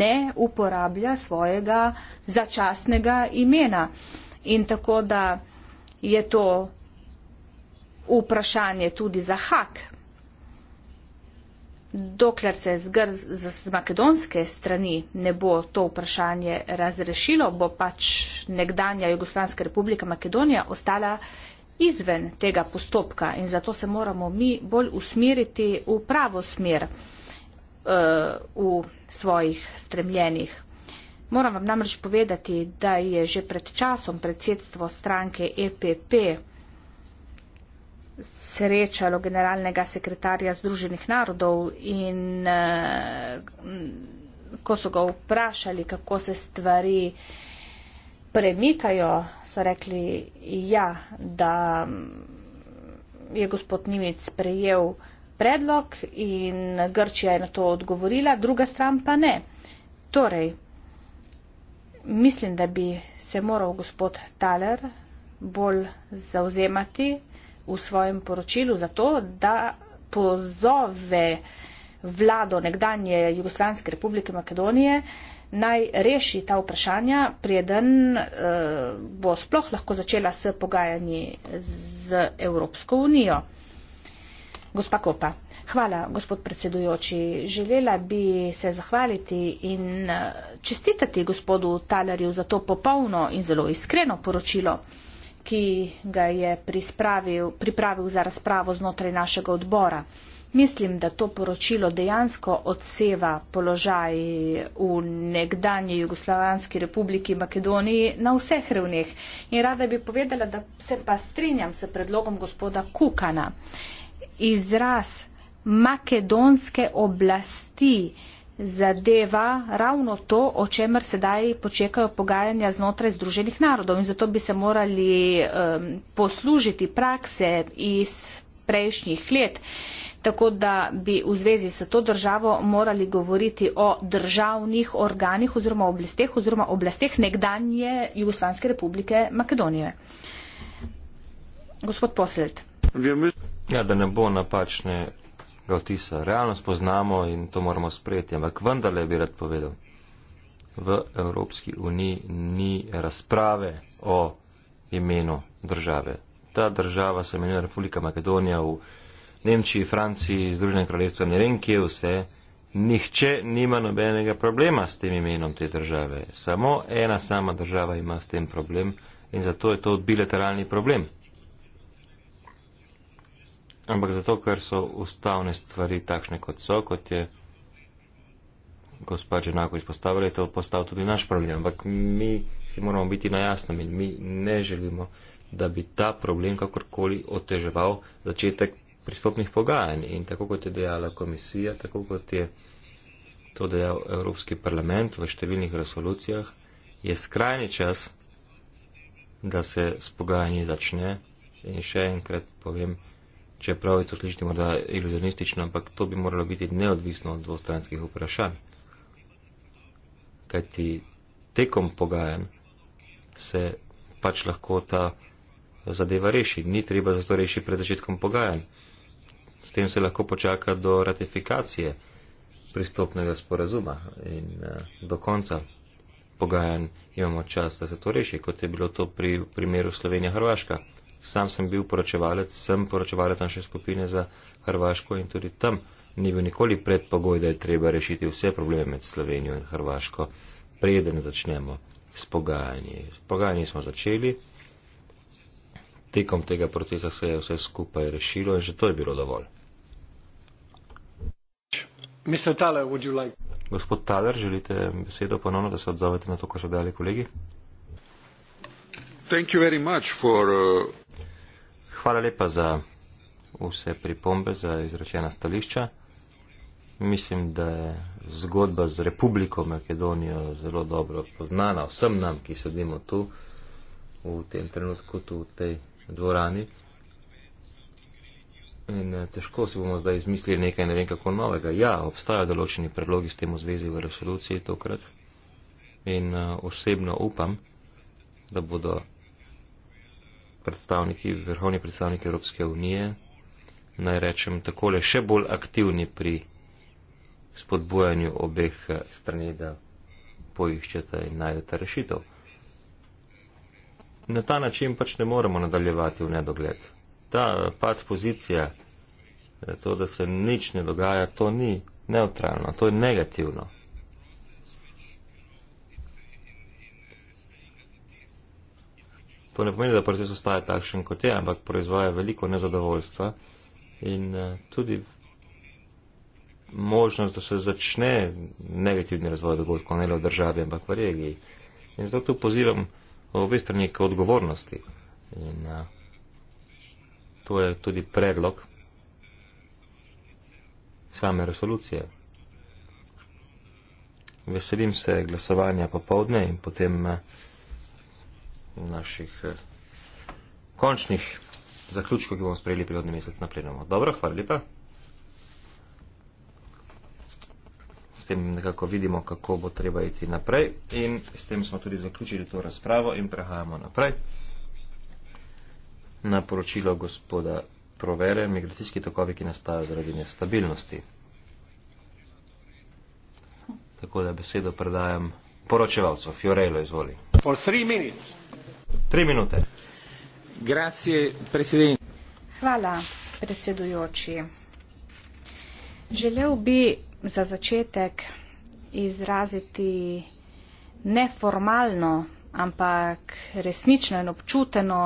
ne uporablja svojega začasnega imena. In tako da je to vprašanje tudi za Hak. Dokler se zgr z, z makedonske strani ne bo to vprašanje razrešilo, bo pač nekdanja Jugoslanska republika Makedonija ostala izven tega postopka in zato se moramo mi bolj usmeriti v pravo smer uh, v svojih stremljenjih. Moram vam namreč povedati, da je že pred časom predsedstvo stranke EPP srečalo generalnega sekretarja Združenih narodov in eh, ko so ga vprašali, kako se stvari premikajo, so rekli, ja, da mm, je gospod Nimic sprejel predlog in Grčija je na to odgovorila, druga stran pa ne. Torej, mislim, da bi se moral gospod Taler bolj zauzemati, v svojem poročilu za to, da pozove vlado nekdanje Jugoslanske republike Makedonije naj reši ta vprašanja, preden eh, bo sploh lahko začela s pogajanji z Evropsko unijo. Gospa Kopa, hvala, gospod predsedujoči. Želela bi se zahvaliti in eh, čestitati gospodu Talarju za to popolno in zelo iskreno poročilo ki ga je pripravil za razpravo znotraj našega odbora. Mislim, da to poročilo dejansko odseva položaj v nekdanji Jugoslavijanski republiki Makedoniji na vseh ravneh. In rada bi povedala, da se pa strinjam s predlogom gospoda Kukana. Izraz makedonske oblasti zadeva ravno to, o čemer sedaj počekajo pogajanja znotraj Združenih narodov. In zato bi se morali um, poslužiti prakse iz prejšnjih let, tako da bi v zvezi s to državo morali govoriti o državnih organih oziroma oblasteh oziroma oblasteh nekdanje Jugoslavijske republike Makedonije. Gospod Poselt. Ja, da ne bo napačne ga vtisa. Realnost poznamo in to moramo sprejeti, ampak vendarle bi rad povedal, v Evropski uniji ni razprave o imenu države. Ta država se imenuje Republika Makedonija v Nemčiji, Franciji, Združenem kraljestvu, ne vem kje vse. Nihče nima nobenega problema s tem imenom te države. Samo ena sama država ima s tem problem in zato je to bilateralni problem ampak zato, ker so ustavne stvari takšne, kot so, kot je gospod Ženako izpostavljal, je to postal tudi naš problem. Ampak mi si moramo biti na jasnem in mi ne želimo, da bi ta problem kakorkoli oteževal začetek pristopnih pogajanj. In tako kot je dejala komisija, tako kot je to dejal Evropski parlament v številnih resolucijah, je skrajni čas, da se s pogajanji začne. In še enkrat povem, čeprav je to slišati morda iluzionistično, ampak to bi moralo biti neodvisno od dvostranskih vprašanj. Kajti tekom pogajanj se pač lahko ta zadeva reši. Ni treba zato reši pred začetkom pogajanj. S tem se lahko počaka do ratifikacije pristopnega sporazuma in uh, do konca pogajanj imamo čas, da se to reši, kot je bilo to pri primeru Slovenija-Hrvaška sam sem bil poročevalec, sem poročevalec naše skupine za Hrvaško in tudi tam ni bil nikoli predpogoj, da je treba rešiti vse probleme med Slovenijo in Hrvaško, preden začnemo s pogajanji. S pogajanji smo začeli, tekom tega procesa se je vse skupaj rešilo in že to je bilo dovolj. Taler, like? Gospod Taler, želite besedo ponovno, da se odzovete na to, kar so dali kolegi? Thank you very much for uh... Hvala lepa za vse pripombe, za izrečena stališča. Mislim, da je zgodba z Republiko Makedonijo zelo dobro poznana vsem nam, ki sedimo tu v tem trenutku, tu v tej dvorani. In eh, težko si bomo zdaj izmislili nekaj ne vem kako novega. Ja, obstajajo določeni predlogi s tem v zvezi v resoluciji tokrat. In eh, osebno upam, da bodo predstavniki, vrhovni predstavniki Evropske unije, naj rečem takole, še bolj aktivni pri spodbujanju obeh eh, strani, da poiščete in najdete rešitev. Na ta način pač ne moremo nadaljevati v nedogled. Ta eh, pad pozicija, eh, to, da se nič ne dogaja, to ni neutralno, to je negativno. To ne pomeni, da proces ostaja takšen, kot je, ampak proizvaja veliko nezadovoljstva in eh, tudi možnost, da se začne negativni razvoj dogodkov, ne le v državi, ampak v regiji. In zato tu pozivam obe strani k odgovornosti. In eh, to je tudi predlog same resolucije. Veselim se glasovanja popovdne in potem. A, eh, naših eh, končnih zaključkov, ki bomo sprejeli prihodni mesec na plenumu. Dobro, hvala lepa. S tem nekako vidimo, kako bo treba iti naprej in s tem smo tudi zaključili to razpravo in prehajamo naprej na poročilo gospoda Provere, migracijski tokovi, ki nastajajo zaradi nestabilnosti. Tako da besedo predajam poročevalcu Fiorello, izvoli. For three minutes. Tri minute. Grazie, predsednik. Hvala, predsedujoči. Želel bi za začetek izraziti neformalno, ampak resnično in občuteno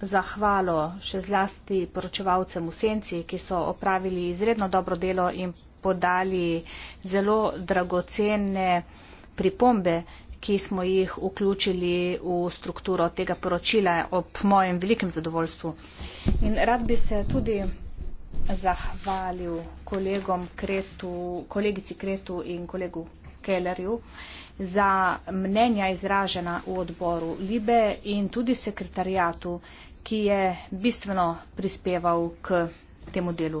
zahvalo še zlasti poročevalcem v senci, ki so opravili izredno dobro delo in podali zelo dragocene pripombe ki smo jih vključili v strukturo tega poročila ob mojem velikem zadovoljstvu. In rad bi se tudi zahvalil kolegom Kretu, kolegici Kretu in kolegu Kellerju za mnenja izražena v odboru Libe in tudi sekretarijatu, ki je bistveno prispeval k temu delu.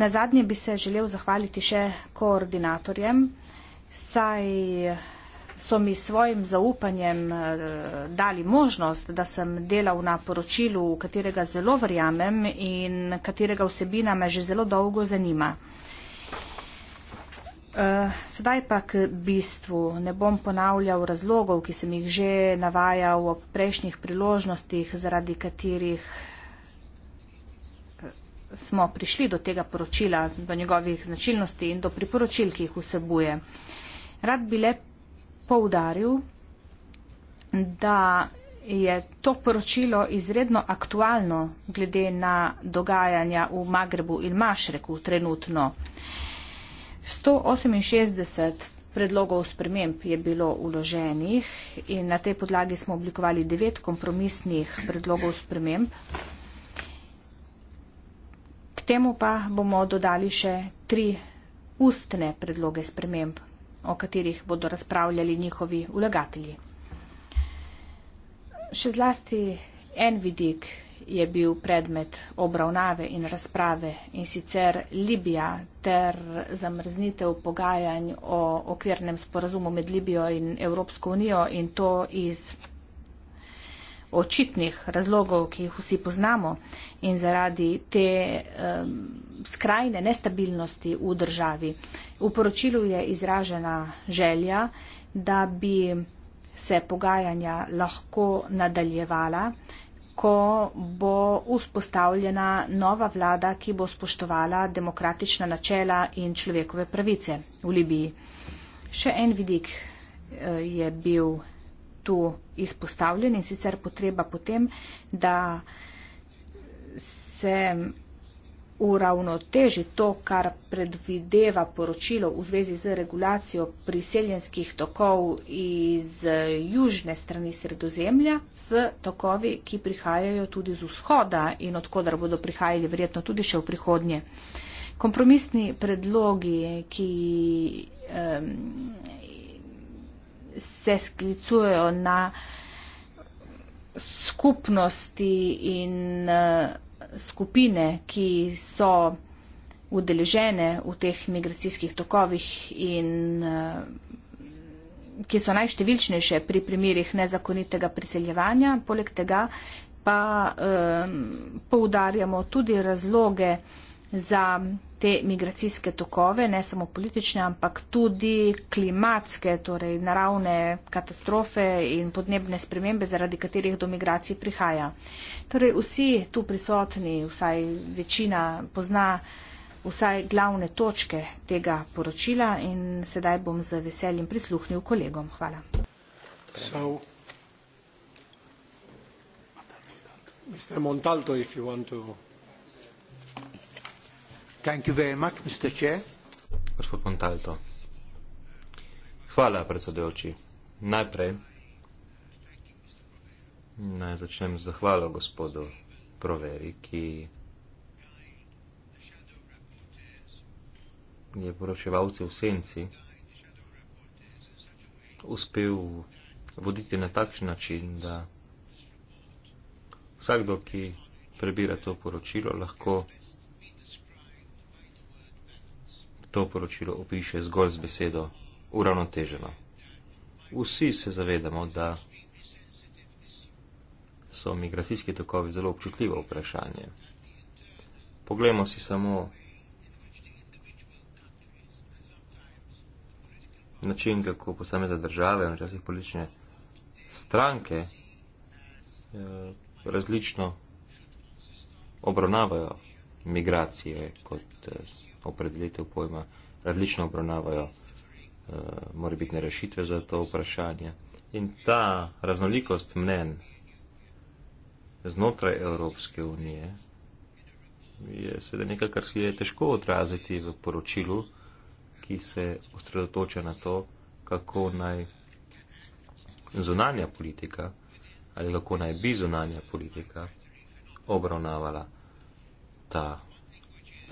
Na zadnje bi se želel zahvaliti še koordinatorjem, saj so mi svojim zaupanjem eh, dali možnost, da sem delal na poročilu, v katerega zelo verjamem in katerega vsebina me že zelo dolgo zanima. Eh, sedaj pa k bistvu. Ne bom ponavljal razlogov, ki sem jih že navajal v prejšnjih priložnostih, zaradi katerih eh, smo prišli do tega poročila, do njegovih značilnosti in do priporočil, ki jih vsebuje. Rad bi le poudaril, da je to poročilo izredno aktualno glede na dogajanja v Magrebu in Mašreku trenutno. 168 predlogov sprememb je bilo uloženih in na tej podlagi smo oblikovali devet kompromisnih predlogov sprememb. K temu pa bomo dodali še tri ustne predloge sprememb o katerih bodo razpravljali njihovi vlagatelji. Še zlasti en vidik je bil predmet obravnave in razprave in sicer Libija ter zamrznitev pogajanj o okvirnem sporazumu med Libijo in Evropsko unijo in to iz očitnih razlogov, ki jih vsi poznamo in zaradi te um, skrajne nestabilnosti v državi. V poročilu je izražena želja, da bi se pogajanja lahko nadaljevala, ko bo vzpostavljena nova vlada, ki bo spoštovala demokratična načela in človekove pravice v Libiji. Še en vidik eh, je bil tu izpostavljen in sicer potreba potem, da se uravnoteži to, kar predvideva poročilo v zvezi z regulacijo priseljenskih tokov iz južne strani sredozemlja z tokovi, ki prihajajo tudi z vzhoda in odkudar bodo prihajali verjetno tudi še v prihodnje. Kompromisni predlogi, ki se sklicujejo na skupnosti in eh, skupine, ki so udeležene v teh migracijskih tokovih in eh, ki so najštevilčnejše pri primerih nezakonitega priseljevanja. Poleg tega pa um, poudarjamo tudi razloge za te migracijske tokove, ne samo politične, ampak tudi klimatske, torej naravne katastrofe in podnebne spremembe, zaradi katerih do migracij prihaja. Torej vsi tu prisotni, vsaj večina pozna vsaj glavne točke tega poročila in sedaj bom z veseljem prisluhnil kolegom. Hvala. So, Mr. Montalto, if you want to Thank you very much, Mr. Chair. Gospod Montalto. Hvala, predsedujoči. Najprej naj začnem z zahvalo gospodu Proveri, ki je poročevalce v senci uspel voditi na takšen način, da vsakdo, ki prebira to poročilo, lahko to poročilo opiše zgolj z besedo uravnoteženo. Vsi se zavedamo, da so migracijski tokovi zelo občutljivo vprašanje. Poglejmo si samo način, kako posamezne države, včasih politične stranke eh, različno obravnavajo migracije kot eh, opredelitev pojma, različno obravnavajo uh, morebitne rešitve za to vprašanje. In ta raznolikost mnen znotraj Evropske unije je seveda nekaj, kar se je težko odraziti v poročilu, ki se osredotoča na to, kako naj zunanja politika ali kako naj bi zunanja politika obravnavala ta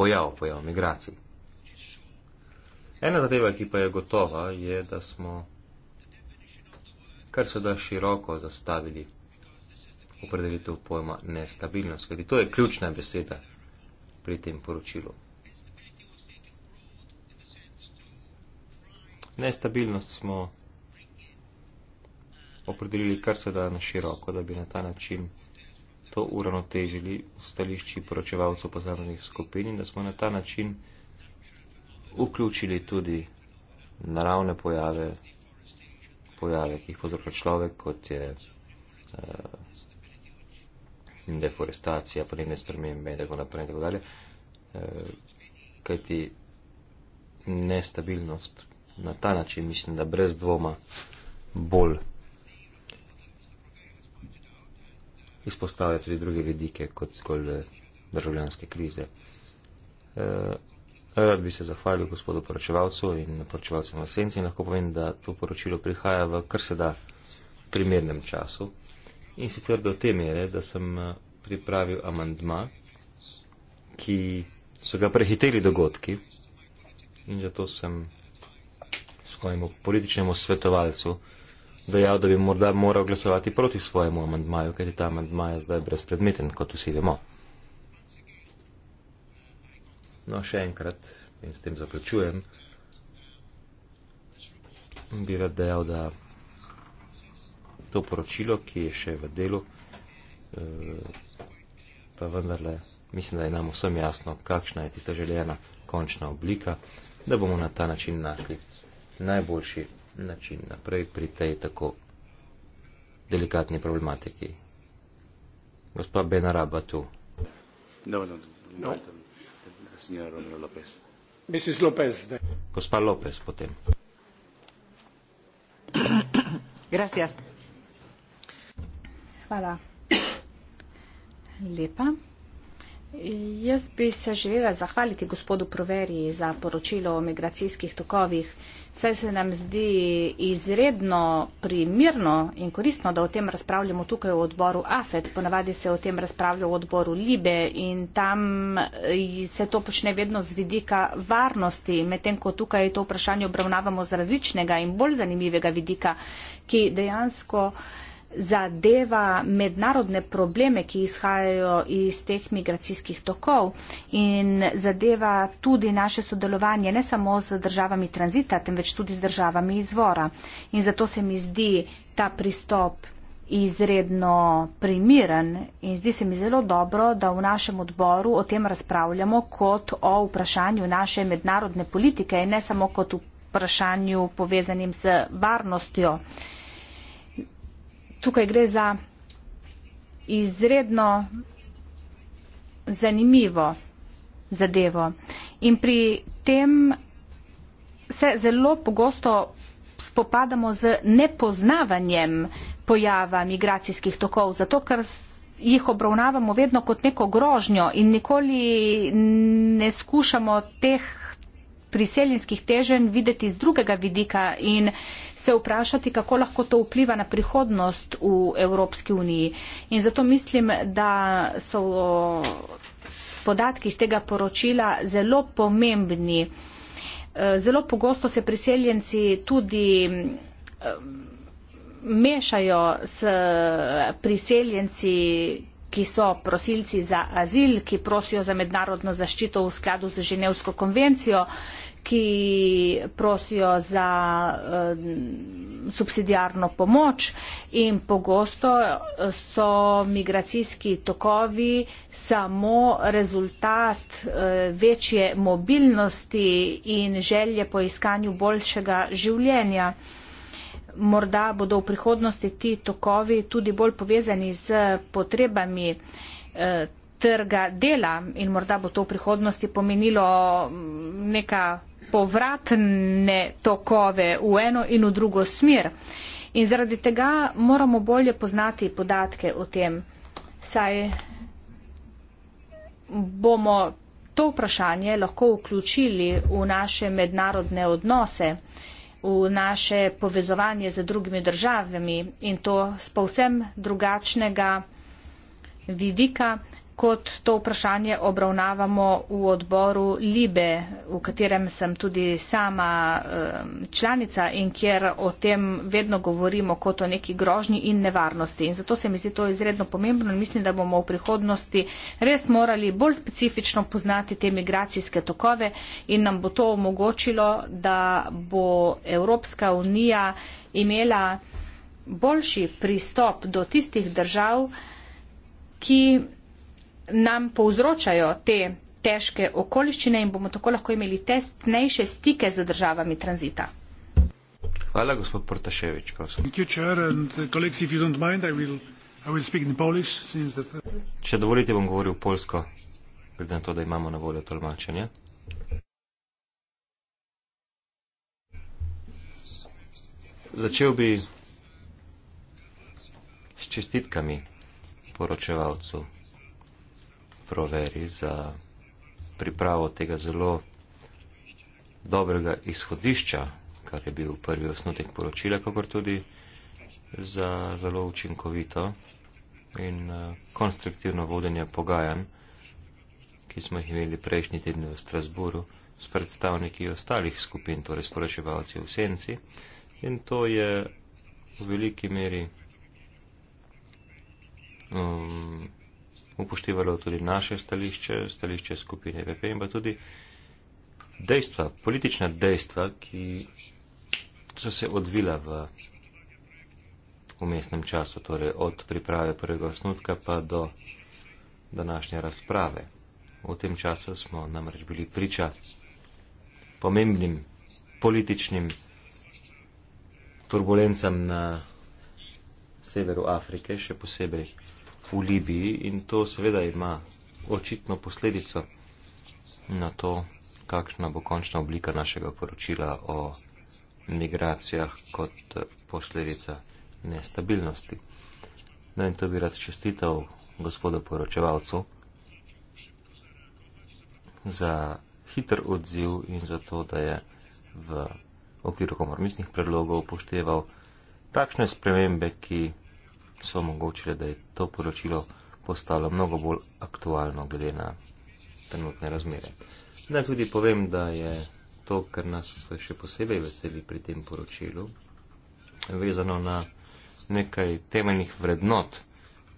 pojav, pojav migracij. Ena zadeva, ki pa je gotova, je, da smo kar se da široko zastavili opredelitev pojma nestabilnost, kajti to je ključna beseda pri tem poročilu. Nestabilnost smo opredelili kar se da na široko, da bi na ta način to uravnotežili v stališči poročevalcev posameznih skupin in da smo na ta način vključili tudi naravne pojave, pojave ki jih povzroča človek, kot je uh, deforestacija, podnebne spremembe in tako naprej. Tako dalje, uh, kajti nestabilnost na ta način, mislim, da brez dvoma bolj izpostavlja tudi druge vidike kot zgolj eh, državljanske krize. E, rad bi se zahvalil gospodu poročevalcu in poročevalcem v senci in lahko povem, da to poročilo prihaja v kar se da primernem času. In sicer do te mere, da sem eh, pripravil amandma, ki so ga prehiteli dogodki in zato sem svojemu političnemu svetovalcu dejal, da bi morda moral glasovati proti svojemu amandmaju, ker je ta amandma je zdaj brezpredmeten, kot vsi vemo. No, še enkrat in s tem zaključujem. Bi rad dejal, da to poročilo, ki je še v delu, eh, pa vendarle mislim, da je nam vsem jasno, kakšna je tista željena končna oblika, da bomo na ta način našli najboljši način naprej pri tej tako delikatni problematiki. Gospa Benaraba tu. No, no, no. no. Gospa Lopez potem. Gracias. Hvala. Lepa. Jaz bi se želela zahvaliti gospodu Proveri za poročilo o migracijskih tokovih saj se nam zdi izredno primirno in koristno, da o tem razpravljamo tukaj v odboru AFED. Ponavadi se o tem razpravlja v odboru LIBE in tam eh, se to počne vedno z vidika varnosti, medtem ko tukaj to vprašanje obravnavamo z različnega in bolj zanimivega vidika, ki dejansko zadeva mednarodne probleme, ki izhajajo iz teh migracijskih tokov in zadeva tudi naše sodelovanje ne samo z državami tranzita, temveč tudi z državami izvora. In zato se mi zdi ta pristop izredno primiren in zdi se mi zelo dobro, da v našem odboru o tem razpravljamo kot o vprašanju naše mednarodne politike in ne samo kot vprašanju povezanim z varnostjo tukaj gre za izredno zanimivo zadevo. In pri tem se zelo pogosto spopadamo z nepoznavanjem pojava migracijskih tokov, zato ker jih obravnavamo vedno kot neko grožnjo in nikoli ne skušamo teh priseljenskih teženj videti z drugega vidika in se vprašati, kako lahko to vpliva na prihodnost v Evropski uniji. In zato mislim, da so podatki iz tega poročila zelo pomembni. Eh, zelo pogosto se priseljenci tudi eh, mešajo s eh, priseljenci, ki so prosilci za azil, ki prosijo za mednarodno zaščito v skladu z Ženevsko konvencijo, ki prosijo za eh, subsidijarno pomoč in pogosto eh, so migracijski tokovi samo rezultat eh, večje mobilnosti in želje po iskanju boljšega življenja. Morda bodo v prihodnosti ti tokovi tudi bolj povezani z potrebami eh, trga dela in morda bo to v prihodnosti pomenilo mm, neka povratne tokove v eno in v drugo smer. In zaradi tega moramo bolje poznati podatke o tem, saj bomo to vprašanje lahko vključili v naše mednarodne odnose, v naše povezovanje z drugimi državami in to z povsem drugačnega vidika, kot to vprašanje obravnavamo v odboru Libe, v katerem sem tudi sama članica in kjer o tem vedno govorimo kot o neki grožnji in nevarnosti. In zato se mi zdi to izredno pomembno in mislim, da bomo v prihodnosti res morali bolj specifično poznati te migracijske tokove in nam bo to omogočilo, da bo Evropska unija imela boljši pristop do tistih držav, ki nam povzročajo te težke okoliščine in bomo tako lahko imeli testnejše stike z državami tranzita. Hvala, gospod Portaševič, prosim. Če dovolite, bom govoril polsko, glede na to, da imamo na voljo tolmačenje. Začel bi s čestitkami poročevalcu proveri za pripravo tega zelo dobrega izhodišča, kar je bil prvi osnutek poročila, kakor tudi za zelo učinkovito in eh, konstruktivno vodenje pogajanj, ki smo jih imeli prejšnji teden v Strasburu s predstavniki ostalih skupin, torej sporočevalci v senci. In to je v veliki meri um, upoštevalo tudi naše stališče, stališče skupine VP e in pa tudi dejstva, politična dejstva, ki so se odvila v umestnem času, torej od priprave prvega osnutka pa do današnje razprave. V tem času smo namreč bili priča pomembnim političnim turbulencam na severu Afrike, še posebej v Libiji in to seveda ima očitno posledico na to, kakšna bo končna oblika našega poročila o migracijah kot posledica nestabilnosti. No in to bi rad čestital gospodu poročevalcu za hiter odziv in za to, da je v okviru kompromisnih predlogov upošteval takšne spremembe, ki so omogočile, da je to poročilo postalo mnogo bolj aktualno glede na trenutne razmere. Naj tudi povem, da je to, kar nas še posebej veseli pri tem poročilu, vezano na nekaj temeljnih vrednot,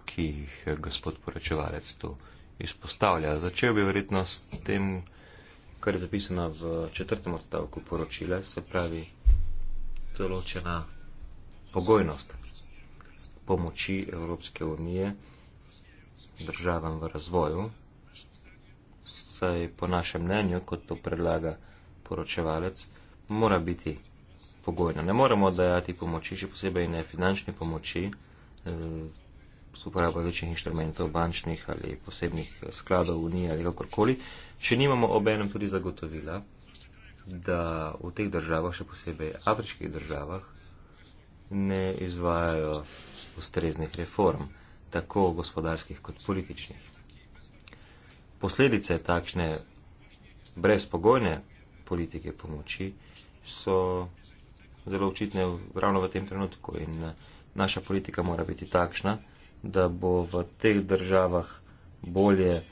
ki jih gospod poročevalec tu izpostavlja. Začel bi verjetno s tem, kar je zapisano v četrtem odstavku poročila, se pravi določena pogojnost pomoči Evropske unije državam v razvoju, saj po našem mnenju, kot to predlaga poročevalec, mora biti pogojna. Ne moremo dajati pomoči, še posebej ne finančne pomoči, eh, s uporabo večjih inštrumentov, bančnih ali posebnih skladov Unije ali kakorkoli, če nimamo obenem tudi zagotovila, da v teh državah, še posebej afriških državah, ne izvajajo ustreznih reform, tako gospodarskih kot političnih. Posledice takšne brezpogojne politike pomoči so zelo očitne ravno v tem trenutku in naša politika mora biti takšna, da bo v teh državah bolje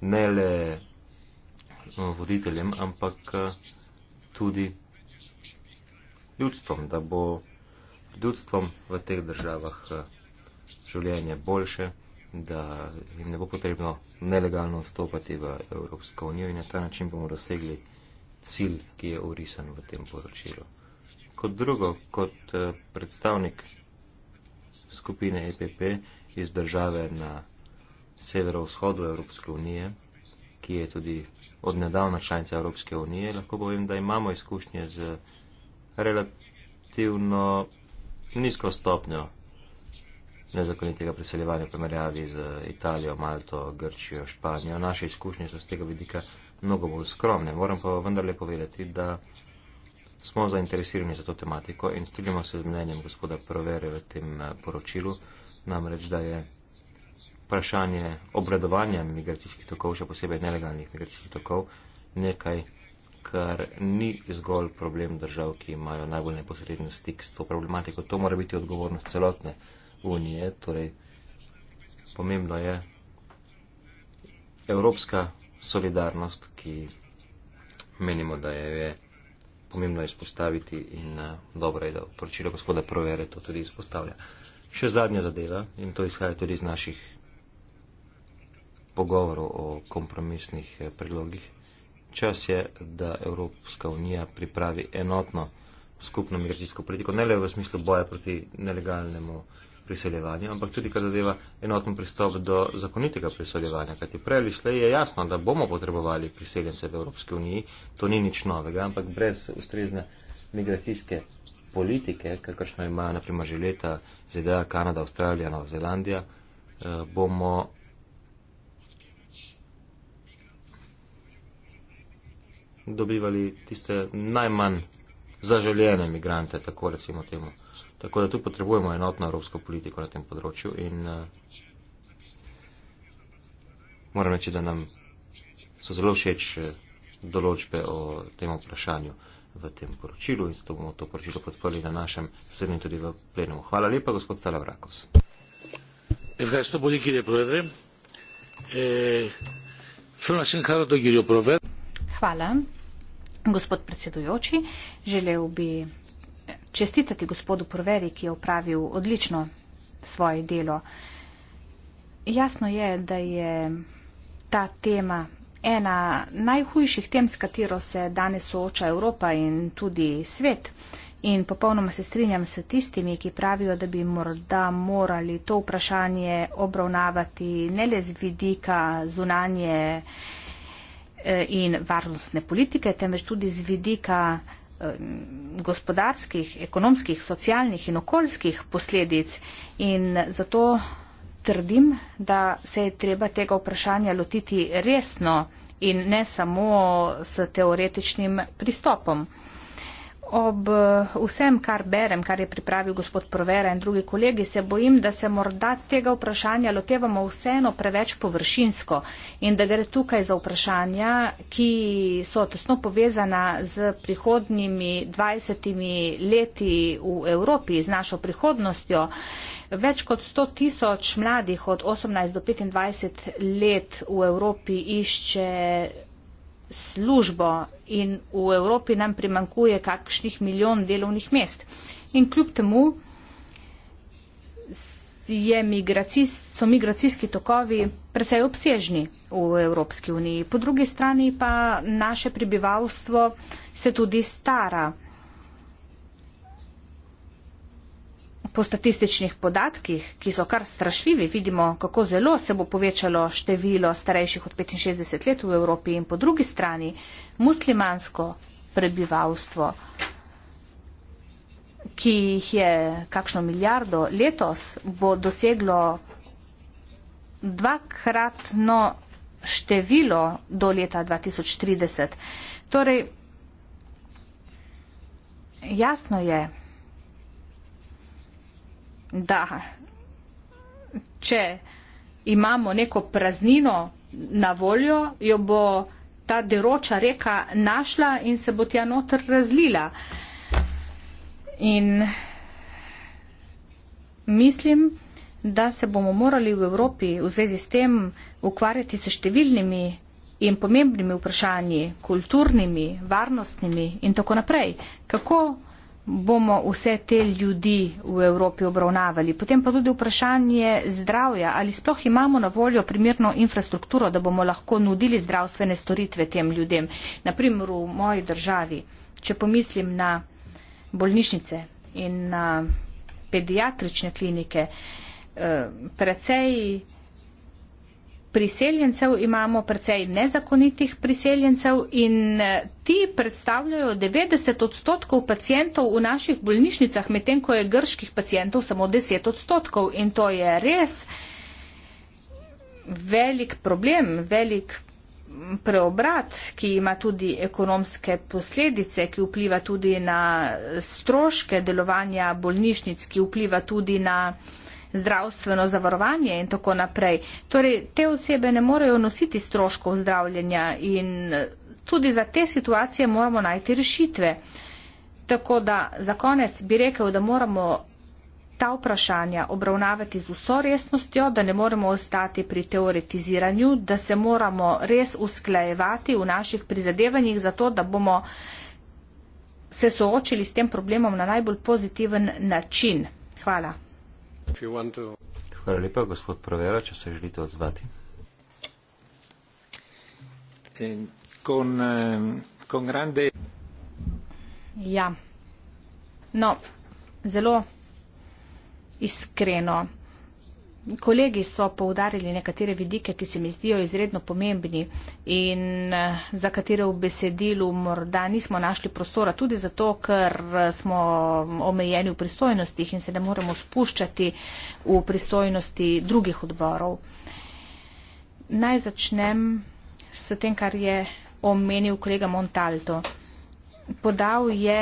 ne le eh, voditeljem, ampak eh, tudi ljudstvom, da bo ljudstvom v teh državah eh, življenje boljše, da jim ne bo potrebno nelegalno vstopati v Evropsko unijo in na ta način bomo dosegli cilj, ki je urisan v tem poročilu. Kot drugo, kot eh, predstavnik skupine EPP iz države na severovzhodu Evropske unije, ki je tudi odnedavna članica Evropske unije, lahko povem, da imamo izkušnje z relativno nizko stopnjo nezakonitega priseljevanja v primerjavi z Italijo, Malto, Grčijo, Španijo. Naše izkušnje so z tega vidika mnogo bolj skromne. Moram pa vendarle povedati, da smo zainteresirani za to tematiko in strinjamo se z mnenjem gospoda Provere v tem eh, poročilu, namreč da je vprašanje obradovanja migracijskih tokov, še posebej nelegalnih migracijskih tokov, nekaj kar ni zgolj problem držav, ki imajo najbolj neposreden stik s to problematiko. To mora biti odgovornost celotne unije. Torej, pomembno je evropska solidarnost, ki menimo, da jo je pomembno izpostaviti in eh, dobro je, da poročilo gospoda Provere to tudi izpostavlja. Še zadnja zadeva in to izhaja tudi iz naših pogovorov o kompromisnih eh, predlogih. Čas je, da Evropska unija pripravi enotno skupno migracijsko politiko, ne le v smislu boja proti nelegalnemu priseljevanju, ampak tudi, kar zadeva enoten pristop do zakonitega priseljevanja. Kajti prej ali slej je jasno, da bomo potrebovali priseljence v Evropski uniji, to ni nič novega, ampak brez ustrezne migracijske politike, kakršno imajo naprimer že leta ZDA, Kanada, Avstralija, Nova Zelandija, eh, bomo dobivali tiste najmanj zaželjene imigrante, tako recimo temu. Tako da tu potrebujemo enotno evropsko politiko na tem področju in uh, moram reči, da nam so zelo všeč eh, določbe o tem vprašanju v tem poročilu in zato bomo to poročilo podprli na našem srednjem tudi v plenumu. Hvala lepa, gospod Salavrakos. Hvala lepa, gospod Salavrakos. Sono eh, la sincaro di Giulio Proverbi. Hvala, gospod predsedujoči. Želel bi čestitati gospodu Proveri, ki je upravil odlično svoje delo. Jasno je, da je ta tema ena najhujših tem, s katero se danes sooča Evropa in tudi svet. In popolnoma se strinjam s tistimi, ki pravijo, da bi morda morali to vprašanje obravnavati ne le z vidika zunanje Eh, in varnostne politike, temveč tudi z vidika gospodarskih, ekonomskih, socialnih in okoljskih posledic. In zato trdim, da se je treba tega vprašanja lotiti resno in ne samo s teoretičnim pristopom. Ob eh, vsem, kar berem, kar je pripravil gospod Provera in drugi kolegi, se bojim, da se morda tega vprašanja lotevamo vseeno preveč površinsko in da gre tukaj za vprašanja, ki so tesno povezana z prihodnjimi 20 leti v Evropi, z našo prihodnostjo. Več kot 100 tisoč mladih od 18 do 25 let v Evropi išče službo in v Evropi nam primankuje kakšnih milijon delovnih mest. In kljub temu migracijs, so migracijski tokovi precej obsežni v Evropski uniji. Po drugi strani pa naše prebivalstvo se tudi stara. po statističnih podatkih, ki so kar strašljivi, vidimo, kako zelo se bo povečalo število starejših od 65 let v Evropi in po drugi strani muslimansko prebivalstvo, ki jih je kakšno milijardo letos, bo doseglo dvakratno število do leta 2030. Torej, jasno je, da če imamo neko praznino na voljo, jo bo ta deroča reka našla in se bo tja notr razlila. In mislim, da se bomo morali v Evropi v zvezi s tem ukvarjati se številnimi in pomembnimi vprašanji, kulturnimi, varnostnimi in tako naprej. Kako bomo vse te ljudi v Evropi obravnavali. Potem pa tudi vprašanje zdravja, ali sploh imamo na voljo primerno infrastrukturo, da bomo lahko nudili zdravstvene storitve tem ljudem. Naprimer v moji državi, če pomislim na bolnišnice in na pediatrične klinike, eh, precej priseljencev imamo precej nezakonitih priseljencev in eh, ti predstavljajo 90 odstotkov pacijentov v naših bolnišnicah, medtem ko je grških pacijentov samo 10 odstotkov in to je res velik problem, velik preobrat, ki ima tudi ekonomske posledice, ki vpliva tudi na stroške delovanja bolnišnic, ki vpliva tudi na zdravstveno zavarovanje in tako naprej. Torej, te osebe ne morejo nositi stroškov zdravljenja in eh, tudi za te situacije moramo najti rešitve. Tako da za konec bi rekel, da moramo ta vprašanja obravnavati z vso resnostjo, da ne moremo ostati pri teoretiziranju, da se moramo res usklajevati v naših prizadevanjih za to, da bomo se soočili s tem problemom na najbolj pozitiven način. Hvala. Hvala lepa, gospod Provera, če se želite odzvati. Eh, con, eh, con grande... Ja, no, zelo iskreno. Kolegi so poudarili nekatere vidike, ki se mi zdijo izredno pomembni in eh, za katere v besedilu morda nismo našli prostora, tudi zato, ker eh, smo omejeni v pristojnostih in se ne moremo spuščati v pristojnosti drugih odborov. Naj začnem s tem, kar je omenil kolega Montalto. Podal je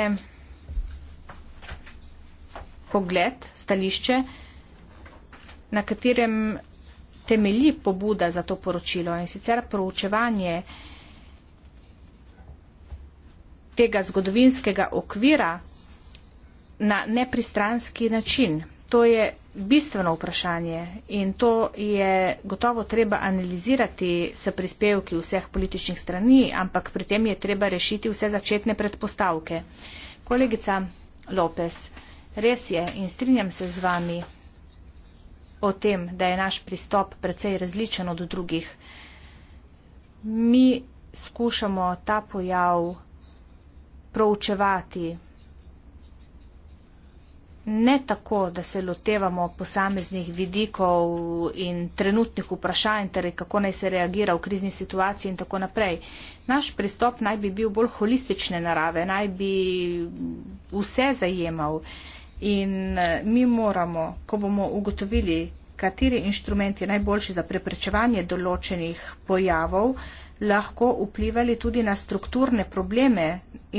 pogled, stališče, na katerem temelji pobuda za to poročilo in sicer proučevanje tega zgodovinskega okvira na nepristranski način. To je bistveno vprašanje in to je gotovo treba analizirati s prispevki vseh političnih strani, ampak pri tem je treba rešiti vse začetne predpostavke. Kolegica Lopes, res je in strinjam se z vami, o tem, da je naš pristop precej različen od drugih. Mi skušamo ta pojav proučevati ne tako, da se lotevamo posameznih vidikov in trenutnih vprašanj, torej kako naj se reagira v krizni situaciji in tako naprej. Naš pristop naj bi bil bolj holistične narave, naj bi vse zajemal. Uh, In eh, mi moramo, ko bomo ugotovili, kateri inštrument je najboljši za preprečevanje določenih pojavov, lahko vplivali tudi na strukturne probleme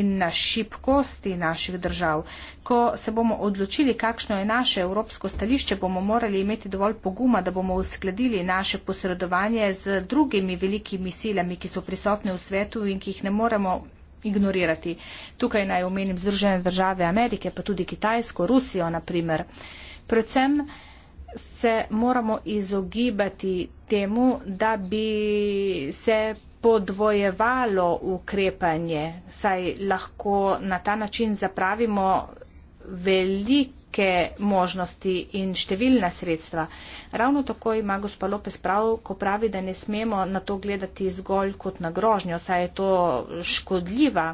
in na šibkosti naših držav. Ko se bomo odločili, kakšno je naše evropsko stališče, bomo morali imeti dovolj poguma, da bomo uskladili naše posredovanje z drugimi velikimi silami, ki so prisotne v svetu in ki jih ne moremo ignorirati. Tukaj naj omenim Združene države Amerike, pa tudi Kitajsko, Rusijo naprimer. Predvsem se moramo izogibati temu, da bi se podvojevalo ukrepanje, saj lahko na ta način zapravimo velike možnosti in številna sredstva. Ravno tako ima gospa Lopez prav, ko pravi, da ne smemo na to gledati zgolj kot na grožnjo, saj je to škodljiva.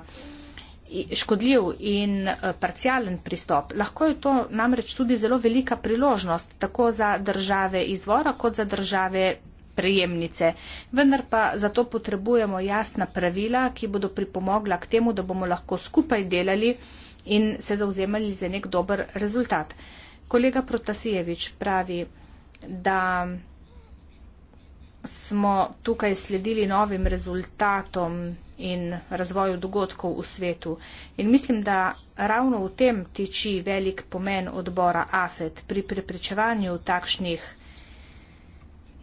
Škodljiv in eh, parcialen pristop. Lahko je to namreč tudi zelo velika priložnost, tako za države izvora, kot za države prejemnice. Vendar pa zato potrebujemo jasna pravila, ki bodo pripomogla k temu, da bomo lahko skupaj delali in se zauzemali za nek dober rezultat. Kolega Protasijevič pravi, da smo tukaj sledili novim rezultatom in razvoju dogodkov v svetu. In mislim, da ravno v tem tiči velik pomen odbora AFET pri preprečevanju takšnih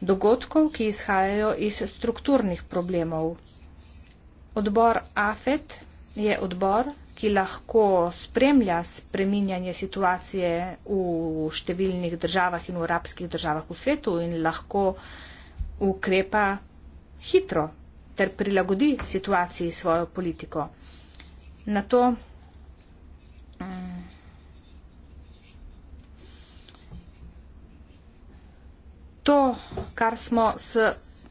dogodkov, ki izhajajo iz strukturnih problemov. Odbor AFET je odbor, ki lahko spremlja spreminjanje situacije v številnih državah in v arabskih državah v svetu in lahko ukrepa hitro ter prilagodi situaciji svojo politiko. Na to mm, To, kar smo s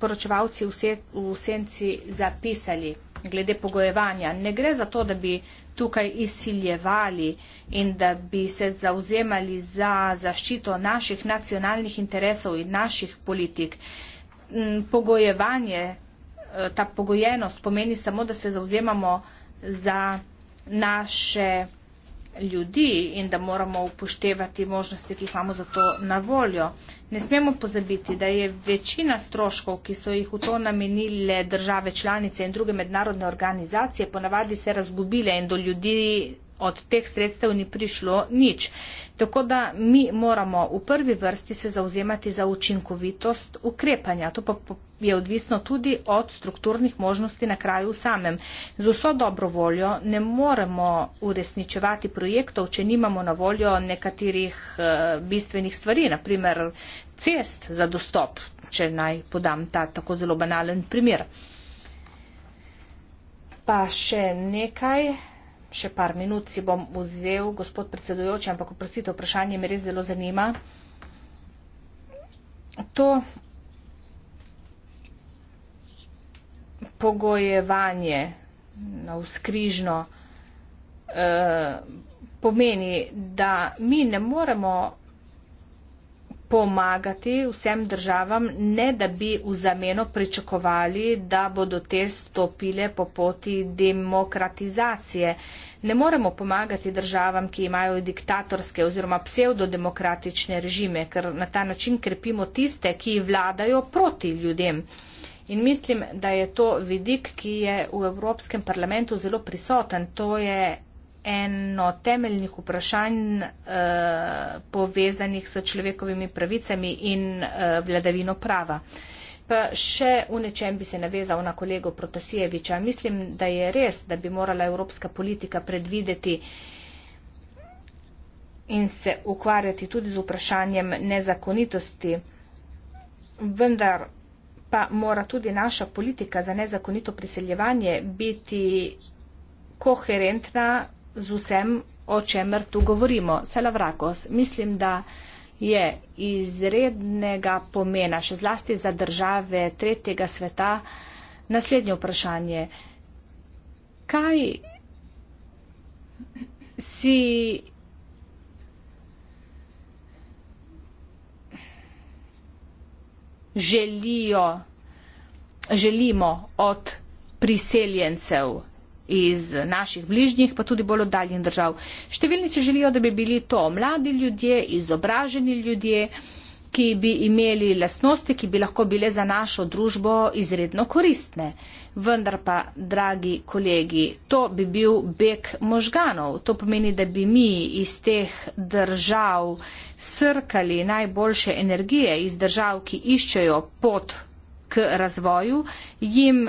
poročevalci v senci zapisali glede pogojevanja, ne gre za to, da bi tukaj izsiljevali in da bi se zauzemali za zaščito naših nacionalnih interesov in naših politik. Mm, pogojevanje, eh, ta pogojenost pomeni samo, da se zauzemamo za naše politike ljudi in da moramo upoštevati možnosti, ki jih imamo za to na voljo. Ne smemo pozabiti, da je večina stroškov, ki so jih v to namenile države članice in druge mednarodne organizacije, ponavadi se razgubile in do ljudi od teh sredstev ni prišlo nič. Tako da mi moramo v prvi vrsti se zauzemati za učinkovitost ukrepanja. To pa je odvisno tudi od strukturnih možnosti na kraju samem. Z vso dobro voljo ne moremo uresničevati projektov, če nimamo na voljo nekaterih eh, bistvenih stvari, naprimer cest za dostop, če naj podam ta tako zelo banalen primer. Pa še nekaj še par minut si bom vzel, gospod predsedujoči, ampak oprostite, vprašanje me res zelo zanima. To pogojevanje na vzkrižno eh, pomeni, da mi ne moremo pomagati vsem državam, ne da bi v zameno pričakovali, da bodo te stopile po poti demokratizacije. Ne moremo pomagati državam, ki imajo diktatorske oziroma pseudodemokratične režime, ker na ta način krepimo tiste, ki vladajo proti ljudem. In mislim, da je to vidik, ki je v Evropskem parlamentu zelo prisoten. To je eno temeljnih vprašanj eh, povezanih s človekovimi pravicami in eh, vladavino prava. Pa še v nečem bi se navezal na kolego Protasijeviča. Mislim, da je res, da bi morala evropska politika predvideti in se ukvarjati tudi z vprašanjem nezakonitosti, vendar pa mora tudi naša politika za nezakonito priseljevanje biti koherentna z vsem, o čemer tu govorimo. Selavrakos, mislim, da je izrednega pomena, še zlasti za države tretjega sveta, naslednje vprašanje. Kaj si. Želijo, želimo od priseljencev, iz naših bližnjih, pa tudi bolj oddaljenih držav. Številni si želijo, da bi bili to mladi ljudje, izobraženi ljudje, ki bi imeli lasnosti, ki bi lahko bile za našo družbo izredno koristne. Vendar pa, dragi kolegi, to bi bil beg možganov. To pomeni, da bi mi iz teh držav srkali najboljše energije, iz držav, ki iščejo pot k razvoju, jim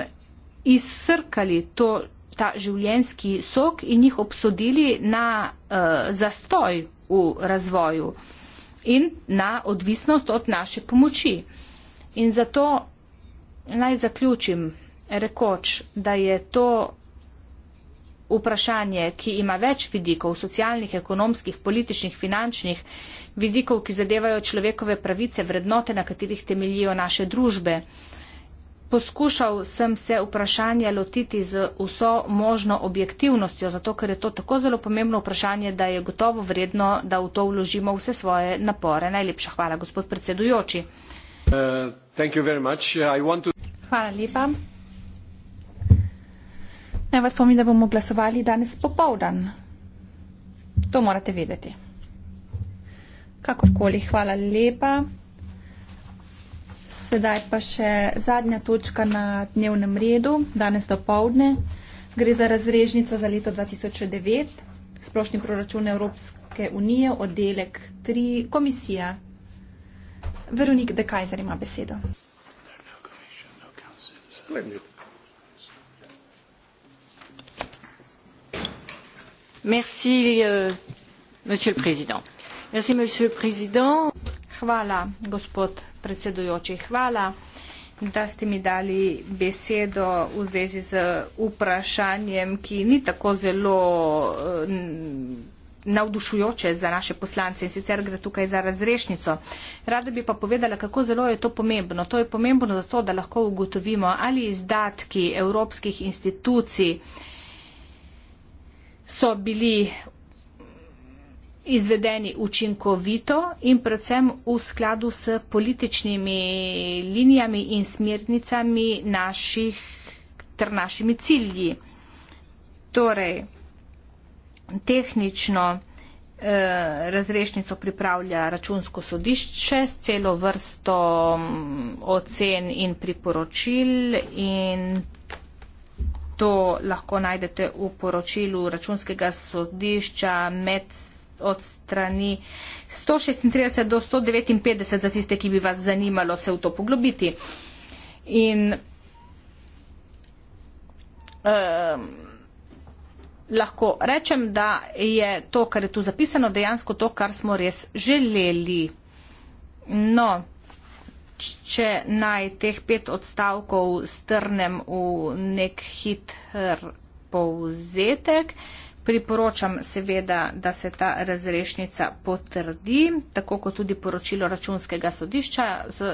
izsrkali to ta življenski sok in jih obsodili na uh, zastoj v razvoju in na odvisnost od naše pomoči. In zato naj zaključim rekoč, da je to vprašanje, ki ima več vidikov, socialnih, ekonomskih, političnih, finančnih, vidikov, ki zadevajo človekove pravice, vrednote, na katerih temeljijo naše družbe. Uh, Poskušal sem se vprašanja lotiti z vso možno objektivnostjo, zato ker je to tako zelo pomembno vprašanje, da je gotovo vredno, da v to vložimo vse svoje napore. Najlepša hvala, gospod predsedujoči. Uh, hvala lepa. Naj vas spomnim, da bomo glasovali danes popovdan. To morate vedeti. Kakorkoli, hvala lepa. Sedaj pa še zadnja točka na dnevnem redu, danes do povdne. Gre za razrežnico za leto 2009, splošni proračun Evropske unije, oddelek 3, komisija. Veronik De Kajzer ima besedo. Merci, uh, monsieur le président. Merci, monsieur le président. Hvala, gospod predsedujoči. Hvala, da ste mi dali besedo v zvezi z vprašanjem, ki ni tako zelo eh, navdušujoče za naše poslance in sicer gre tukaj za razrešnico. Rada bi pa povedala, kako zelo je to pomembno. To je pomembno zato, da lahko ugotovimo, ali izdatki evropskih institucij so bili izvedeni učinkovito in predvsem v skladu s političnimi linijami in smernicami naših ter našimi cilji. Torej, tehnično eh, razrešnico pripravlja računsko sodišče s celo vrsto mm, ocen in priporočil in to lahko najdete v poročilu računskega sodišča med od strani 136 do 159 za tiste, ki bi vas zanimalo se v to poglobiti. In um, lahko rečem, da je to, kar je tu zapisano, dejansko to, kar smo res želeli. No, če naj teh pet odstavkov strnem v nek hitr povzetek. Uh, Priporočam seveda, da se ta razrešnica potrdi, tako kot tudi poročilo računskega sodišča z,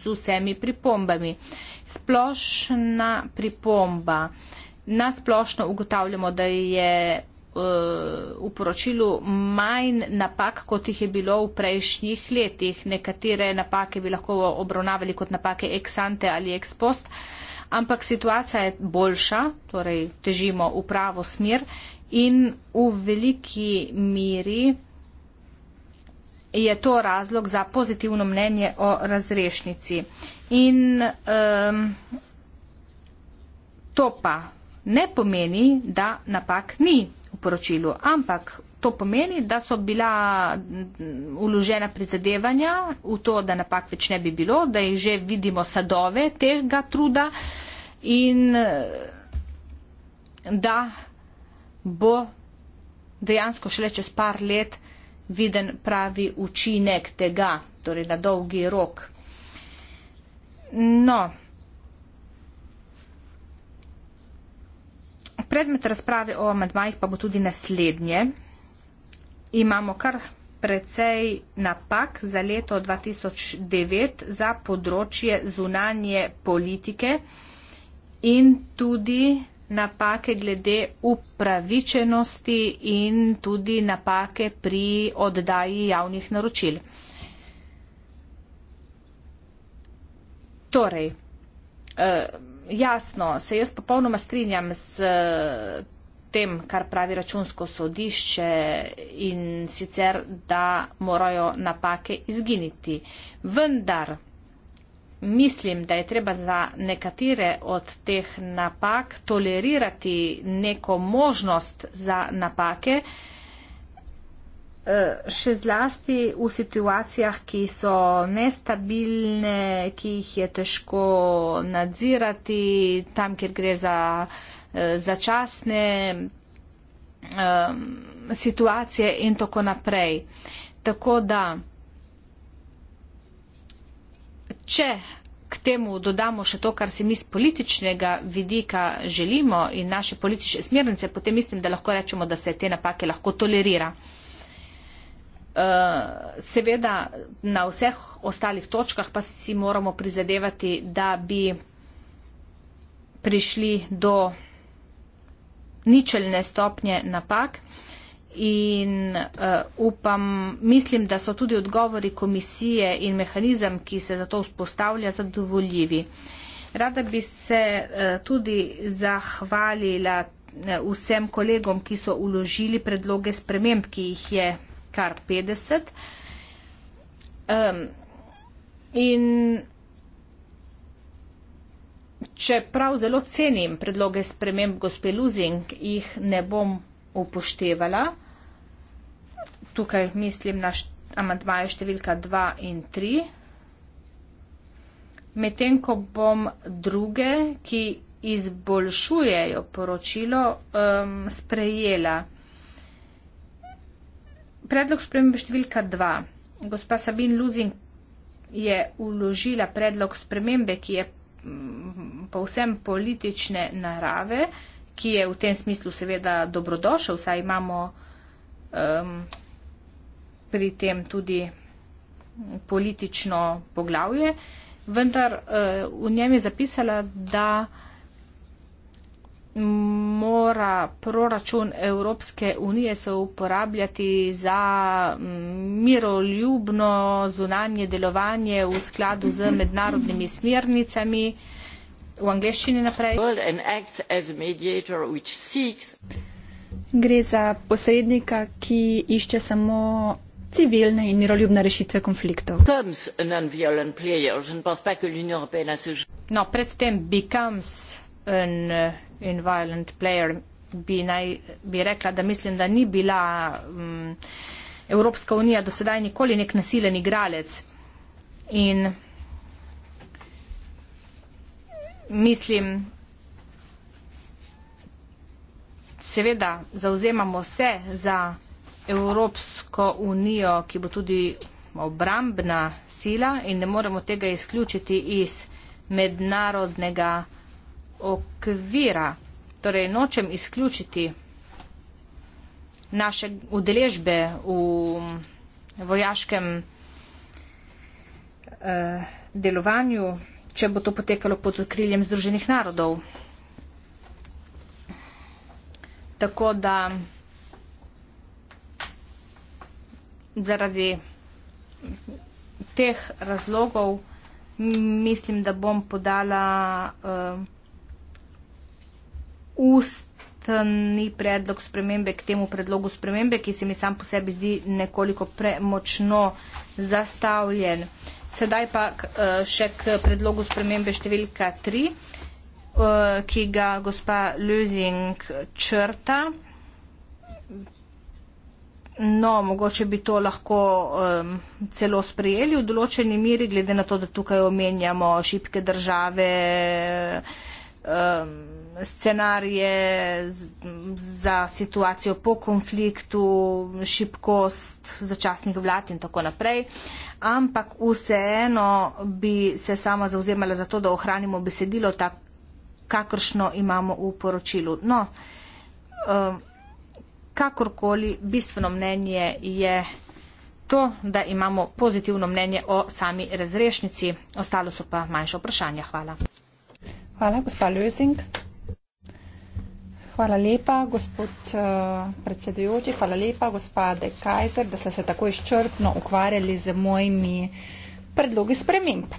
z vsemi pripombami. Splošna pripomba. Na splošno ugotavljamo, da je e, v poročilu manj napak, kot jih je bilo v prejšnjih letih. Nekatere napake bi lahko obravnavali kot napake ex ante ali ex post, ampak situacija je boljša, torej težimo v pravo smer in v veliki miri je to razlog za pozitivno mnenje o razrešnici. In um, to pa ne pomeni, da napak ni v poročilu, ampak to pomeni, da so bila uložena prizadevanja v to, da napak več ne bi bilo, da jih že vidimo sadove tega truda in eh, da bo dejansko šele čez par let viden pravi učinek tega, torej na dolgi rok. No, predmet razprave o amadmajih pa bo tudi naslednje imamo kar precej napak za leto 2009 za področje zunanje politike in tudi napake glede upravičenosti in tudi napake pri oddaji javnih naročil. Torej, eh, jasno, se jaz popolnoma strinjam s tem, kar pravi računsko sodišče in sicer, da morajo napake izginiti. Vendar mislim, da je treba za nekatere od teh napak tolerirati neko možnost za napake, eh, še zlasti v situacijah, ki so nestabilne, ki jih je težko nadzirati, tam, kjer gre za Eh, začasne eh, situacije in tako naprej. Tako da, če k temu dodamo še to, kar si mi z političnega vidika želimo in naše politične smernice, potem mislim, da lahko rečemo, da se te napake lahko tolerira. Eh, seveda, na vseh ostalih točkah pa si moramo prizadevati, da bi prišli do ničelne stopnje napak in uh, upam, mislim, da so tudi odgovori komisije in mehanizem, ki se za to vzpostavlja, zadovoljivi. Rada bi se uh, tudi zahvalila eh, vsem kolegom, ki so uložili predloge sprememb, ki jih je kar 50. Um, in čeprav zelo cenim predloge sprememb gospe Luzing, jih ne bom upoštevala. Tukaj mislim na amantmaje številka 2 in 3. Medtem, ko bom druge, ki izboljšujejo poročilo, um, sprejela. Predlog spremembe številka 2. Gospa Sabin Luzing je uložila predlog spremembe, ki je v povsem politične narave, ki je v tem smislu seveda dobrodošel, saj imamo um, pri tem tudi politično poglavje, vendar uh, v njem je zapisala, da mora proračun Evropske unije se uporabljati za mm, miroljubno zunanje delovanje v skladu z mednarodnimi smernicami. Uh, v angleščini naprej. Gre za posrednika, ki išče samo civilne in miroljubne rešitve konfliktov. No, predtem becomes an uh, inviolent player bi, naj, bi rekla, da mislim, da ni bila um, Evropska unija do sedaj nikoli nek nasilen igralec. In mislim, seveda zauzemamo se za Evropsko unijo, ki bo tudi obrambna sila in ne moremo tega izključiti iz mednarodnega okvira. Torej, nočem izključiti naše udeležbe v vojaškem eh, delovanju, če bo to potekalo pod okriljem Združenih narodov. Tako da zaradi teh razlogov mislim, da bom podala uh, ustni predlog spremembe k temu predlogu spremembe, ki se mi sam po sebi zdi nekoliko premočno zastavljen. Uh, Sedaj pa e, še k predlogu spremembe številka 3, e, ki ga gospa Ljuzing črta. No, mogoče bi to lahko um, celo sprejeli v določeni miri, glede na to, da tukaj omenjamo šipke države. Um, scenarije za situacijo po konfliktu, šibkost začasnih vlad in tako naprej. Ampak vseeno bi se sama zauzemala za to, da ohranimo besedilo tak, kakršno imamo v poročilu. No, um, kakorkoli bistveno mnenje je to, da imamo pozitivno mnenje o sami razrešnici. Ostalo so pa manjše vprašanja. Hvala. Hvala, gospod Ljuzink. Hvala lepa, gospod uh, predsedujoči, hvala lepa, gospode Kajzer, da ste se tako izčrpno ukvarjali z mojimi predlogi sprememb.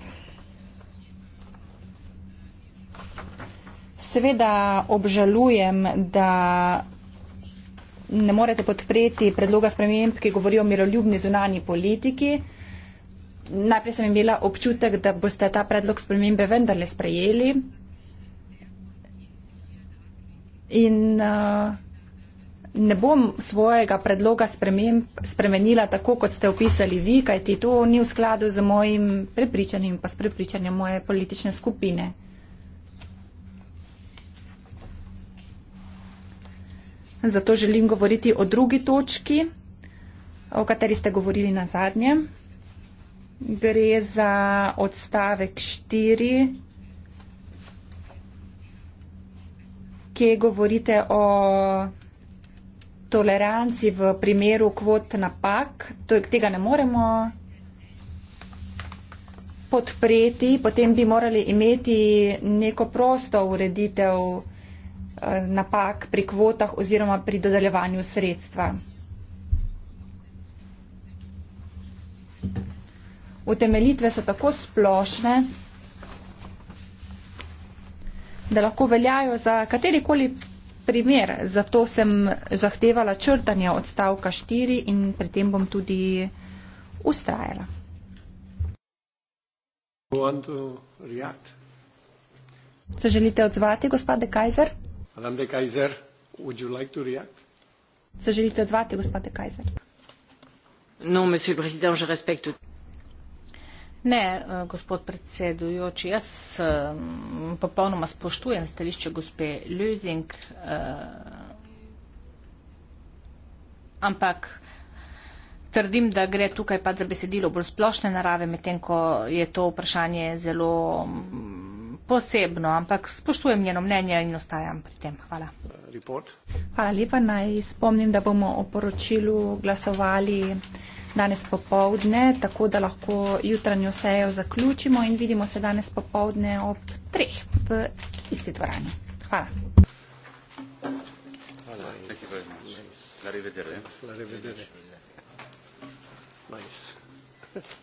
Seveda obžalujem, da ne morete podpreti predloga sprememb, ki govori o miroljubni zunani politiki. Najprej sem imela občutek, da boste ta predlog spremembe vendarle sprejeli, in uh, ne bom svojega predloga spremem, spremenila tako, kot ste opisali vi, kajti to ni v skladu z mojim prepričanjem, pa s prepričanjem moje politične skupine. Zato želim govoriti o drugi točki, o kateri ste govorili na zadnje. Gre za odstavek 4. ki govorite o toleranci v primeru kvot napak, to, tega ne moremo podpreti, potem bi morali imeti neko prosto ureditev eh, napak pri kvotah oziroma pri dodeljevanju sredstva. Utemelitve so tako splošne, da lahko veljajo za katerikoli primer. Zato sem zahtevala črtanje odstavka 4 in pri tem bom tudi ustrajala. Se želite odzvati, gospod De Kajzer? Madame De Kajzer, would you like to react? Se želite odzvati, gospod De Kajzer? Non, monsieur le président, je respecte. Ne, eh, gospod predsedujoči, jaz eh, popolnoma spoštujem stališče gospe Ljuzink, eh, ampak trdim, da gre tukaj pa za besedilo bolj splošne narave, medtem ko je to vprašanje zelo mm, posebno, ampak spoštujem njeno mnenje in ostajam pri tem. Hvala. Report. Hvala lepa. Naj spomnim, da bomo o poročilu glasovali danes popovdne, tako da lahko jutranjo sejo zaključimo in vidimo se danes popovdne ob treh v isti dvorani. Hvala. Hvala. Nice. <laughs>